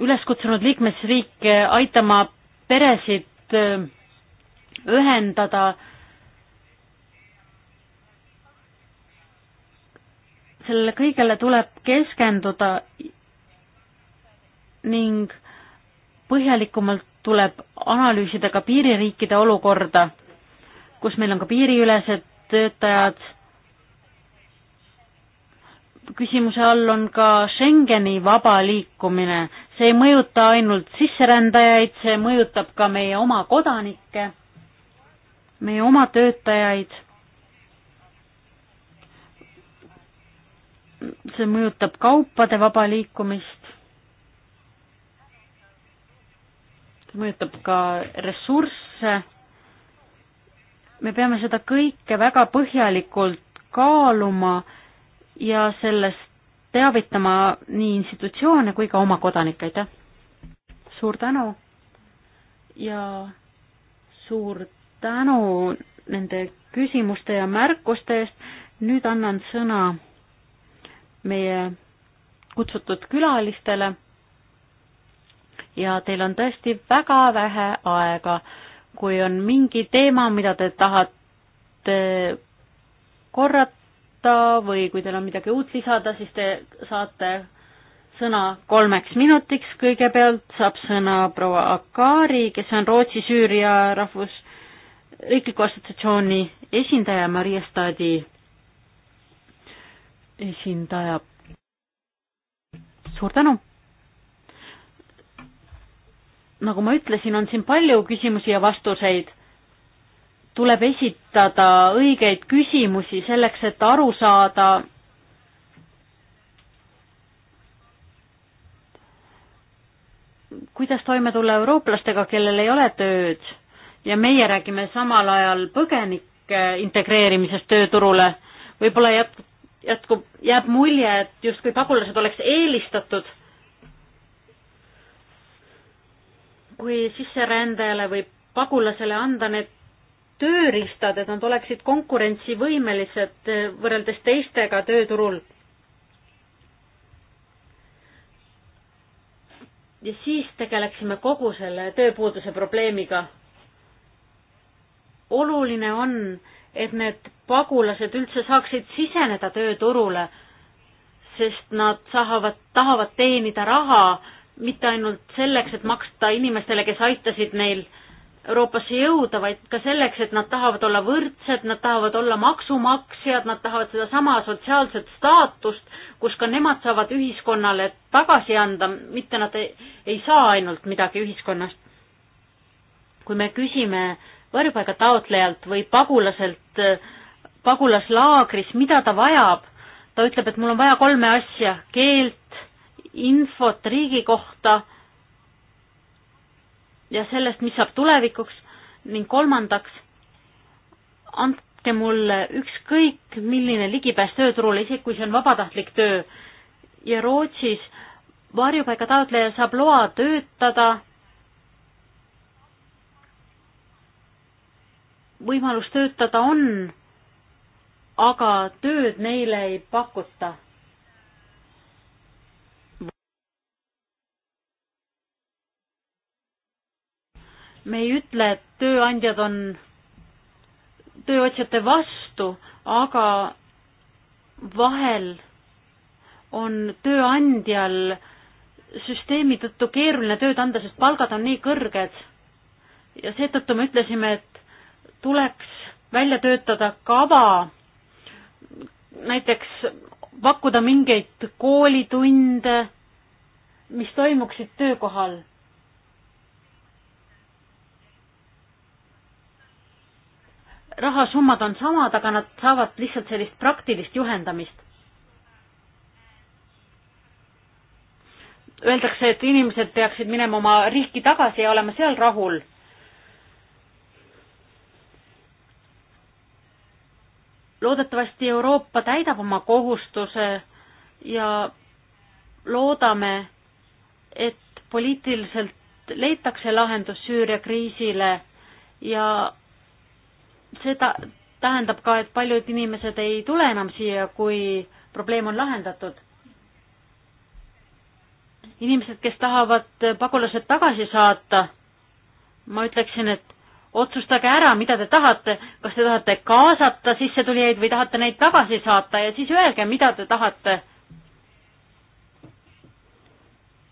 S1: üles kutsunud liikmesriike aitama peresid äh, ühendada sellele kõigele tuleb keskenduda ning põhjalikumalt tuleb analüüsida ka piiririikide olukorda, kus meil on ka piiriülesed töötajad. küsimuse all on ka Schengeni vaba liikumine, see ei mõjuta ainult sisserändajaid, see mõjutab ka meie oma kodanikke, meie oma töötajaid. see mõjutab kaupade vaba liikumist. see mõjutab ka ressursse. me peame seda kõike väga põhjalikult kaaluma ja sellest teavitama nii institutsioone kui ka oma kodanikke, aitäh! suur tänu ja suur tänu nende küsimuste ja märkuste eest, nüüd annan sõna meie kutsutud külalistele ja teil on tõesti väga vähe aega. kui on mingi teema, mida te tahate korrata või kui teil on midagi uut lisada, siis te saate sõna kolmeks minutiks, kõigepealt saab sõna proua Akari, kes on Rootsi-Süüria rahvus, riikliku assotsiatsiooni esindaja, Maria Stadi esindaja. suur tänu nagu ma ütlesin, on siin palju küsimusi ja vastuseid. tuleb esitada õigeid küsimusi selleks, et aru saada, kuidas toime tulla eurooplastega, kellel ei ole tööd ja meie räägime samal ajal põgenike integreerimisest tööturule, võib-olla jätkub, jätkub, jääb mulje, et justkui pagulased oleks eelistatud kui sisserändajale või pagulasele anda need tööriistad, et nad oleksid konkurentsivõimelised eh, võrreldes teistega tööturul. ja siis tegeleksime kogu selle tööpuuduse probleemiga. oluline on, et need pagulased üldse saaksid siseneda tööturule, sest nad saavad, tahavad teenida raha mitte ainult selleks, et maksta inimestele, kes aitasid neil Euroopasse jõuda, vaid ka selleks, et nad tahavad olla võrdsed, nad tahavad olla maksumaksjad, nad tahavad sedasama sotsiaalset staatust, kus ka nemad saavad ühiskonnale tagasi anda, mitte nad ei, ei saa ainult midagi ühiskonnast. kui me küsime varjupaiga taotlejalt või pagulaselt pagulaslaagris, mida ta vajab, ta ütleb, et mul on vaja kolme asja, keelt, infot riigi kohta ja sellest, mis saab tulevikuks ning kolmandaks, andke mulle ükskõik milline ligipääs tööturule, isegi kui see on vabatahtlik töö. ja Rootsis varjupaiga taotleja saab loa töötada, võimalus töötada on, aga tööd neile ei pakuta me ei ütle, et tööandjad on tööotsijate vastu, aga vahel on tööandjal süsteemi tõttu keeruline tööd anda, sest palgad on nii kõrged. ja seetõttu me ütlesime, et tuleks välja töötada kava, näiteks pakkuda mingeid koolitunde, mis toimuksid töökohal rahasummad on samad, aga nad saavad lihtsalt sellist praktilist juhendamist. Öeldakse, et inimesed peaksid minema oma riiki tagasi ja olema seal rahul. loodetavasti Euroopa täidab oma kohustuse ja loodame, et poliitiliselt leitakse lahendus Süüria kriisile ja seda tähendab ka, et paljud inimesed ei tule enam siia, kui probleem on lahendatud. inimesed, kes tahavad pagulased tagasi saata, ma ütleksin, et otsustage ära, mida te tahate, kas te tahate kaasata sissetulijaid või tahate neid tagasi saata ja siis öelge, mida te tahate.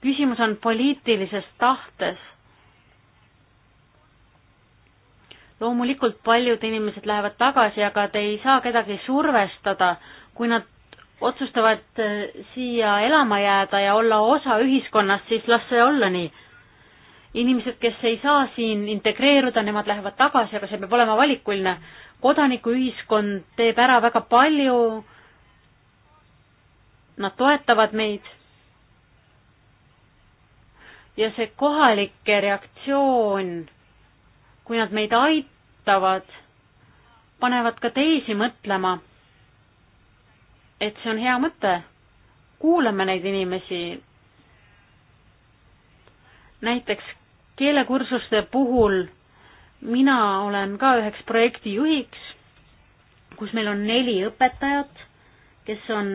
S1: küsimus on poliitilises tahtes loomulikult paljud inimesed lähevad tagasi, aga te ei saa kedagi survestada, kui nad otsustavad äh, siia elama jääda ja olla osa ühiskonnast, siis las see olla nii. inimesed, kes ei saa siin integreeruda, nemad lähevad tagasi, aga see peab olema valikuline. kodanikuühiskond teeb ära väga palju, nad toetavad meid ja see kohalike reaktsioon kui nad meid aitavad, panevad ka teisi mõtlema, et see on hea mõte, kuulame neid inimesi. näiteks keelekursuste puhul mina olen ka üheks projektijuhiks, kus meil on neli õpetajat, kes on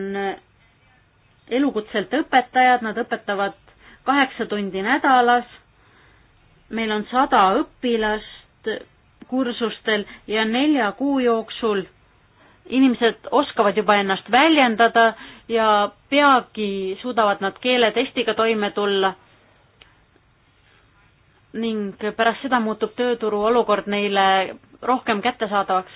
S1: elukutselt õpetajad, nad õpetavad kaheksa tundi nädalas, meil on sada õpilast, kursustel ja nelja kuu jooksul inimesed oskavad juba ennast väljendada ja peagi suudavad nad keeletestiga toime tulla. ning pärast seda muutub tööturu olukord neile rohkem kättesaadavaks.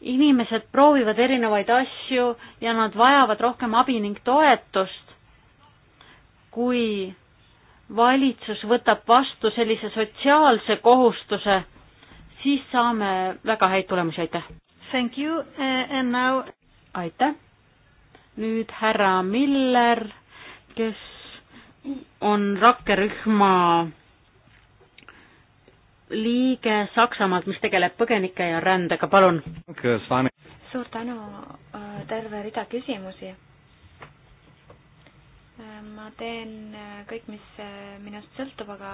S1: inimesed proovivad erinevaid asju ja nad vajavad rohkem abi ning toetust, kui valitsus võtab vastu sellise sotsiaalse kohustuse, siis saame väga häid tulemusi, aitäh! Thank you eh, and now aitäh! nüüd härra Miller, kes on rakkerühma liige Saksamaalt, mis tegeleb põgenike ja rändega, palun! suur tänu,
S2: eh, terve rida küsimusi ma teen äh, kõik, mis äh, minust sõltub, aga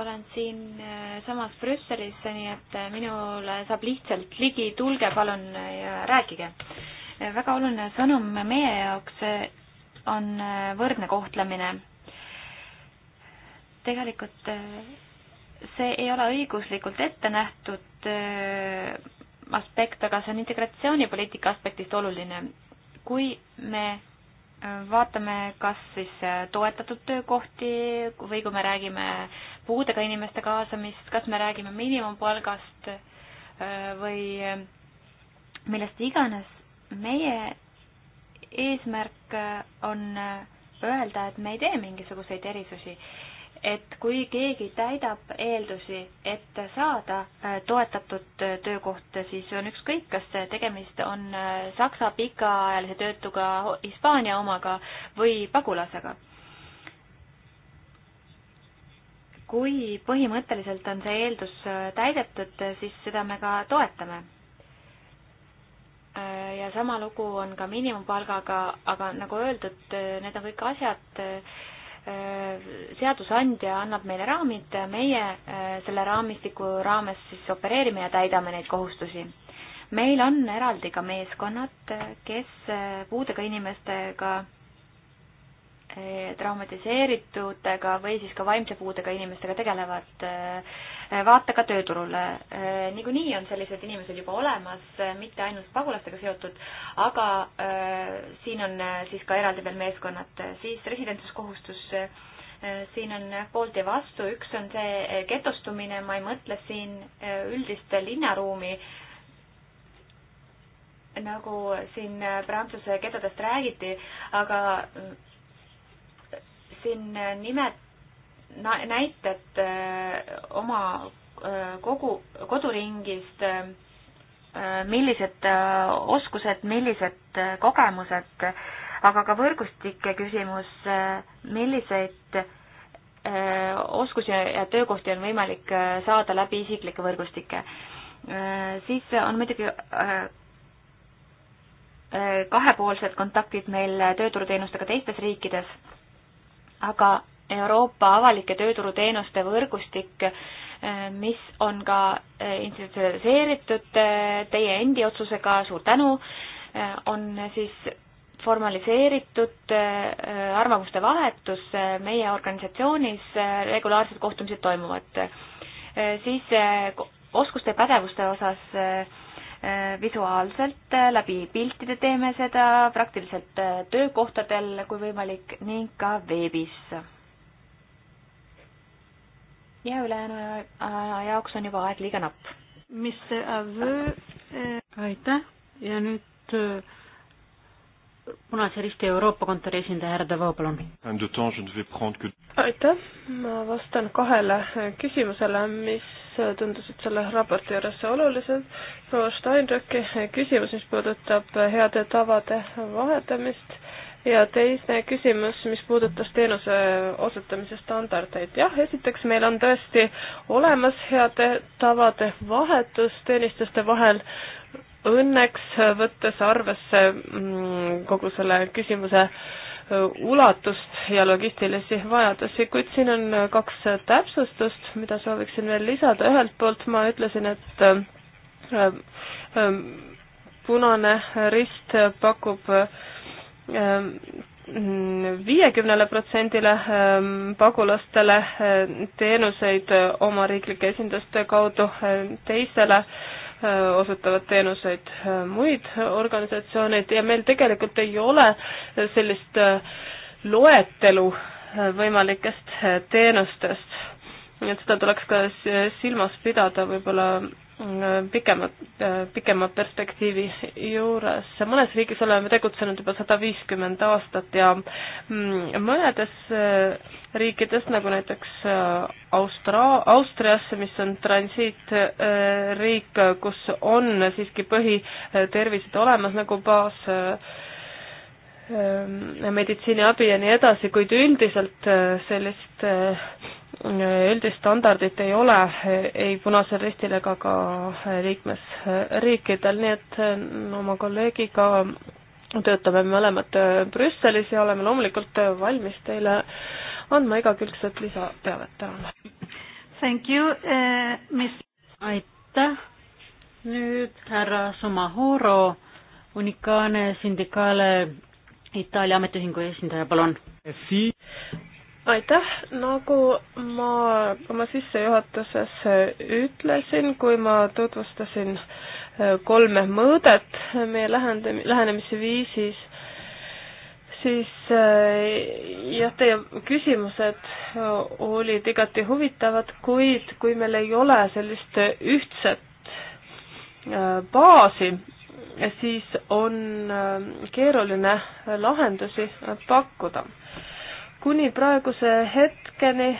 S2: olen siin äh, samas Brüsselis, nii et minule saab lihtsalt ligi, tulge palun ja rääkige. väga oluline sõnum meie jaoks on võrdne kohtlemine. tegelikult see ei ole õiguslikult ette nähtud aspekt, aga see on integratsioonipoliitika aspektist oluline. kui me vaatame kas siis äh, toetatud töökohti või kui me räägime puudega inimeste kaasamist, kas me räägime miinimumpalgast äh, või äh, millest iganes. meie eesmärk on öelda, et me ei tee mingisuguseid erisusi et kui keegi täidab eeldusi, et saada äh, toetatud äh, töökoht, siis on ükskõik, kas äh, tegemist on Saksa pikaajalise töötuga, Hispaania omaga või pagulasega. kui põhimõtteliselt on see eeldus täidetud, siis seda me ka toetame ja sama lugu on ka miinimumpalgaga, aga nagu öeldud, need on kõik asjad, seadusandja annab meile raamid, meie äh, selle raamistiku raames siis opereerime ja täidame neid kohustusi. meil on eraldi ka meeskonnad, äh, kes äh, puudega inimestega traumatiseeritutega või siis ka vaimse puudega inimestega tegelevad Eh, vaate ka tööturule. Eh, niikuinii on sellised inimesed juba olemas, eh, mitte ainult pagulastega seotud, aga siin on siis ka eraldi veel meeskonnad, siis residentsuskohustus siin on poolt ja vastu, üks on see getostumine, ma ei mõtle siin üldist linnaruumi, nagu siin Prantsuse getodest räägiti, aga mm, siin nimet-, näited äh, oma äh, kogu, koduringist, äh, millised oskused, millised kogemused, aga ka võrgustike küsimus, milliseid oskusi ja töökohti on võimalik saada läbi isiklike võrgustike. siis on muidugi kahepoolsed kontaktid meil tööturuteenustega teistes riikides, aga Euroopa avalike tööturuteenuste võrgustik, eh, mis on ka eh, institutsionaliseeritud eh, teie endi otsusega, suur tänu, on siis formaliseeritud arvamuste vahetus meie organisatsioonis, regulaarsed kohtumised toimuvad. siis oskuste ja pädevuste osas visuaalselt, läbi piltide teeme seda, praktiliselt töökohtadel, kui võimalik, ning ka veebis ja ülejäänu aja jaoks on juba aeg liiga napp. mis
S1: avöö äh...? Eh, aitäh ja nüüd eh, Punase Risti Euroopa kontori esindaja härra Devo, palun.
S3: aitäh, ma vastan kahele eh, küsimusele, mis tundusid selle raporti juures olulised. proua Steinröcki küsimus, mis puudutab heade tavade vahetamist ja teine küsimus, mis puudutas teenuse osutamise standardeid. jah, esiteks meil on tõesti olemas heade tavade vahetus teenistuste vahel, õnneks võttes arvesse mm, kogu selle küsimuse äh, ulatust ja logistilisi vajadusi, kuid siin on kaks täpsustust, mida sooviksin veel lisada, ühelt poolt ma ütlesin, et äh, äh, punane rist pakub äh, Ehm, viiekümnele protsendile ehm, pagulastele ehm, teenuseid eh, oma riiklike esinduste kaudu, teisele eh, osutavad teenuseid muid organisatsioonid ja meil tegelikult ei ole sellist eh, loetelu võimalikest teenustest. nii et seda tuleks ka silmas pidada võib-olla pikema, pikema perspektiivi juures. mõnes riigis oleme tegutsenud juba sada viiskümmend aastat ja mm, mõnedes äh, riikides, nagu näiteks äh, Austra-, Austrias, mis on transiitriik, äh, kus on siiski põhitervised olemas nagu baas meditsiiniabi ja nii edasi, kuid üldiselt sellist üldist standardit ei ole ei Punasel Ristil ega ka liikmesriikidel, nii et oma kolleegiga töötame me mõlemad Brüsselis ja oleme loomulikult valmis teile andma igakülgset lisateavet, tänan. Thank you uh,, eh, mis aitäh,
S1: nüüd härra Sumahuro, Unikane Sindikaale
S3: Itaalia ametiühingu esindaja, palun aitäh, nagu ma oma sissejuhatuses ütlesin, kui ma tutvustasin äh, kolme mõõdet meie lähendam-, lähenemisviisis, siis äh, jah, teie küsimused äh, olid igati huvitavad, kuid kui meil ei ole sellist ühtset baasi, siis on keeruline lahendusi pakkuda kuni praeguse hetkeni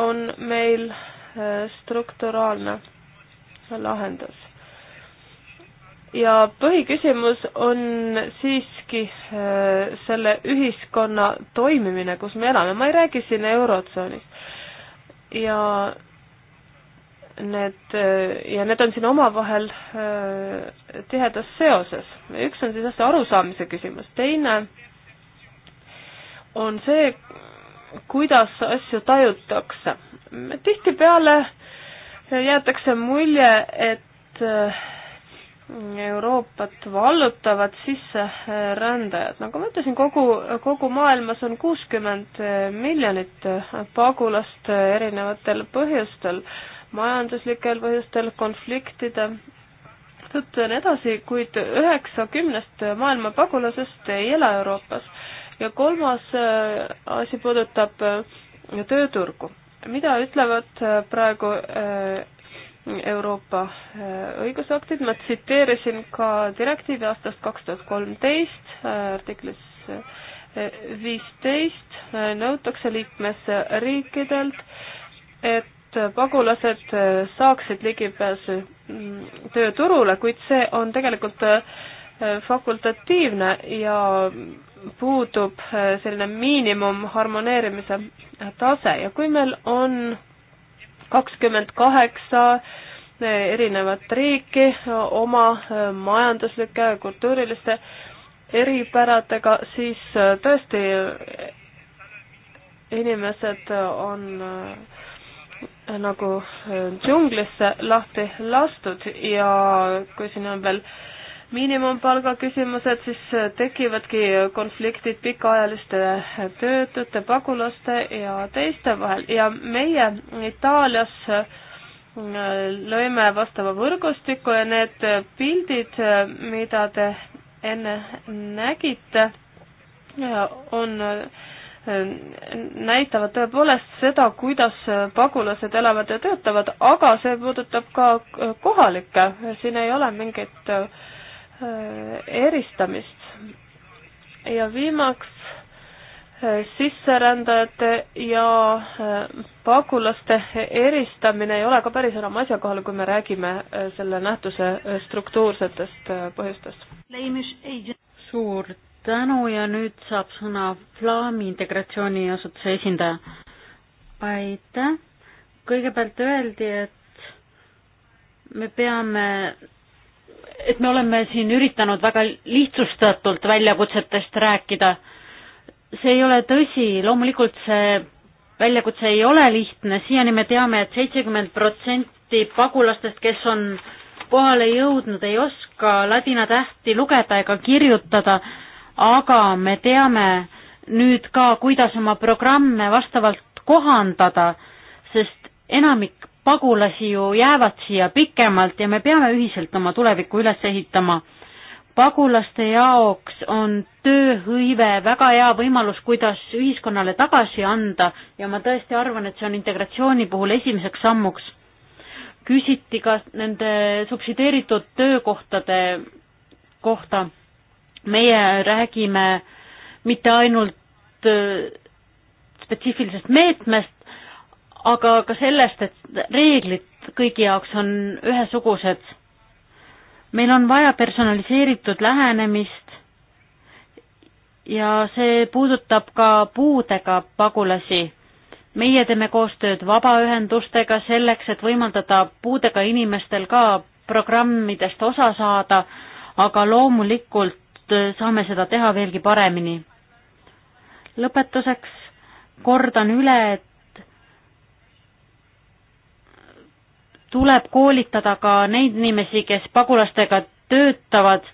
S3: on meil äh, strukturaalne lahendus. ja põhiküsimus on siiski äh, selle ühiskonna toimimine, kus me elame, ma ei räägi siin Eurotsoonist. ja need äh, ja need on siin omavahel tihedas seoses. üks on siis asja arusaamise küsimus, teine on see, kuidas asju tajutakse. tihtipeale jäetakse mulje, et äh, Euroopat vallutavad sisserändajad, nagu ma ütlesin, kogu, kogu maailmas on kuuskümmend miljonit pagulast erinevatel põhjustel, majanduslikel põhjustel, konfliktide tõttu ja nii edasi, kuid üheksa kümnest maailma pagulasest ei ela Euroopas ja kolmas äh, asi puudutab äh, tööturgu. mida ütlevad äh, praegu Euroopa õigusaktid, ma tsiteerisin ka direktiivi aastast kaks tuhat kolmteist artiklis viisteist nõutakse liikmesriikidelt, et pagulased saaksid ligipääsu mm, tööturule, kuid see on tegelikult fakultatiivne ja puudub äh, selline miinimum harmoneerimise äh, tase ja kui meil on kakskümmend kaheksa äh, erinevat riiki oma majanduslike ja kultuuriliste eripäradega, siis tõesti inimesed on nagu džunglisse lahti lastud ja kui siin on veel äh, miinimumpalga küsimused, siis äh, tekivadki konfliktid pikaajaliste töötute, pagulaste ja teiste vahel ja meie Itaalias äh, lõime vastava võrgustiku ja need pildid, äh, mida te enne nägite, on, näitavad tõepoolest seda, kuidas pagulased elavad ja töötavad, aga see puudutab ka kohalikke, siin ei ole mingit äh, Äh, eristamist. ja viimaks äh, sisserändajate ja äh, pagulaste eristamine ei ole ka päris enam asjakohal, kui me räägime selle nähtuse struktuursetest põhjustest.
S1: suur tänu ja nüüd saab sõna Flaami integratsiooni asutuse esindaja. aitäh, kõigepealt öeldi, et me peame et me oleme siin üritanud väga lihtsustatult väljakutsetest rääkida. see ei ole tõsi, loomulikult see väljakutse ei ole lihtne, siiani me teame et, et seitsekümmend protsenti pagulastest, kes on kohale jõudnud, ei oska ladina tähti lugeda ega kirjutada, aga me teame nüüd ka, kuidas oma programme vastavalt kohandada, sest enamik pagulasi ju jäävad siia pikemalt ja me peame ühiselt oma tulevikku üles ehitama. pagulaste jaoks on tööhõive väga hea võimalus, kuidas ühiskonnale tagasi anda ja ma tõesti arvan, et see on integratsiooni puhul esimeseks sammuks. küsiti ka nende subsideeritud töökohtade kohta. meie räägime mitte ainult äh, spetsiifilisest meetmest, aga ka sellest, et reeglid kõigi jaoks on ühesugused. meil on vaja personaliseeritud lähenemist ja see puudutab ka puudega pagulasi. meie teeme koostööd vabaühendustega selleks, et võimaldada puudega inimestel ka programmidest osa saada, aga loomulikult saame seda teha veelgi paremini. lõpetuseks kordan üle, et tuleb koolitada ka neid inimesi, kes pagulastega töötavad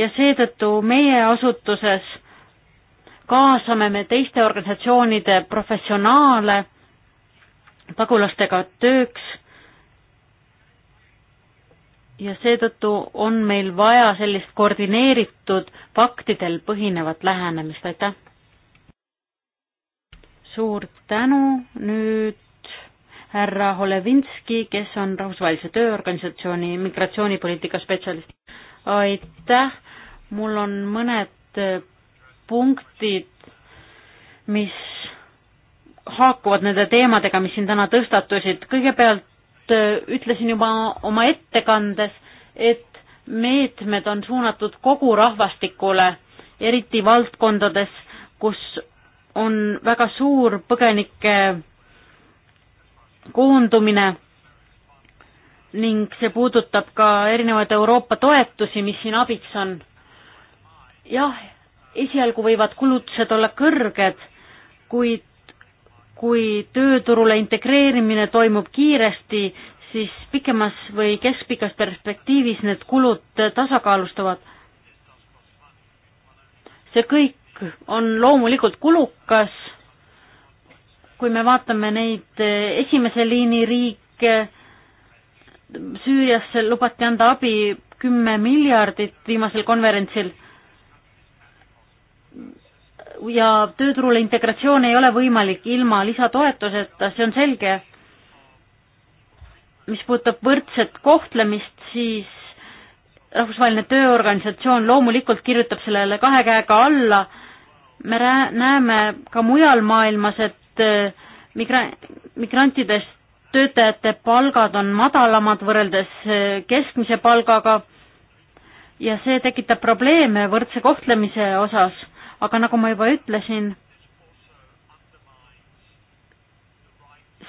S1: ja seetõttu meie asutuses kaasame me teiste organisatsioonide professionaale pagulastega tööks ja seetõttu on meil vaja sellist koordineeritud faktidel põhinevat lähenemist, aitäh! suur tänu, nüüd härra Olevinski, kes on Rahvusvahelise Tööorganisatsiooni migratsioonipoliitika spetsialist. aitäh, mul on mõned äh, punktid, mis haakuvad nende teemadega, mis siin täna tõstatusid. kõigepealt äh, ütlesin juba oma ettekandes, et meetmed on suunatud kogu rahvastikule, eriti valdkondades, kus on väga suur põgenike koondumine ning see puudutab ka erinevaid Euroopa toetusi, mis siin abiks on. jah, esialgu võivad kulutused olla kõrged, kuid kui tööturule integreerimine toimub kiiresti, siis pikemas või keskpikas perspektiivis need kulud tasakaalustuvad. see kõik on loomulikult kulukas kui me vaatame neid eh, esimese liini riike, Süüriasse lubati anda abi kümme miljardit viimasel konverentsil ja tööturule integratsioon ei ole võimalik ilma lisatoetuseta, see on selge. mis puudutab võrdset kohtlemist, siis rahvusvaheline tööorganisatsioon loomulikult kirjutab sellele kahe käega alla, me näeme ka mujal maailmas, et et äh, migra-, migrantidest töötajate palgad on madalamad võrreldes äh, keskmise palgaga ja see tekitab probleeme võrdse kohtlemise osas, aga nagu ma juba ütlesin,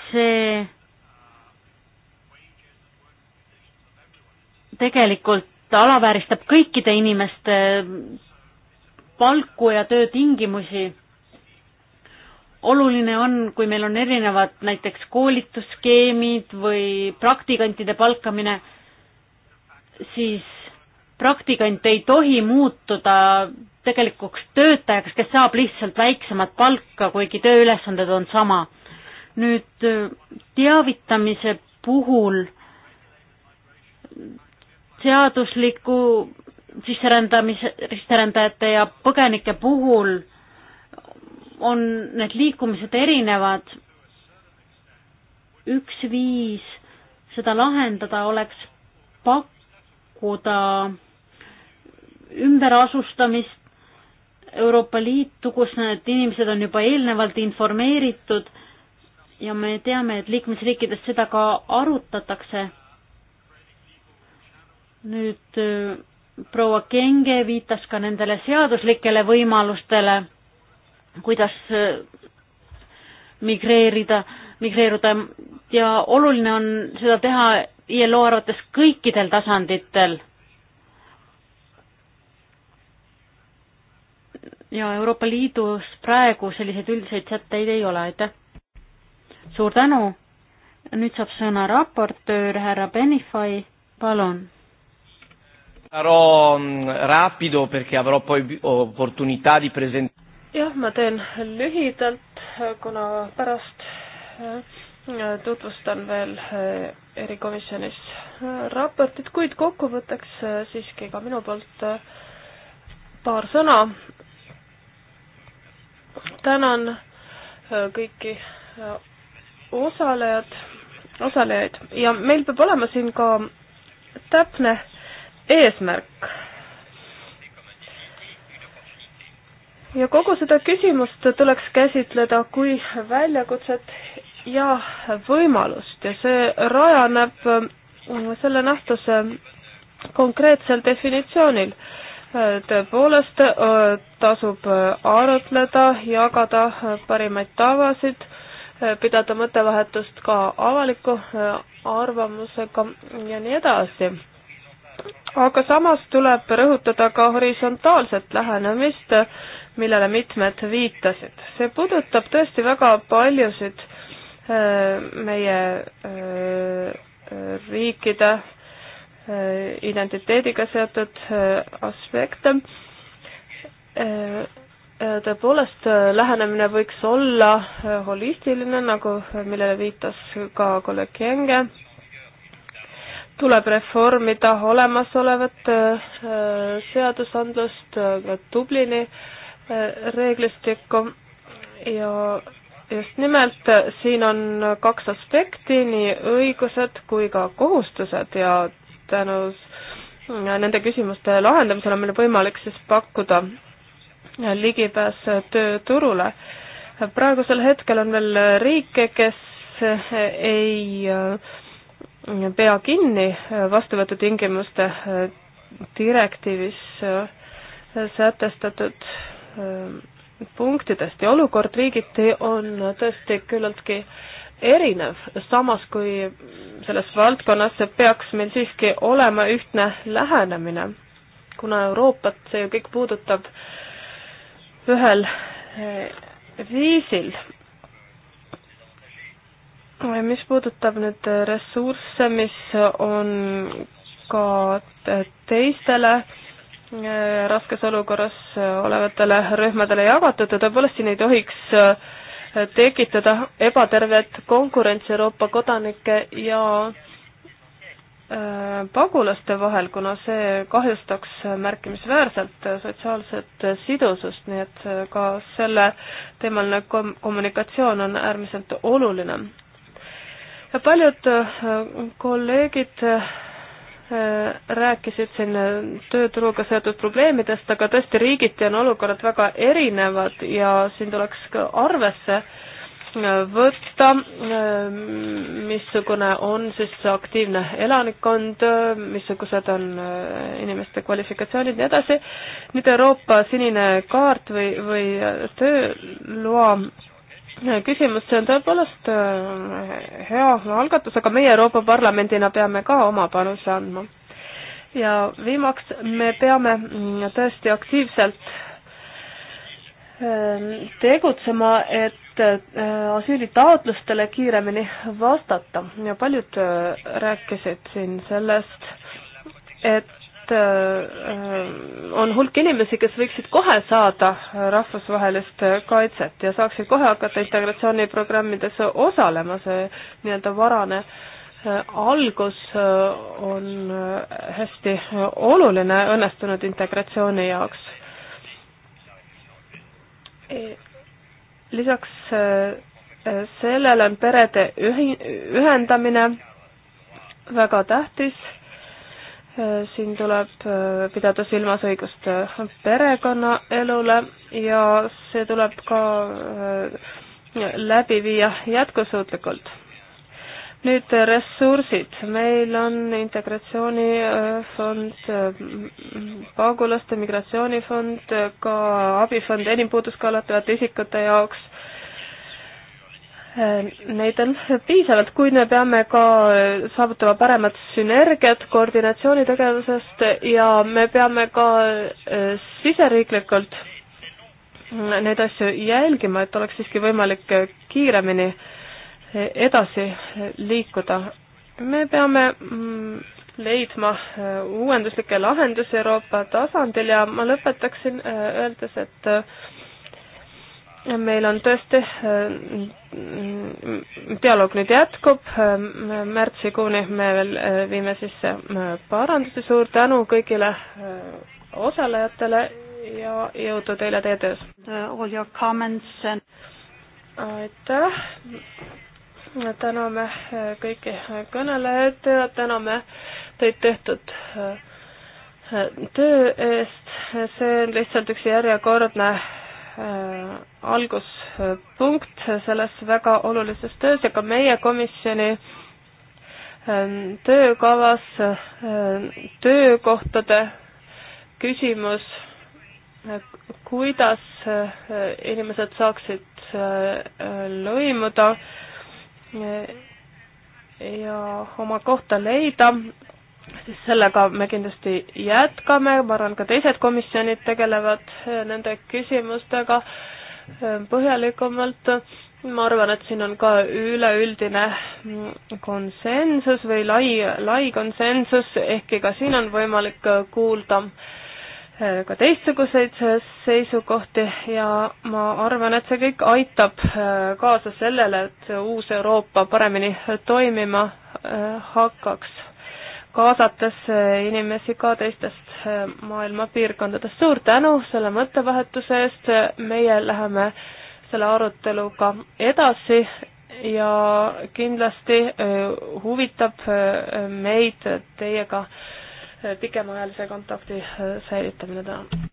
S1: see tegelikult alavääristab kõikide inimeste palku ja töötingimusi oluline on, kui meil on erinevad näiteks koolitusskeemid või praktikantide palkamine, siis praktikant ei tohi muutuda tegelikuks töötajaks, kes saab lihtsalt väiksemat palka, kuigi tööülesanded on sama. nüüd teavitamise puhul seadusliku sisserändamise, sisserändajate ja põgenike puhul on need liikumised erinevad. üks viis seda lahendada oleks pakkuda ümberasustamist Euroopa Liitu, kus need inimesed on juba eelnevalt informeeritud ja me teame, et liikmesriikides seda ka arutatakse. nüüd äh, proua Kenge viitas ka nendele seaduslikele võimalustele kuidas äh, migreerida, migreeruda ja oluline on seda teha ILO arvates kõikidel tasanditel. ja Euroopa Liidus praegu selliseid üldiseid sätteid ei ole, aitäh. suur tänu. nüüd saab sõna raportöör härra Benify, palun.
S2: Sarò mm, rapido perché avrò poi opportunità di presentare
S3: jah, ma teen lühidalt, kuna pärast äh, tutvustan veel äh, erikomisjonis äh, raportit, kuid kokkuvõtteks siiski ka minu poolt paar sõna. tänan kõiki osalejad, osalejaid ja meil peab olema siin ka täpne eesmärk ja kogu seda küsimust tuleks käsitleda kui väljakutset ja võimalust ja see rajaneb äh, selle nähtuse konkreetsel definitsioonil. Äh, tõepoolest äh, tasub arutleda, jagada parimaid tavasid, pidada mõttevahetust ka avaliku arvamusega ja nii edasi aga samas tuleb rõhutada ka horisontaalset lähenemist, millele mitmed viitasid. see puudutab tõesti väga paljusid äh, meie äh, riikide äh, identiteediga seotud aspekte. tõepoolest, lähenemine võiks olla holistiline, nagu, millele viitas ka kolleeg Jenge. tuleb reformida olemasolevat seadusandlust, Dublini äh, Äh, reeglistikku ja just nimelt äh, siin on kaks aspekti, nii õigused kui ka kohustused ja tänu äh, nende küsimuste lahendamisel on meil võimalik siis pakkuda ligipääs tööturule. praegusel hetkel on veel riike, kes ei pea kinni vastuvõtutingimuste direktiivis sätestatud punktidest ja olukord riigiti on tõesti küllaltki erinev, samas kui selles valdkonnas peaks meil siiski olema ühtne lähenemine, kuna Euroopat see ju kõik puudutab ühel viisil. mis puudutab nüüd ressursse, mis on ka teistele raskes olukorras olevatele rühmadele jagatud ja tõepoolest siin ei tohiks äh, tekitada ebatervet konkurentsi Euroopa kodanike ja äh, pagulaste vahel, kuna see kahjustaks märkimisväärselt sotsiaalset sidusust, nii et äh, ka selle teemaline kom-, kommunikatsioon on äärmiselt oluline. ja paljud kolleegid Äh, rääkisid siin äh, tööturuga seotud probleemidest, aga tõesti riigiti on olukorrad väga erinevad ja siin tuleks ka arvesse äh, võtta, missugune on siis aktiivne elanikkond, missugused on inimeste kvalifikatsioonid ja nii edasi. nüüd Euroopa sinine kaart või, või tööloa küsimus, see on tõepoolest äh, hea algatus, aga meie Euroopa Parlamendina peame ka oma panuse andma. ja viimaks me peame mm, tõesti aktiivselt ähm, tegutsema, et äh, asüülitaotlustele kiiremini vastata ja paljud äh, rääkisid siin sellest, et et äh, on hulk inimesi, kes võiksid kohe saada rahvusvahelist kaitset ja saaksid kohe hakata integratsiooniprogrammides osalema, see nii-öelda varane äh, algus äh, on hästi oluline õnnestunud integratsiooni jaoks. E, lisaks sellele on perede ühi-, ühendamine väga tähtis Äh, siin tuleb äh, pidada silmas õigust äh, perekonnaelule ja see tuleb ka läbi viia jätkusuutlikult. nüüd ressursid. meil on integratsioonifond, pagulaste migratsioonifond, ka abifond enim puuduskalatavate isikute jaoks Äh, neid on piisavalt, kuid me peame ka äh, saavutama paremat sünergiat koordinatsioonitegevusest ja me peame ka äh, siseriiklikult neid asju jälgima, et oleks siiski võimalik kiiremini edasi liikuda. me peame mm, leidma uuenduslikke lahendusi Euroopa tasandil ja ma lõpetaksin öeldes, et meil on tõesti, äh, dialoog nüüd jätkub, märtsikuuni me veel äh, viime sisse äh, parandusi, suur tänu kõigile osalejatele ja jõudu teile teie töös! And... aitäh, täname kõiki kõnelejaid ja täname teid tehtud töö eest, see on lihtsalt üks järjekordne Äh, alguspunkt selles väga olulises töös ja ka meie komisjoni ähm, töökavas ähm, töökohtade küsimus, äh, kuidas äh, inimesed saaksid lõimuda ja oma kohta leida siis sellega me kindlasti jätkame, ma arvan, ka teised komisjonid tegelevad eh, nende küsimustega eh, põhjalikumalt. ma arvan, et siin on ka üleüldine mm, konsensus või lai, lai konsensus, ehkki ka siin on võimalik eh, kuulda ka teistsuguseid seisukohti ja ma arvan, et see kõik aitab kaasa sellele, et uus Euroopa paremini toimima hakkaks kaasates eh, inimesi ka teistest eh, maailma piirkondadest. suur tänu selle mõttevahetuse eest, meie läheme selle aruteluga edasi ja kindlasti eh, huvitab meid teiega pikemaajalise kontakti säilitamine, tänan!